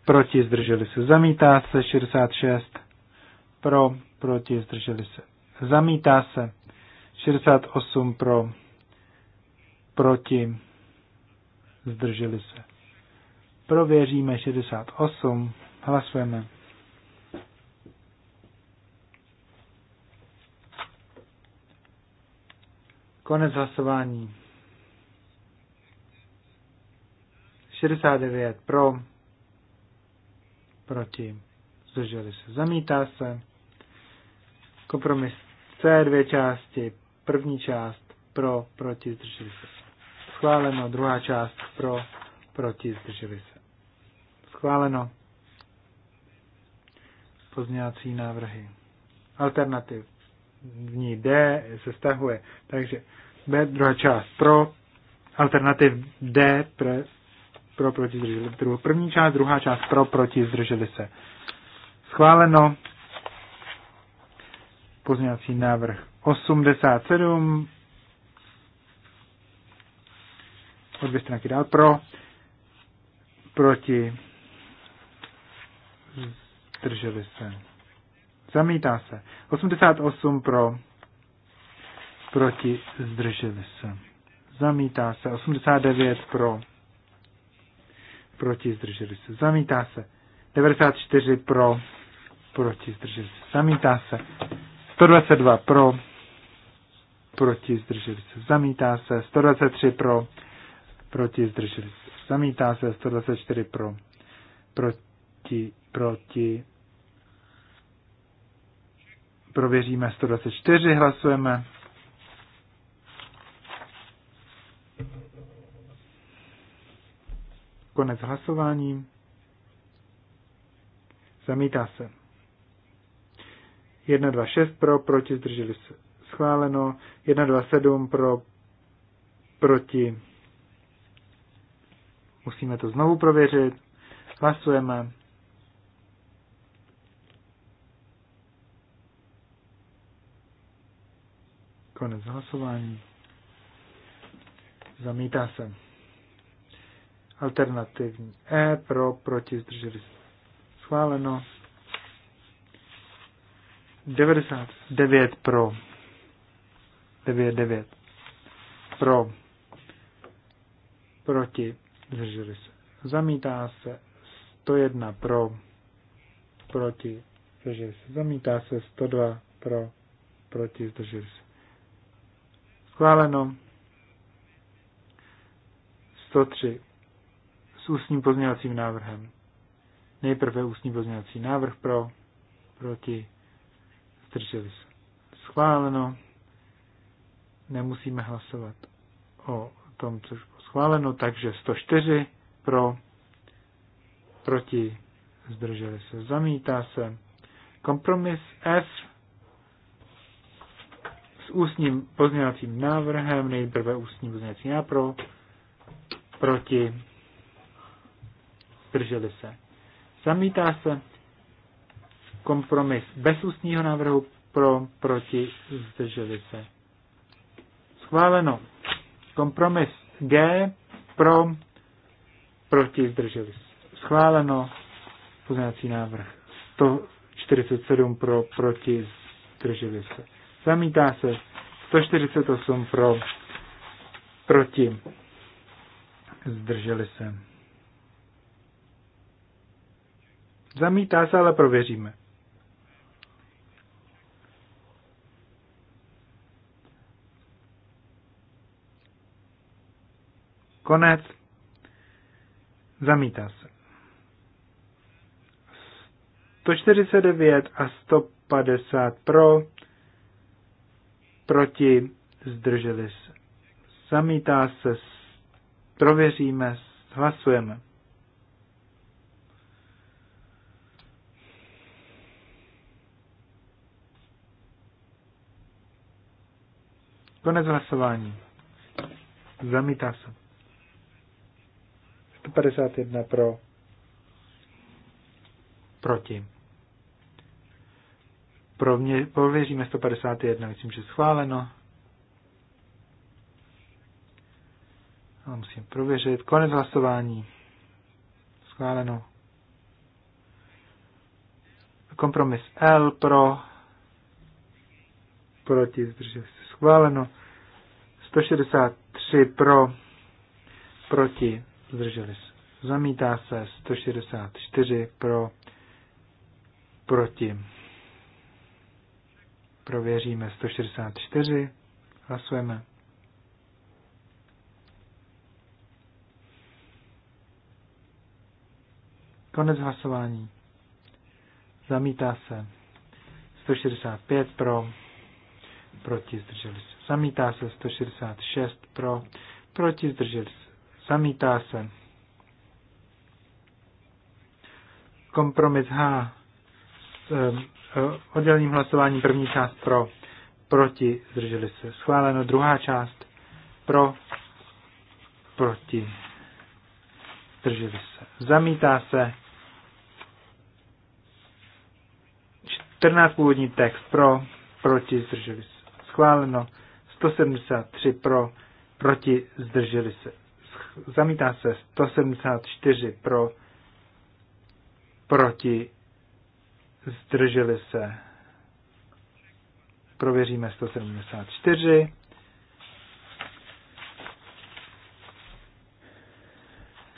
Proti zdrželi se zamítá se 66 pro. Proti zdrželi se zamítá se. 68 pro, proti, zdrželi se. Prověříme 68, hlasujeme. Konec hlasování. 69 pro, proti, zdrželi se, zamítá se. Kompromis C dvě části. První část pro, proti, zdrželi se. Schváleno. Druhá část pro, proti, zdrželi se. Schváleno. Pozměňovací návrhy. Alternativ. V ní D se stahuje. Takže B druhá část pro, alternativ D pro, pro proti zdrželi se. První část, druhá část pro, proti, zdrželi se. Schváleno pozměňovací návrh 87, o dvě stránky dál, pro, proti, zdrželi se, zamítá se, 88 pro, proti, zdrželi se, zamítá se, 89 pro, proti, zdrželi se, zamítá se, 94 pro, proti, zdrželi se, zamítá se, 122 pro, proti zdrželi se, zamítá se, 123 pro, proti zdrželi se, zamítá se, 124 pro, proti, proti, prověříme 124, hlasujeme. Konec hlasování. Zamítá se. 126 pro, proti, zdrželi se schváleno, 127 pro, proti, musíme to znovu prověřit, hlasujeme. Konec hlasování. Zamítá se. Alternativní E pro, proti, zdrželi se. Schváleno. 99 pro. 99 pro. Proti. Zdrželi se. Zamítá se 101 pro. Proti. Zdrželi se. Zamítá se 102 pro. Proti. Zdrželi se. Schváleno. 103 s ústním pozměňovacím návrhem. Nejprve ústní pozměňovací návrh pro, proti, zdrželi se. Schváleno. Nemusíme hlasovat o tom, co bylo schváleno, takže 104 pro, proti, zdrželi se, zamítá se. Kompromis F s ústním pozměňovacím návrhem, nejprve ústní pozměňovací návrh pro, proti, zdrželi se. Zamítá se kompromis bez ústního návrhu pro, proti, zdrželi se. Schváleno. Kompromis G pro, proti, zdrželi se. Schváleno. Poznací návrh 147 pro, proti, zdrželi se. Zamítá se 148 pro, proti, zdrželi se. Zamítá se, ale prověříme. Konec. Zamítá se. 149 a 150 pro, proti, zdrželi se. Zamítá se, prověříme, hlasujeme. Konec hlasování. Zamítá se. 51 pro. Proti. Pro mě, prověříme 151, myslím, že schváleno. A musím prověřit. Konec hlasování. Schváleno. Kompromis L pro. Proti, zdržel se. Schváleno. 163 pro. Proti zdrželi se. Zamítá se 164 pro, proti. Prověříme 164, hlasujeme. Konec hlasování. Zamítá se 165 pro, proti zdrželi se. Zamítá se 166 pro, proti zdrželi se Zamítá se. Kompromis H s eh, odděleným hlasováním první část pro, proti, zdrželi se. Schváleno druhá část pro, proti, zdrželi se. Zamítá se 14 původní text pro, proti, zdrželi se. Schváleno 173 pro, proti, zdrželi se zamítá se 174 pro, proti, zdrželi se. Prověříme 174.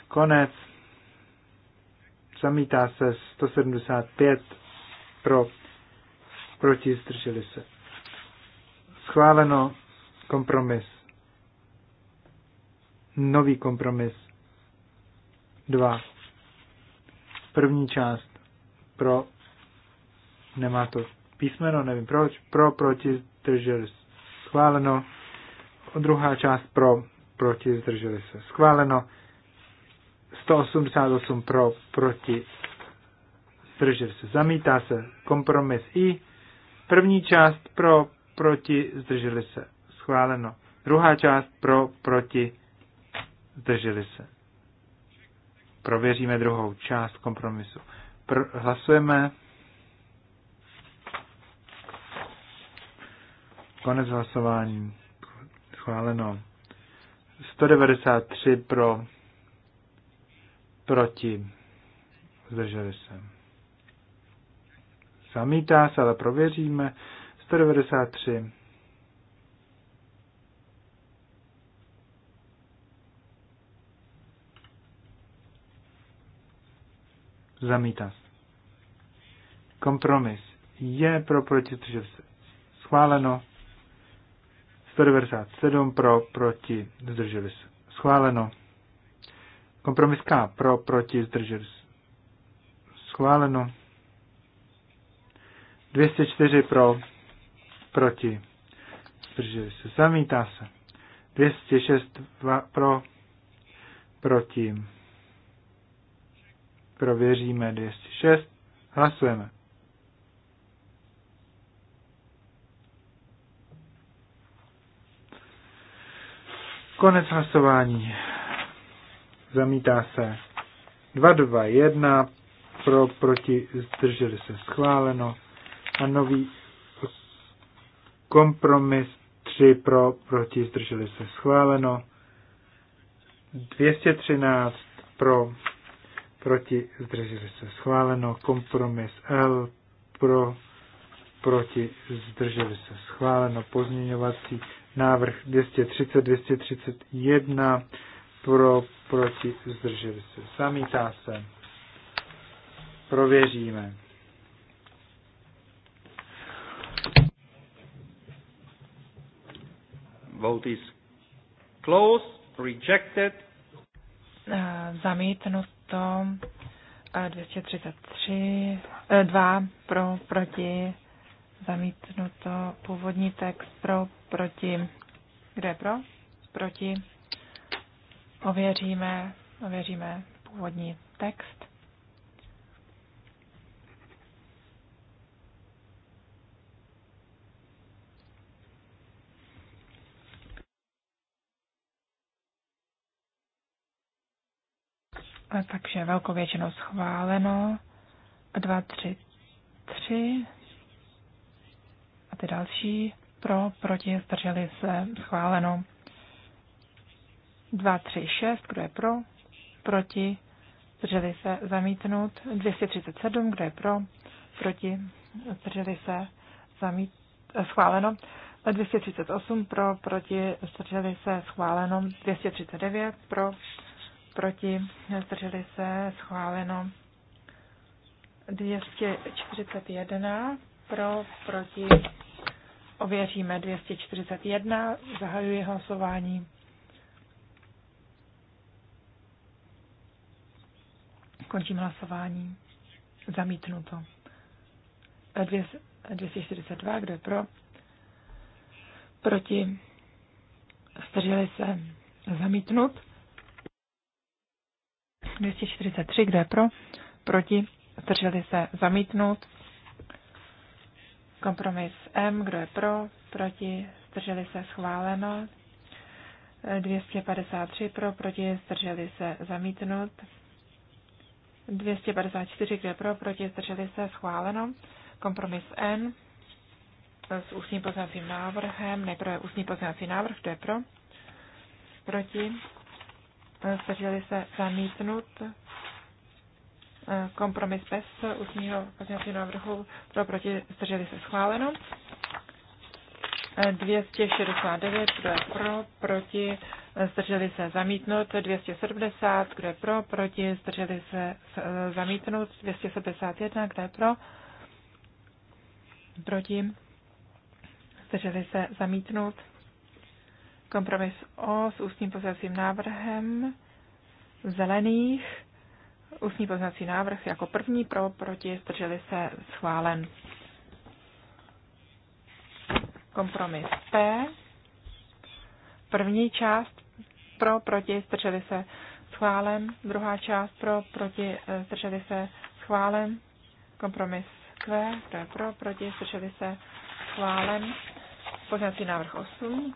Konec. Zamítá se 175 pro, proti, zdrželi se. Schváleno kompromis nový kompromis 2. První část pro, nemá to písmeno, nevím proč, pro, proti, zdrželi se, schváleno. Druhá část pro, proti, zdrželi se, schváleno. 188 pro, proti, zdrželi se, zamítá se, kompromis I. První část pro, proti, zdrželi se, schváleno. Druhá část pro, proti, zdrželi se. Prověříme druhou část kompromisu. Pr- hlasujeme. Konec hlasování. Schváleno. 193 pro, proti, zdrželi se. Zamítá se, ale prověříme. 193. zamítá. Kompromis je pro proti, protože schváleno. 197 pro proti, zdrželi se. Schváleno. Kompromis K pro proti, zdrželi se. Schváleno. 204 pro proti, zdrželi se. Zamítá se. 206 pro proti Prověříme 206. Hlasujeme. Konec hlasování. Zamítá se 221 pro, proti, zdrželi se schváleno a nový kompromis 3 pro, proti, zdrželi se schváleno 213 pro, proti, zdrželi se schváleno, kompromis L, pro, proti, zdrželi se schváleno, pozměňovací návrh 230, 231, pro, proti, zdrželi se, zamítá se, prověříme. Vote is closed, rejected. Zamítnut to 233, 2 pro, proti, zamítnuto původní text pro, proti, kde pro? Proti. Ověříme, ověříme původní text. takže velkou většinou schváleno. A dva, tři, tři. A ty další pro, proti, zdrželi se, schváleno. Dva, tři, šest, kdo je pro, proti, zdrželi se, zamítnout. 237, kdo je pro, proti, zdrželi se, zamít, eh, schváleno. 238 pro, proti, zdrželi se, schváleno. 239 pro, proti, zdrželi se, schváleno. 241 pro, proti, ověříme 241, zahajuji hlasování. Končím hlasování. Zamítnuto. 242, kdo je pro? Proti. Zdrželi se. Zamítnut. 243, kdo je pro, proti, zdrželi se zamítnout. Kompromis M, kdo je pro, proti, zdrželi se schváleno. 253 pro, proti, zdrželi se zamítnout. 254, kdo je pro, proti, zdrželi se schváleno. Kompromis N s ústním poznacím návrhem, nejprve ústní poznací návrh, kdo je pro, proti, snažili eh, se zamítnout eh, Kompromis bez ústního pozměňovacího návrhu pro proti zdrželi se schváleno. 269, eh, kdo je pro, proti, zdrželi se zamítnout, 270, kdo je pro, proti, zdrželi se zamítnout, 271, kdo je pro, proti, zdrželi se zamítnout, Kompromis O s ústním poznacím návrhem zelených. Ústní poznací návrh jako první pro, proti, zdrželi se, schválen. Kompromis P. První část pro, proti, zdrželi se, schválen. Druhá část pro, proti, zdrželi se, schválen. Kompromis Q, to je pro, proti, zdrželi se, schválen. Poznací návrh 8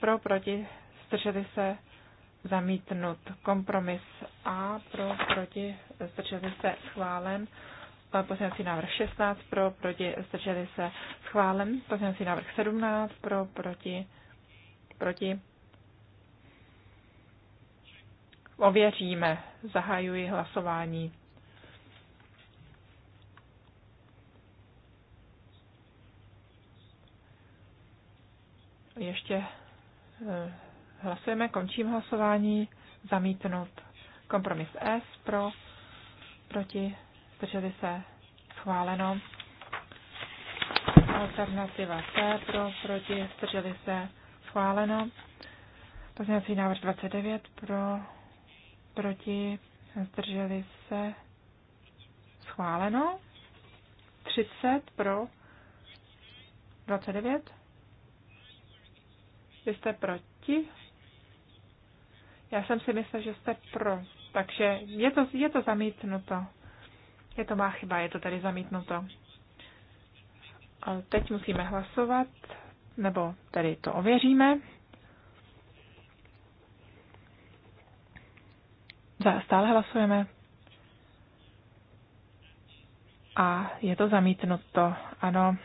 pro, proti, zdrželi se, zamítnut. Kompromis A pro, proti, zdrželi se, schválen. pozměnací návrh 16 pro, proti, zdrželi se, schválen. pozměnací návrh 17 pro, proti, proti. Ověříme. Zahajuji hlasování. Ještě Eh, hlasujeme, končím hlasování, zamítnout. Kompromis S pro, proti, zdrželi se, schváleno. Alternativa C pro, proti, zdrželi se, schváleno. Pozměňovací návrh 29 pro, proti, zdrželi se, schváleno. 30 pro, 29 vy jste proti? Já jsem si myslel, že jste pro. Takže je to, je to zamítnuto. Je to má chyba, je to tady zamítnuto. A teď musíme hlasovat, nebo tady to ověříme. Stále hlasujeme. A je to zamítnuto, ano.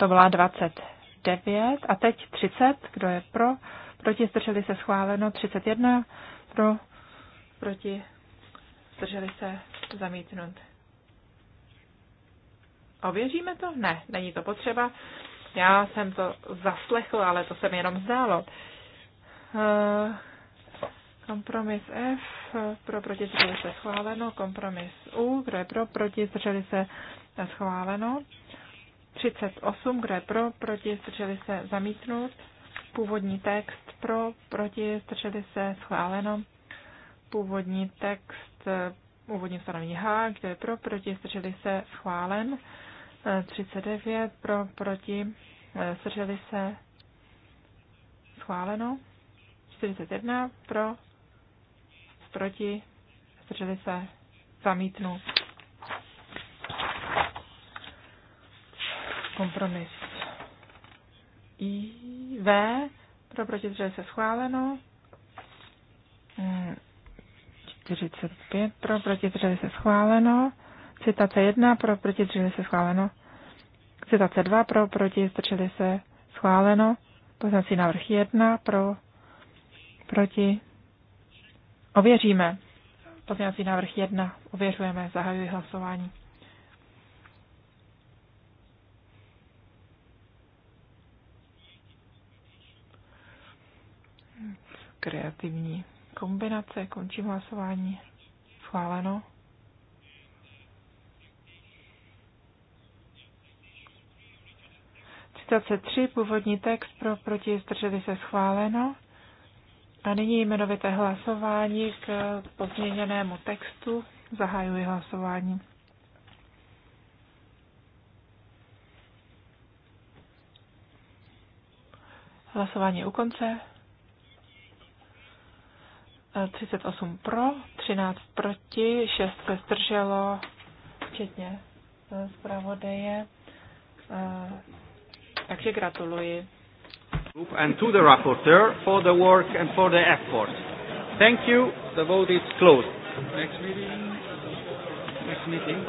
to byla 29 a teď 30, kdo je pro, proti zdrželi se schváleno, 31 pro, proti zdrželi se zamítnut. Ověříme to? Ne, není to potřeba. Já jsem to zaslechl, ale to se mi jenom zdálo. Uh, kompromis F, pro proti zdrželi se schváleno, kompromis U, kdo je pro, proti zdrželi se schváleno. 38, kdo je pro, proti, zdrželi se zamítnout. Původní text pro, proti, zdrželi se schváleno. Původní text, eh, úvodní stanovní H, kdo je pro, proti, zdrželi se schválen. 39 eh, eh, pro, proti, zdrželi se schváleno. 41 pro, proti, zdrželi se zamítnout. kompromis I, V, pro proti se schváleno. 45 hmm, pro proti se schváleno. Citace 1 pro proti se schváleno. Citace 2 pro proti se schváleno. Poznací návrh 1 pro proti. Ověříme. Pozměňovací návrh 1. Ověřujeme. Zahajuji hlasování. kreativní kombinace. Končím hlasování. Schváleno. Citace 3, původní text pro proti zdrželi se schváleno. A nyní jmenovité hlasování k pozměněnému textu. Zahajuji hlasování. Hlasování u konce. 38 pro, 13 proti, 6 se zdrželo, včetně e, zpravodaje. E, takže gratuluji. And to the rapporteur for the work and for the effort. Thank you. The vote is closed. Next meeting. Next meeting.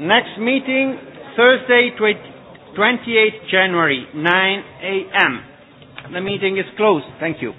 Next meeting, Thursday, 28 January, 9 a.m. The meeting is closed. Thank you.